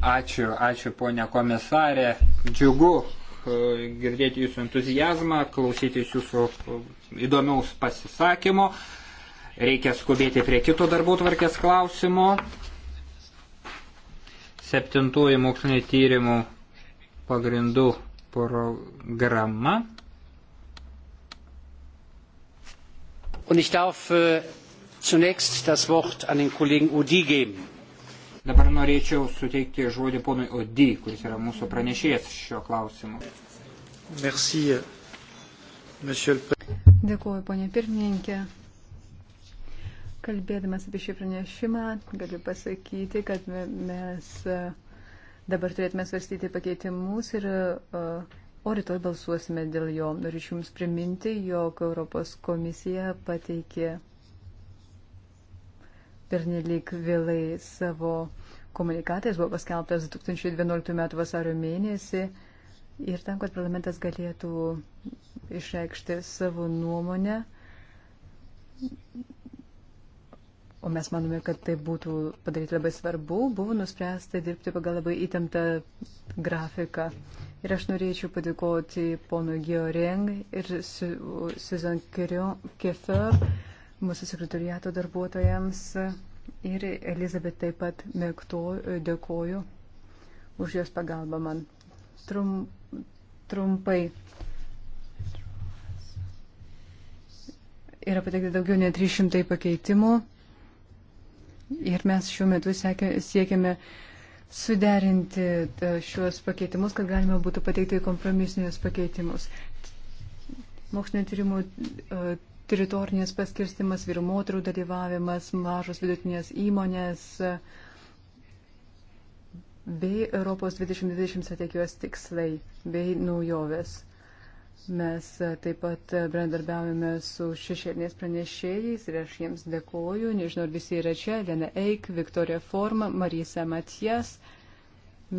Speaker 1: Ačiū, ačiū ponia komisarė. Džiugu e, girdėti jūsų entuzijazmą, klausytis jūsų e, įdomiaus pasisakymo. Reikia skubėti prie kito darbų tvarkės klausimo. Septintųjų mokslinio tyrimų pagrindų programa. Und ich darf äh, zunächst das Wort an den Kollegen Udi geben. Dabar norėčiau suteikti žodį ponui Odi, kuris yra mūsų pranešėjas šio klausimu. Merci, monsieur.
Speaker 2: Dėkuoju, ponė pirmininkė. Kalbėdamas apie šį pranešimą, galiu pasakyti, kad mes e, dabar turėtume svarstyti pakeitimus ir e, o rytoj balsuosime dėl jo. Noriu Jums priminti, jog Europos komisija pateikė pernelik vėlai savo komunikatais, buvo paskelbtas 2011 m. vasario mėnesį. Ir tam, kad parlamentas galėtų išreikšti savo nuomonę, o mes manome, kad tai būtų padaryti labai svarbu, buvo nuspręsta dirbti pagal labai įtemptą grafiką. Ir aš norėčiau padėkoti ponui Georeng ir Susan Kefer mūsų sekretariato darbuotojams ir Elizabet taip pat mėgto dėkoju už jos pagalbą man. Trum, trumpai. Yra pateikta daugiau nei 300 pakeitimų ir mes šiuo metu siekiame suderinti e, šiuos pakeitimus, kad galima būtų pateikti kompromisinius pakeitimus. Mokslinio tyrimų e, teritorinės paskirstimas, vyrų moterų dalyvavimas, mažos vidutinės įmonės bei Europos 2020 strategijos tikslai bei naujovės. Mes taip pat bendarbiavome su šešėlinės pranešėjais ir aš jiems dėkoju. Nežinau, ar visi yra čia. Lena Eik, Viktorija Forma, Marisa Matijas.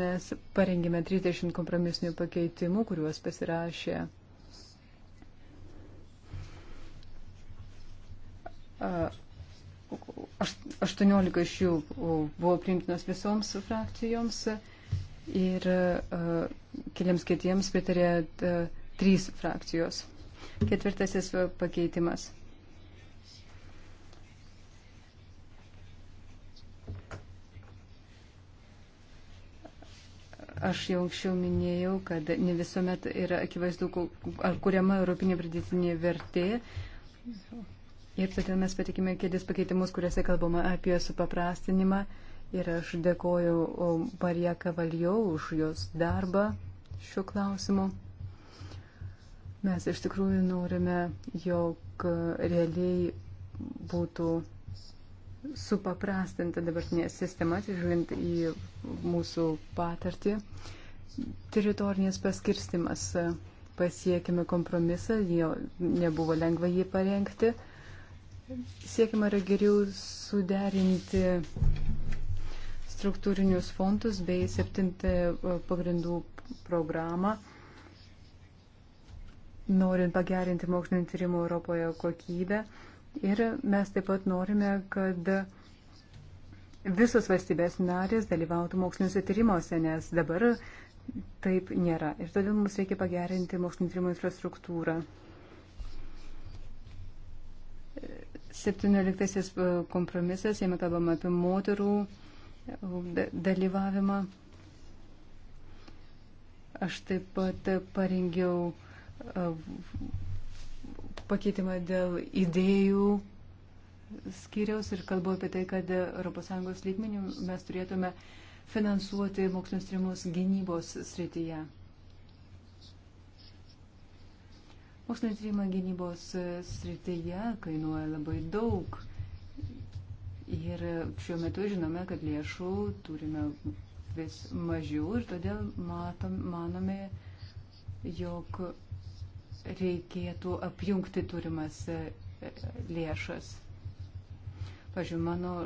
Speaker 2: Mes parengėme 30 kompromisinių pakeitimų, kuriuos pasirašė 18 iš jų buvo priimtinos visoms frakcijoms ir keliams kitiems pritarė trys frakcijos. Ketvirtasis pakeitimas. Aš jau anksčiau minėjau, kad ne visuomet yra akivaizdu, ar kuriama europinė pridėtinė vertė. Ir todėl mes patikime kėdės pakeitimus, kuriuose kalbama apie supaprastinimą. Ir aš dėkoju Marija Kavaljo už jos darbą šiuo klausimu. Mes iš tikrųjų norime, jog realiai būtų supaprastinta dabartinė sistema, žiūrint į mūsų patirtį. Teritorinės paskirstimas pasiekime kompromisą, jo nebuvo lengva jį parengti. Siekima yra geriau suderinti struktūrinius fondus bei septintą e, pagrindų programą, norint pagerinti mokslinio tyrimų Europoje kokybę. Ir mes taip pat norime, kad visos valstybės narės dalyvautų moksliniuose tyrimuose, nes dabar taip nėra. Ir todėl mums reikia pagerinti mokslinio tyrimo infrastruktūrą. 17 e, kompromisas, jame kalbama apie moterų e, dalyvavimą. Aš taip pat parengiau e, pakeitimą dėl idėjų skyriaus ir kalbu apie tai, kad ES lygmenių mes turėtume finansuoti mokslinius tyrimus gynybos srityje. Mokslinio tyrimo gynybos e, srityje kainuoja labai daug. Ir šiuo metu žinome, kad lėšų turime vis mažiau ir todėl matom, manome, jog reikėtų apjungti turimas e, lėšas. Pavyzdžiui, mano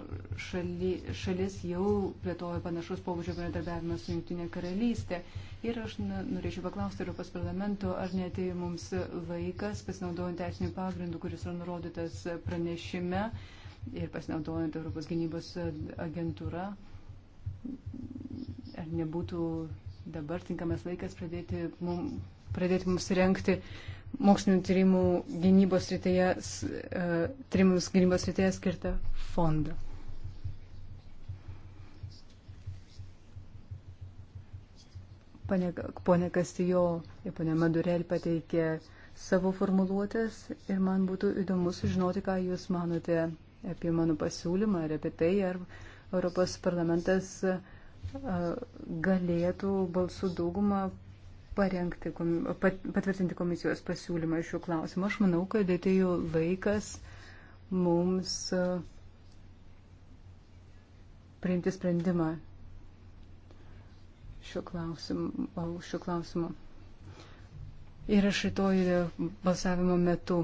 Speaker 2: šali, šalis jau plėtojo panašus pobūdžio bendradarbiavimą su Junktinė karalystė Ir aš norėčiau paklausti Europos parlamento, ar netėjo mums laikas, pasinaudojant teisinių pagrindų, kuris yra nurodytas pranešime ir pasinaudojant Europos gynybos agentūrą, ar nebūtų dabar tinkamas laikas pradėti, mum, pradėti mums renkti mokslinio tyrimų gynybos rytėje, tyrimams gynybos rytėje skirtą fondą. Pone Kastijo ir pone Madurel pateikė savo formuluotės ir man būtų įdomu sužinoti, ką Jūs manote apie mano pasiūlymą ir apie tai, ar Europos parlamentas galėtų balsų daugumą parengti, patvirtinti komisijos pasiūlymą šiuo klausimu. Aš manau, kad atėjo laikas mums priimti sprendimą šiuo klausimu. Šiuo klausimu. Ir aš rytoj balsavimo metu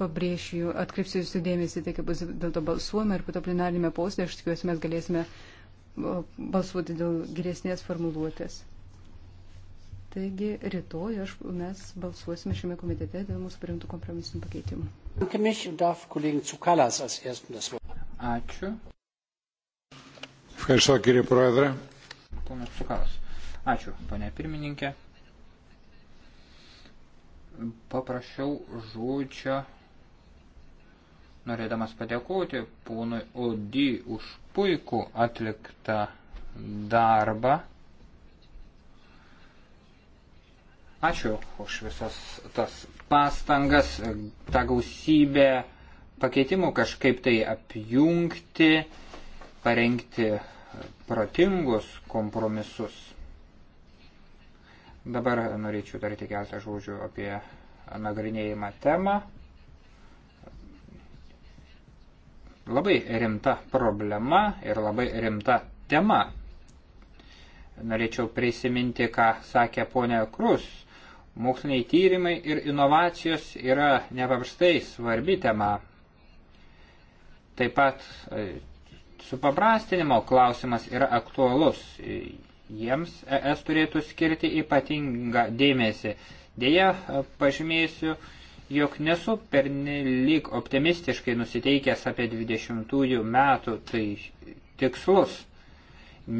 Speaker 2: pabrėšiu, atkreipsiu jūsų dėmesį, tai kaip bus dėl to balsuojama ir po to plenarinėme posėdėje, aš tikiuosi, mes galėsime balsuoti dėl geresnės formuluotės. Taigi rytoj aš, mes balsuosime šiame komitete dėl mūsų priimtų kompromisinių pakeitimų.
Speaker 1: Ačiū.
Speaker 3: Ευχαριστώ κύριε Πρόεδρε.
Speaker 1: Ponas Sukalas. Ačiū, ponė pirmininkė. Paprašiau žodžio, norėdamas padėkoti ponui Odi už puikų atliktą darbą. Ačiū už visas tas pastangas, tą gausybę pakeitimų kažkaip tai apjungti, parengti protingus kompromisus. Dabar norėčiau daryti keletą žodžių apie nagrinėjimą temą. Labai rimta problema ir labai rimta tema. Norėčiau prisiminti, ką sakė ponia Krus. Moksliniai tyrimai ir inovacijos yra nepaprastai svarbi tema. Taip pat e, supaprastinimo klausimas yra aktualus. Jiems ES turėtų skirti ypatingą dėmesį. Deja, pažymėsiu, jog nesu pernelyg optimistiškai nusiteikęs apie 20 metų tai tikslus.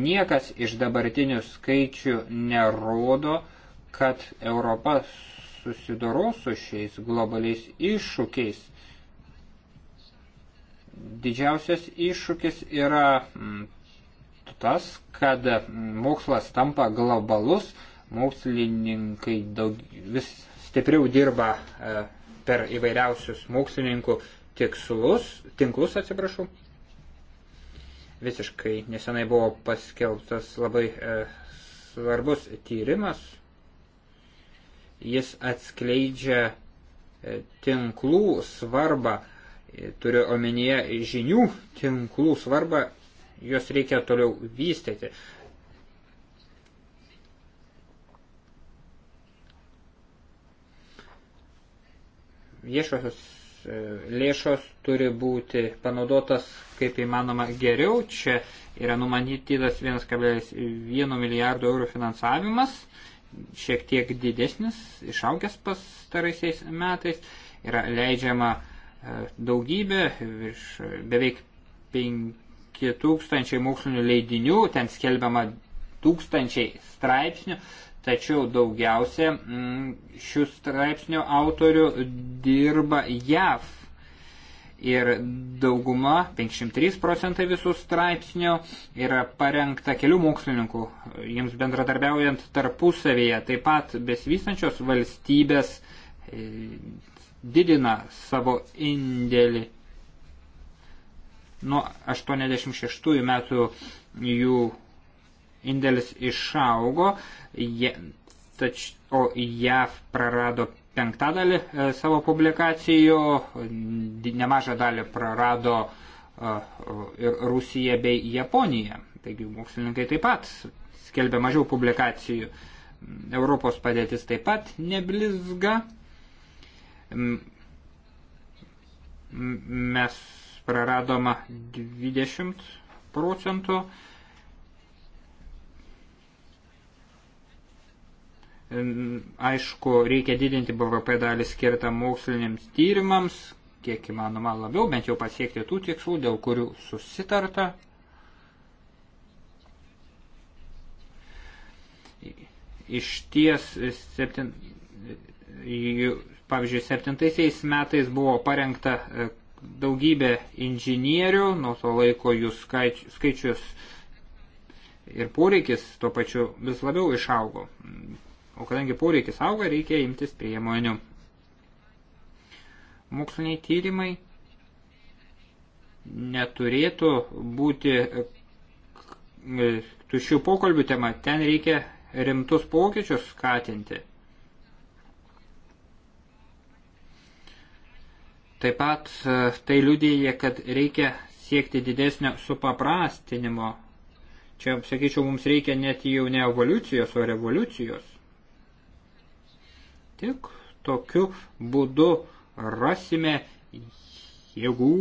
Speaker 1: Niekas iš dabartinių skaičių nerodo, kad Europa susidoros su šiais globaliais iššūkiais – didžiausias iššūkis yra mm, tas, kad mm, mokslas tampa globalus, mokslininkai daug, vis stipriau dirba e, per įvairiausius mokslininkų tikslus, tinklus, atsiprašau. Visiškai nesenai buvo paskelbtas labai e, svarbus tyrimas. Jis atskleidžia e, tinklų svarbą turiu omenyje žinių tinklų svarbą, juos reikia toliau vystyti. Viešosios e, lėšos turi būti panaudotas kaip įmanoma geriau. Čia yra numatytas 1,1 milijardo eurų finansavimas, šiek tiek didesnis, išaugęs pastaraisiais metais. Yra leidžiama uh, daugybė, virš beveik 5000 mokslinių leidinių, ten skelbiama tūkstančiai straipsnių, tačiau daugiausia mm, šių straipsnių autorių dirba JAV. Ir dauguma, 503 procentai visų straipsnių, yra parengta kelių mokslininkų, jiems bendradarbiaujant tarpusavyje. Taip pat besivystančios valstybės didina savo indėlį. Nuo 86 metų jų indėlis išaugo, je, tač, o JAV prarado penktadalį e, savo publikacijų, nemažą dalį prarado e, e, ir Rusija bei Japonija. Taigi mokslininkai taip pat skelbia mažiau publikacijų. Europos padėtis taip pat neblizga mes praradoma 20 procentų. Aišku, reikia didinti BVP dalį skirtą moksliniams tyrimams, kiek įmanoma labiau, bent jau pasiekti tų tikslų, dėl kurių susitarta. Iš ties septin... Pavyzdžiui, septintaisiais metais buvo parengta e, daugybė inžinierių, nuo to laiko jų skaičius ir poreikis tuo pačiu vis labiau išaugo. O kadangi poreikis auga, reikia imtis priemonių. Moksliniai tyrimai neturėtų būti e, tuščių pokalbių tema, ten reikia rimtus pokyčius skatinti. Taip pat e, tai liudyje, kad reikia siekti didesnio supaprastinimo. Čia, sakyčiau, mums reikia net jau ne evoliucijos, o revoliucijos. Tik tokiu būdu rasime jėgų,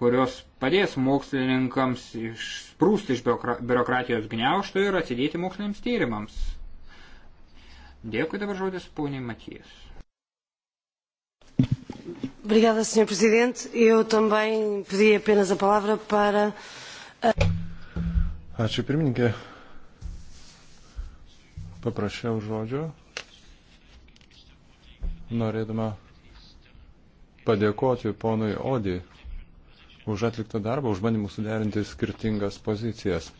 Speaker 1: kurios padės mokslininkams išsprūsti iš biurokratijos gniaušto ir atsidėti moksliniams tyrimams. Dėkui dabar žodis poniai Matijas.
Speaker 2: Obrigada, Sr. Presidente. Eu também pedi apenas a palavra para.
Speaker 3: Ačiū pirmininkė. Paprašiau žodžio, norėdama padėkoti ponui Odį už atliktą darbą, už bandymus suderinti skirtingas pozicijas,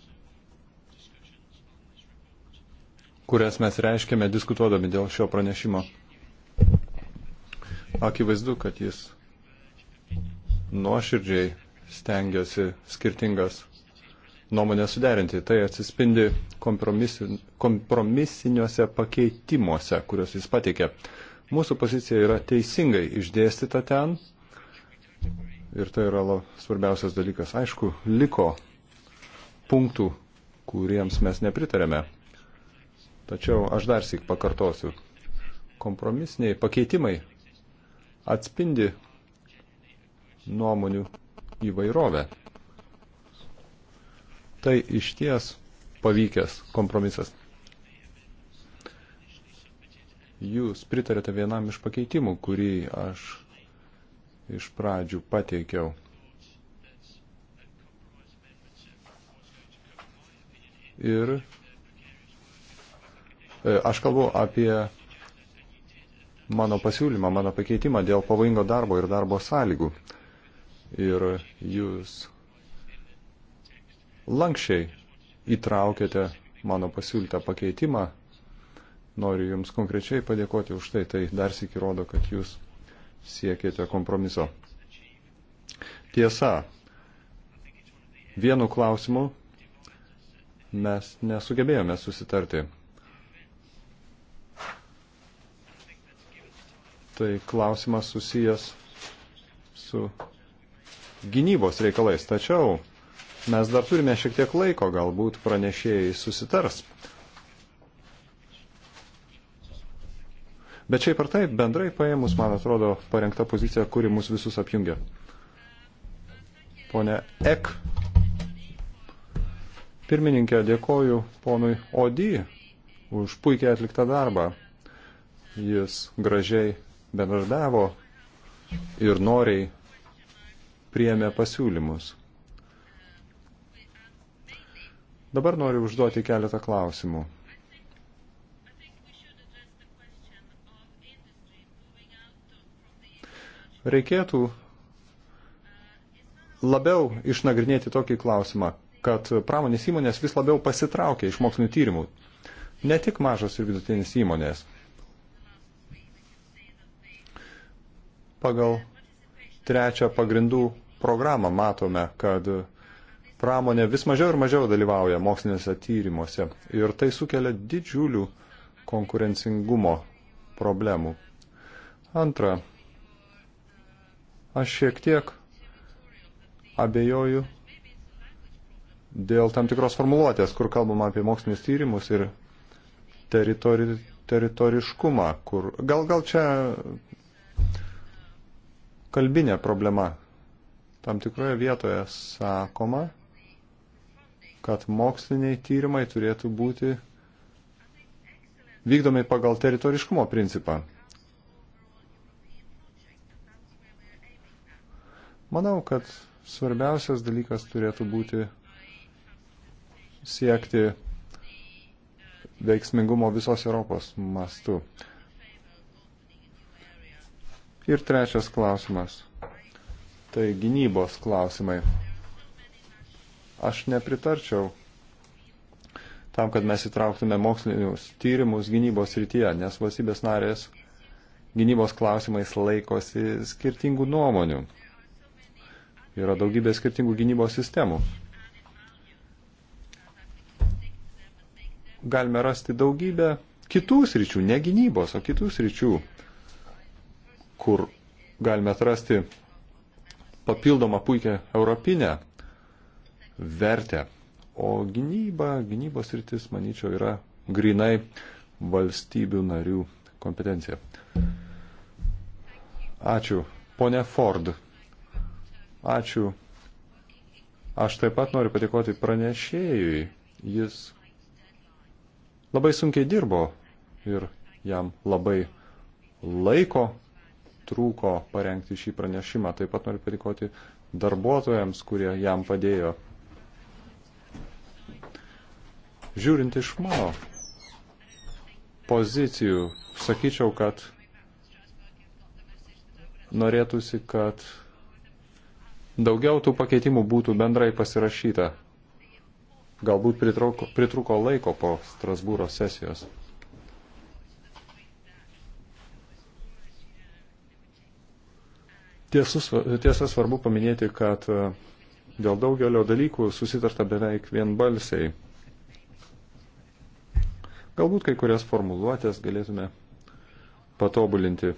Speaker 3: kurias mes reiškėme diskutuodami dėl šio pranešimo. Akivaizdu, kad jis nuoširdžiai stengiasi skirtingas nuomonę suderinti. Tai atsispindi kompromisiniuose pakeitimuose, kuriuos jis pateikė. Mūsų pozicija yra teisingai išdėstyta ten. Ir tai yra svarbiausias dalykas. Aišku, liko punktų, kuriems mes nepritarėme. Tačiau aš dar sik pakartosiu. Kompromisiniai pakeitimai atspindi nuomonių įvairovę. Tai išties pavykęs kompromisas. Jūs pritarėte vienam iš pakeitimų, kurį aš iš pradžių pateikiau. Ir e, aš kalbu apie mano pasiūlymą, mano pakeitimą dėl pavojingo darbo ir darbo sąlygų. Ir jūs lankščiai įtraukėte mano pasiūlytą pakeitimą. Noriu Jums konkrečiai padėkoti už tai. Tai dar sėki rodo, kad Jūs siekėte kompromiso. Tiesa, vienu klausimu mes nesugebėjome susitarti. tai klausimas susijęs su gynybos reikalais. Tačiau mes dar turime šiek tiek laiko, galbūt pranešėjai susitars. Bet šiaip ar taip, bendrai paėmus, man atrodo, parengta pozicija, kuri mus visus apjungia. Pone Ek. Pirmininkė, dėkoju ponui Odi už puikiai atliktą darbą. Jis gražiai bendradarbiavo ir noriai priėmė pasiūlymus. Dabar noriu užduoti keletą klausimų. Reikėtų labiau išnagrinėti tokį klausimą, kad pramonės įmonės vis labiau pasitraukia iš mokslinių tyrimų. Ne tik mažos ir vidutinės įmonės. Pagal trečią pagrindų programą matome, kad pramonė vis mažiau ir mažiau dalyvauja moksliniuose tyrimuose ir tai sukelia didžiulių konkurencingumo problemų. Antra, aš šiek tiek abejoju dėl tam tikros formuluotės, kur kalbama apie mokslinius tyrimus ir teritori, teritoriškumą, kur gal, gal čia kalbinė problema. Tam tikroje vietoje sakoma, kad moksliniai tyrimai turėtų būti vykdomi pagal teritoriškumo principą. Manau, kad svarbiausias dalykas turėtų būti siekti veiksmingumo visos Europos mastu. Ir trečias klausimas. Tai gynybos klausimai. Aš nepritarčiau tam, kad mes įtrauktume mokslinius tyrimus gynybos rytyje, nes valstybės narės gynybos klausimais laikosi skirtingų nuomonių. Yra daugybė skirtingų gynybos sistemų. Galime rasti daugybę kitų sričių, ne gynybos, o kitų sričių, kur galime atrasti papildomą puikią europinę vertę. O gynyba, gynybos rytis, manyčiau, yra grinai valstybių narių kompetencija. Ačiū. Pone Ford. Ačiū. Aš taip pat noriu patikoti pranešėjui. Jis labai sunkiai dirbo ir jam labai laiko trūko parengti šį pranešimą. Taip pat noriu padėkoti darbuotojams, kurie jam padėjo. Žiūrint iš mano pozicijų, sakyčiau, kad norėtųsi, kad daugiau tų pakeitimų būtų bendrai pasirašyta. Galbūt pritruko, pritruko laiko po Strasbūro sesijos. Tiesus, tiesa svarbu paminėti, kad e, dėl daugelio dalykų susitarta beveik vienbalsiai. Galbūt kai kurias formuluotės galėtume patobulinti.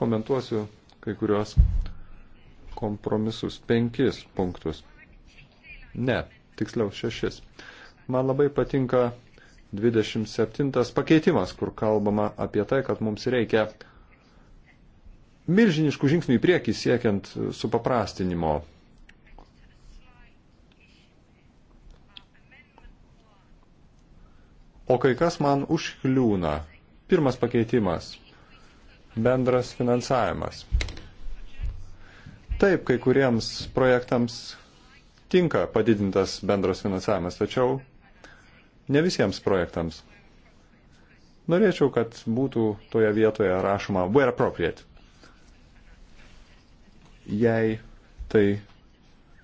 Speaker 3: Komentuosiu kai kuriuos kompromisus penkis punktus. Ne, tiksliau šešis. Man labai patinka 27 pakeitimas, kur kalbama apie tai, kad mums reikia milžiniškų žingsnių į priekį siekiant supaprastinimo. O kai kas man užkliūna. Pirmas pakeitimas - bendras finansavimas. Taip, kai kuriems projektams tinka padidintas bendras finansavimas, tačiau ne visiems projektams. Norėčiau, kad būtų toje vietoje rašoma where appropriate jai tai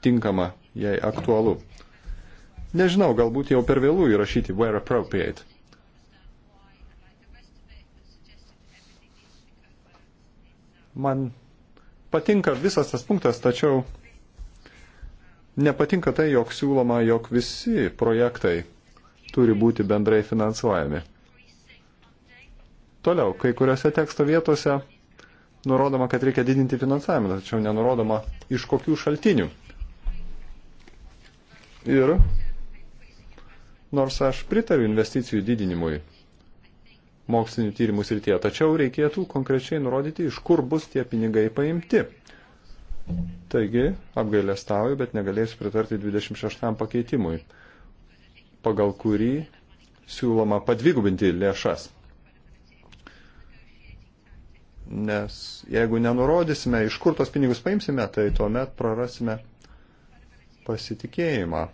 Speaker 3: tinkama, jai aktualu. Nežinau, galbūt jau per vėlų įrašyti where appropriate. Man patinka visas tas punktas, tačiau nepatinka tai, jog siūloma, jog visi projektai turi būti bendrai finansuojami. Toliau, kai kuriuose teksto vietose nurodoma, kad reikia didinti finansavimą, tačiau nenurodoma iš kokių šaltinių. Ir nors aš pritariu investicijų didinimui mokslinių tyrimų srityje, tačiau reikėtų konkrečiai nurodyti, iš kur bus tie pinigai paimti. Taigi, apgailestauju, bet negalėsiu pritarti 26 pakeitimui, pagal kurį siūloma padvigubinti lėšas. Nes jeigu nenurodysime, iš kur tos pinigus paimsime, tai tuomet prarasime pasitikėjimą.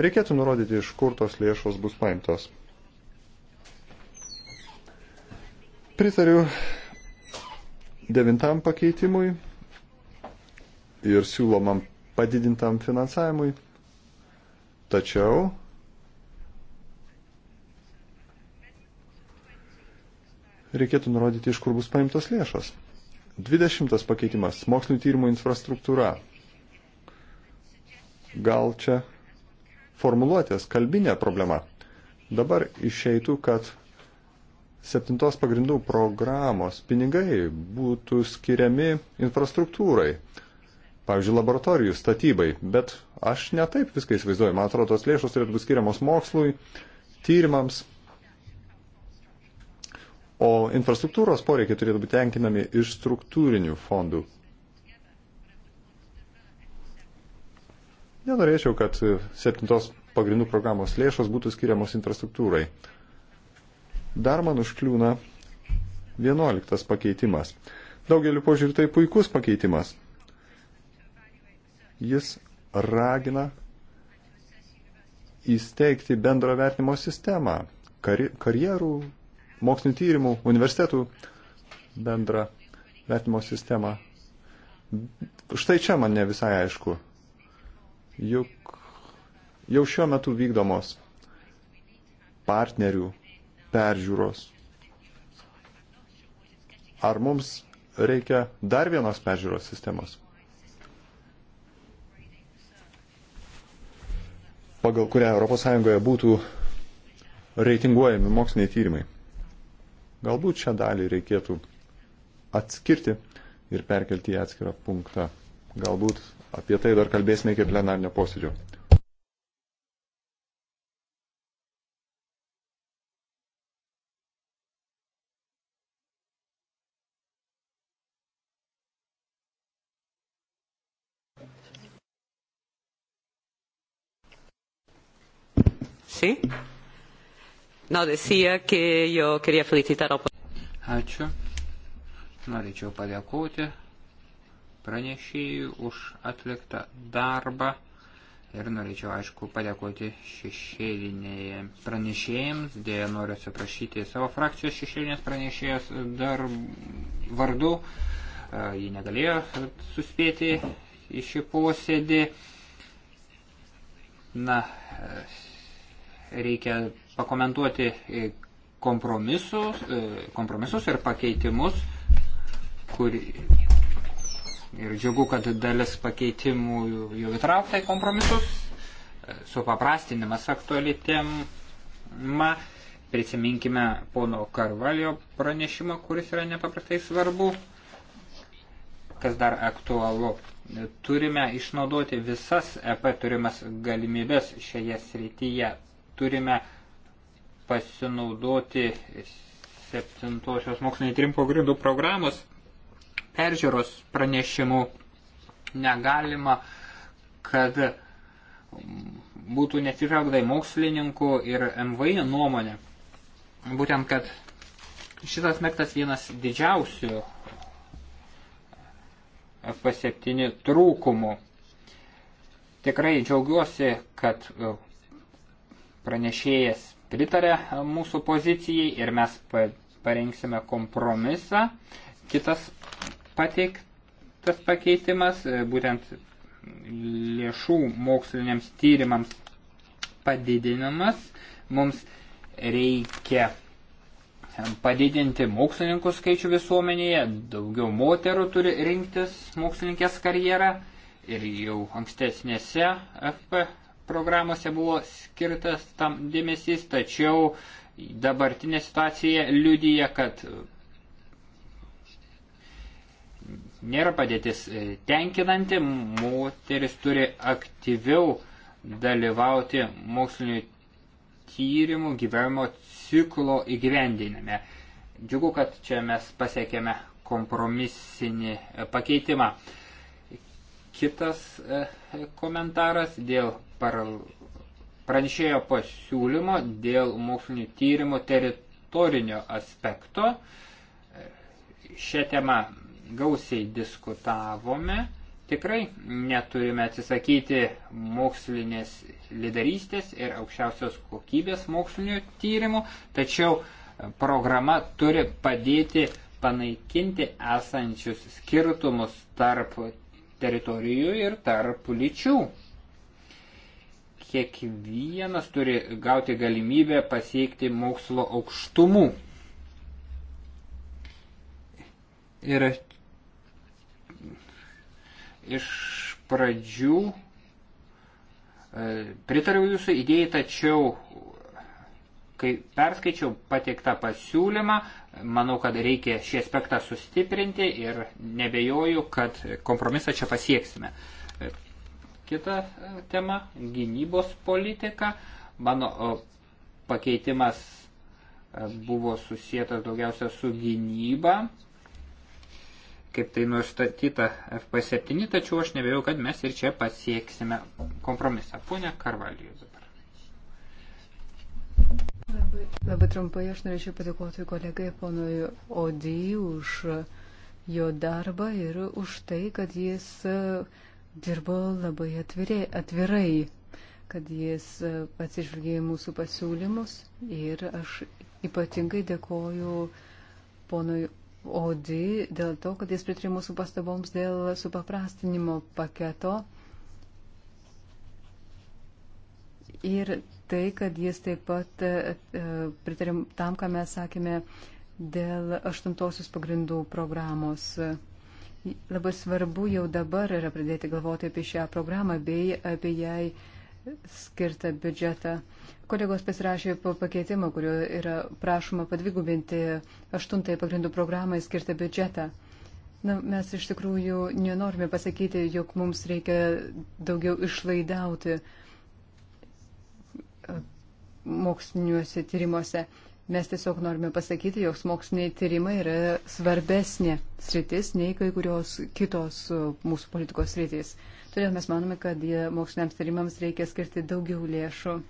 Speaker 3: Reikėtų nurodyti, iš kur tos lėšos bus paimtos. Pritariu devintam pakeitimui ir siūlomam padidintam finansavimui. Tačiau reikėtų nurodyti, iš kur bus paimtos lėšos. 20 pakeitimas - mokslinio tyrimo infrastruktūra. Gal čia formuluotės, kalbinė problema. Dabar išeitų, kad septintos pagrindų programos pinigai būtų skiriami infrastruktūrai, pavyzdžiui, laboratorijų statybai, bet aš netaip viską įsivaizduoju. Man atrodo, tos lėšos turėtų būti skiriamos mokslui, tyrimams, O infrastruktūros poreikiai turėtų būti tenkinami iš struktūrinių fondų. Nenorėčiau, kad septintos pagrindų programos lėšos būtų skiriamos infrastruktūrai. Dar man užkliūna vienuoliktas pakeitimas. Daugeliu požiūrį tai puikus pakeitimas. Jis ragina įsteigti bendro vertinimo sistemą, kari, karjerų mokslinio tyrimų, universitetų bendrą vertimo sistemą. Štai čia man ne visai aišku. Juk jau šiuo metu vykdomos partnerių peržiūros. Ar mums reikia dar vienos peržiūros sistemos? pagal kurią ES būtų reitinguojami moksliniai tyrimai. Galbūt šią dalį reikėtų atskirti ir perkelti į atskirą punktą. Galbūt apie tai dar kalbėsime iki plenarnio posėdžio.
Speaker 1: Sí.
Speaker 2: No, decía
Speaker 1: que yo quería felicitar al... Ačiū. Norėčiau padėkoti pranešėjų už atliktą darbą ir norėčiau, aišku, padėkoti šešėlinėje pranešėjams. Dėja, noriu atsiprašyti savo frakcijos šešėlinės pranešėjos dar vardu. E, ji negalėjo suspėti į šį posėdį. Na, e, reikia pakomentuoti e, kompromisus, e, kompromisus ir pakeitimus, kur ir džiugu, kad dalis pakeitimų jau įtraukta į kompromisus, e, supaprastinimas aktuali tema, prisiminkime pono Karvalio pranešimą, kuris yra nepaprastai svarbu, kas dar aktualu. Turime išnaudoti visas EP turimas galimybės šioje srityje turime pasinaudoti septintosios mokslinio trimpo grindų programos peržiūros pranešimų negalima, kad būtų netižvelgdai mokslininkų ir MVI nuomonė. Būtent, kad šitas aspektas vienas didžiausių F7 trūkumų. Tikrai džiaugiuosi, kad pranešėjas pritarė mūsų pozicijai ir mes parengsime kompromisą. Kitas pateiktas pakeitimas, e, būtent lėšų moksliniams tyrimams padidinimas, mums reikia padidinti mokslininkų skaičių visuomenėje, daugiau moterų turi rinktis mokslininkės karjerą ir jau ankstesnėse FP programuose buvo skirtas tam dėmesys, tačiau dabartinė situacija liudyja, kad nėra padėtis e, tenkinanti, moteris turi aktyviau dalyvauti mokslinių tyrimų gyvenimo ciklo įgyvendinime. Džiugu, kad čia mes pasiekėme kompromisinį e, pakeitimą. Kitas e, komentaras dėl pranešėjo pasiūlymo dėl mokslinių tyrimų teritorinio aspekto. Šią temą gausiai diskutavome. Tikrai neturime atsisakyti mokslinės lyderystės ir aukščiausios kokybės mokslinių tyrimų, tačiau programa turi padėti panaikinti esančius skirtumus tarp teritorijų ir tarp lyčių. Kiekvienas turi gauti galimybę pasiekti mokslo aukštumų. Ir iš pradžių e, pritariau jūsų idėjai, tačiau kai perskaičiau pateiktą pasiūlymą, Manau, kad reikia šį aspektą sustiprinti ir nebejoju, kad kompromisą čia pasieksime. Kita e, tema - gynybos politika. Mano e, pakeitimas e, buvo susijęs daugiausia su gynyba, kaip tai nustatyta FP7, tačiau aš nebejau, kad mes ir čia pasieksime kompromisą. Pone
Speaker 2: Karvalijus. Labai, labai trumpai aš norėčiau padėkoti kolegai ponui Odį už jo darbą ir už tai, kad jis e, dirbo labai atvirai, atvirai kad jis e, atsižvelgė į mūsų pasiūlymus ir aš ypatingai dėkoju ponui Odi dėl to, kad jis pritrė mūsų pastaboms dėl supaprastinimo paketo. Ir tai, kad jis taip pat e, e, pritarė tam, ką mes sakėme dėl aštuntosios pagrindų programos. Labai svarbu jau dabar yra pradėti galvoti apie šią programą bei apie jai skirtą biudžetą. Kolegos pasirašė po pakeitimą, kurio yra prašoma padvigubinti aštuntąją pagrindų programą skirtą biudžetą. Na, mes iš tikrųjų nenorime pasakyti, jog mums reikia daugiau išlaidauti. Uh, moksliniuose tyrimuose. Mes tiesiog norime pasakyti, jog moksliniai tyrimai yra svarbesnė sritis nei kai kurios kitos mūsų politikos sritis. Todėl mes manome, kad moksliniams tyrimams reikia skirti daugiau lėšų.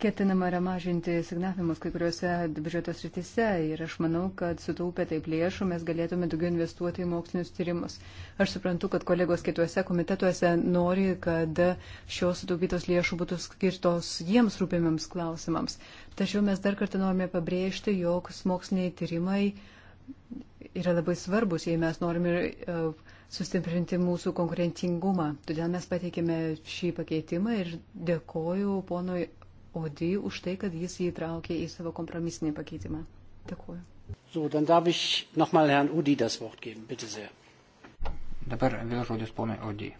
Speaker 2: Ketinama yra mažinti signavimus kai kuriuose biudžeto srityse ir aš manau, kad sutaupę taip lėšų mes galėtume daugiau investuoti į mokslinius tyrimus. Aš suprantu, kad kolegos kituose komitetuose nori, kad šios sutaupytos lėšų būtų skirtos jiems rūpimiams klausimams. Tačiau mes dar kartą norime pabrėžti, jog moksliniai tyrimai yra labai svarbus, jei mes norime e, sustiprinti mūsų konkurentingumą. Todėl mes pateikėme šį pakeitimą ir dėkoju ponui Odi už tai, kad jis jį įtraukė į savo kompromisinį pakeitimą. Dėkuoju. So, dann
Speaker 1: darf ich nochmal Herrn Udi
Speaker 2: das Wort geben, bitte sehr.
Speaker 1: Dabar vėl žodis ponui Odi.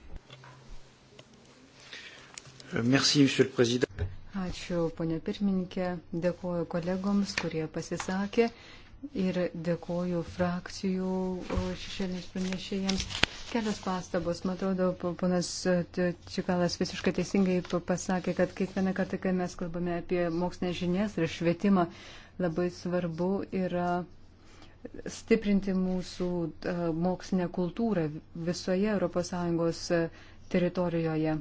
Speaker 1: E, merci, monsieur le président.
Speaker 2: Ačiū, ponė pirmininkė. Dėkuoju kolegoms, kurie pasisakė ir dėkoju frakcijų šešėliniais pranešėjams. Kelios pastabos. Man atrodo, ponas e, Čikalas visiškai teisingai pasakė, kad kiekvieną kartą, kai mes kalbame apie mokslinės žinias ir švietimą, labai svarbu yra stiprinti mūsų e, mokslinę kultūrą visoje ES e, teritorijoje.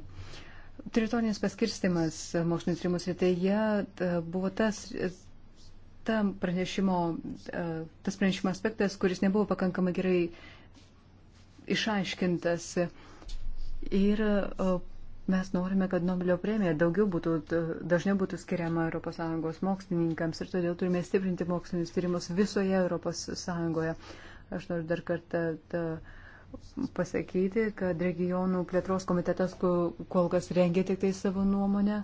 Speaker 2: Teritorinis paskirstimas mokslinio tyrimų srityje buvo tas ta pranešimo, e, tas pranešimo aspektas, kuris nebuvo pakankamai gerai išaiškintas. Ir e, mes norime, kad Nobelio premija daugiau būtų, dažniau būtų skiriama ES mokslininkams ir todėl turime stiprinti mokslinius tyrimus visoje ES. Aš noriu dar kartą ta, pasakyti, kad regionų plėtros komitetas kol kas rengia tik tai savo nuomonę.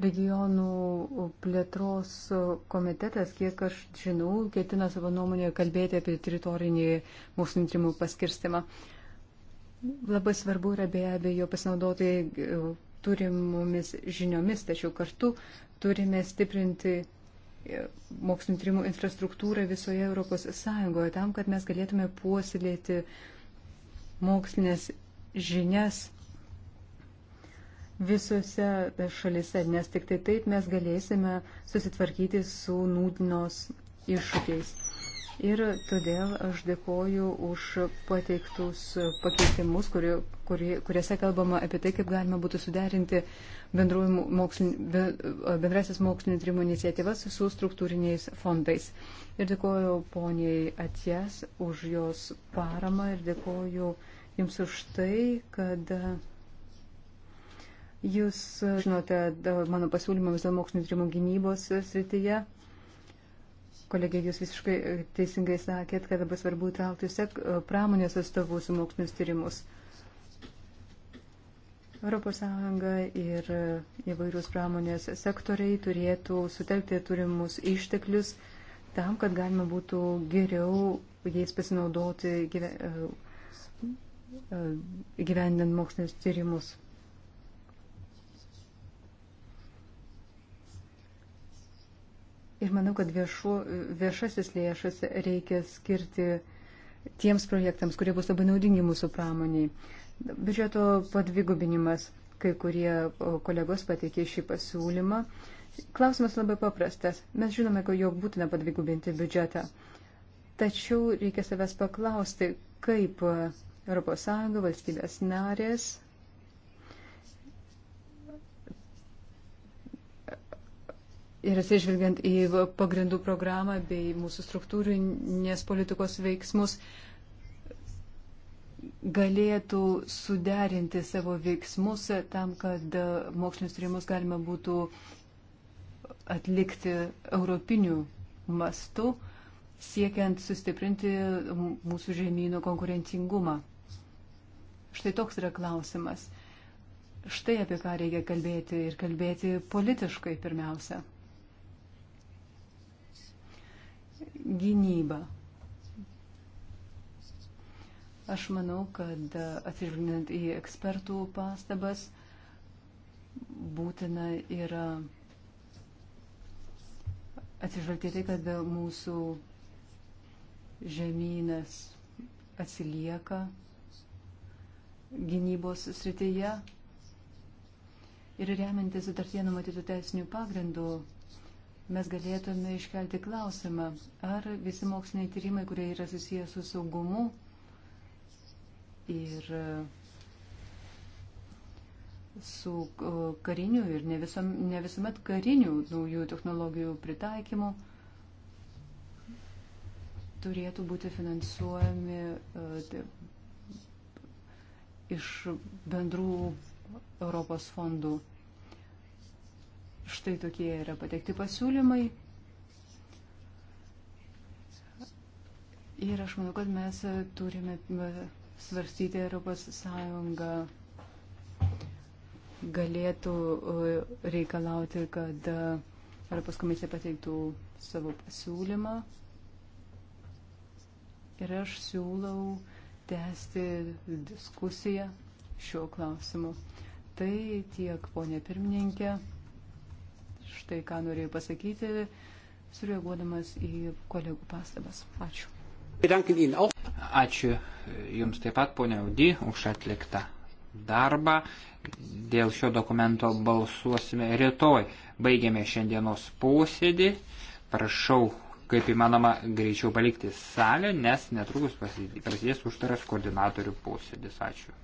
Speaker 2: regionų plėtros komitetas, kiek aš žinau, ketina savo nuomonę kalbėti apie teritorinį mokslinių tyrimų paskirstimą. Labai svarbu yra be abejo pasinaudoti e, turimomis žiniomis, tačiau kartu turime stiprinti e, mokslinio tyrimų infrastruktūrą visoje Europos Sąjungoje tam, kad mes galėtume puoselėti mokslinės žinias visose šalise, nes tik tai taip mes galėsime susitvarkyti su nūdinos iššūkiais. Ir todėl aš dėkoju už pateiktus pakeitimus, kuri, kuri, kuriuose kalbama apie tai, kaip galima būtų suderinti mokslin, bendrasis mokslinio trimų iniciatyvas su struktūriniais fondais. Ir dėkoju poniai Atjas už jos paramą ir dėkoju Jums už tai, kad Jūs e, žinote mano pasiūlymams dėl mokslinio tyrimų gynybos e, srityje. Kolegė, jūs visiškai e, teisingai sakėt, kad labai svarbu įtraukti sek pramonės atstovus į mokslinius tyrimus. ES ir įvairius pramonės sektoriai turėtų sutelkti turimus išteklius tam, kad galima būtų geriau jais pasinaudoti gyve, gyvendant mokslinius tyrimus. Ir manau, kad viešu, viešasis lėšas reikia skirti tiems projektams, kurie bus labai naudingi mūsų pramoniai. Biudžeto padvigubinimas, kai kurie kolegos pateikė šį pasiūlymą. Klausimas labai paprastas. Mes žinome, jog būtina padvigubinti biudžetą. Tačiau reikia savęs paklausti, kaip ES valstybės narės Ir atsižvelgiant į pagrindų programą bei mūsų struktūrinės politikos veiksmus, galėtų suderinti savo veiksmus tam, kad mokslinius tyrimus galima būtų atlikti europiniu mastu, siekiant sustiprinti mūsų žemynų konkurencingumą. Štai toks yra klausimas. Štai apie ką reikia kalbėti ir kalbėti politiškai pirmiausia. gynybą. Aš manau, kad e, atsižvelgiant į ekspertų pastabas, būtina yra atsižvelgti tai, kad mūsų žemynas atsilieka gynybos srityje ir remiantis sutartie numatytų teisinių pagrindų mes galėtume iškelti klausimą, ar visi moksliniai tyrimai, kurie yra susiję su saugumu ir e, su e, kariniu ir ne, visom, ne visuomet kariniu naujų technologijų pritaikymu, turėtų būti finansuojami e, iš bendrų Europos fondų. Štai tokie yra pateikti pasiūlymai. Ir aš manau, kad mes turime svarstyti Europos Sąjungą galėtų reikalauti, kad e, Europos komisija pateiktų savo pasiūlymą. Ir aš siūlau tęsti diskusiją šiuo klausimu. Tai tiek, ponė pirmininkė štai ką norėjau pasakyti, sureaguodamas į kolegų pastabas.
Speaker 1: Ačiū. Ačiū Jums taip pat, ponia Audy, už atliktą darbą. Dėl šio dokumento balsuosime rytoj. Baigėme šiandienos posėdį. Prašau, kaip įmanoma, greičiau palikti salę, nes netrukus prasidės užtaras koordinatorių posėdis. Ačiū.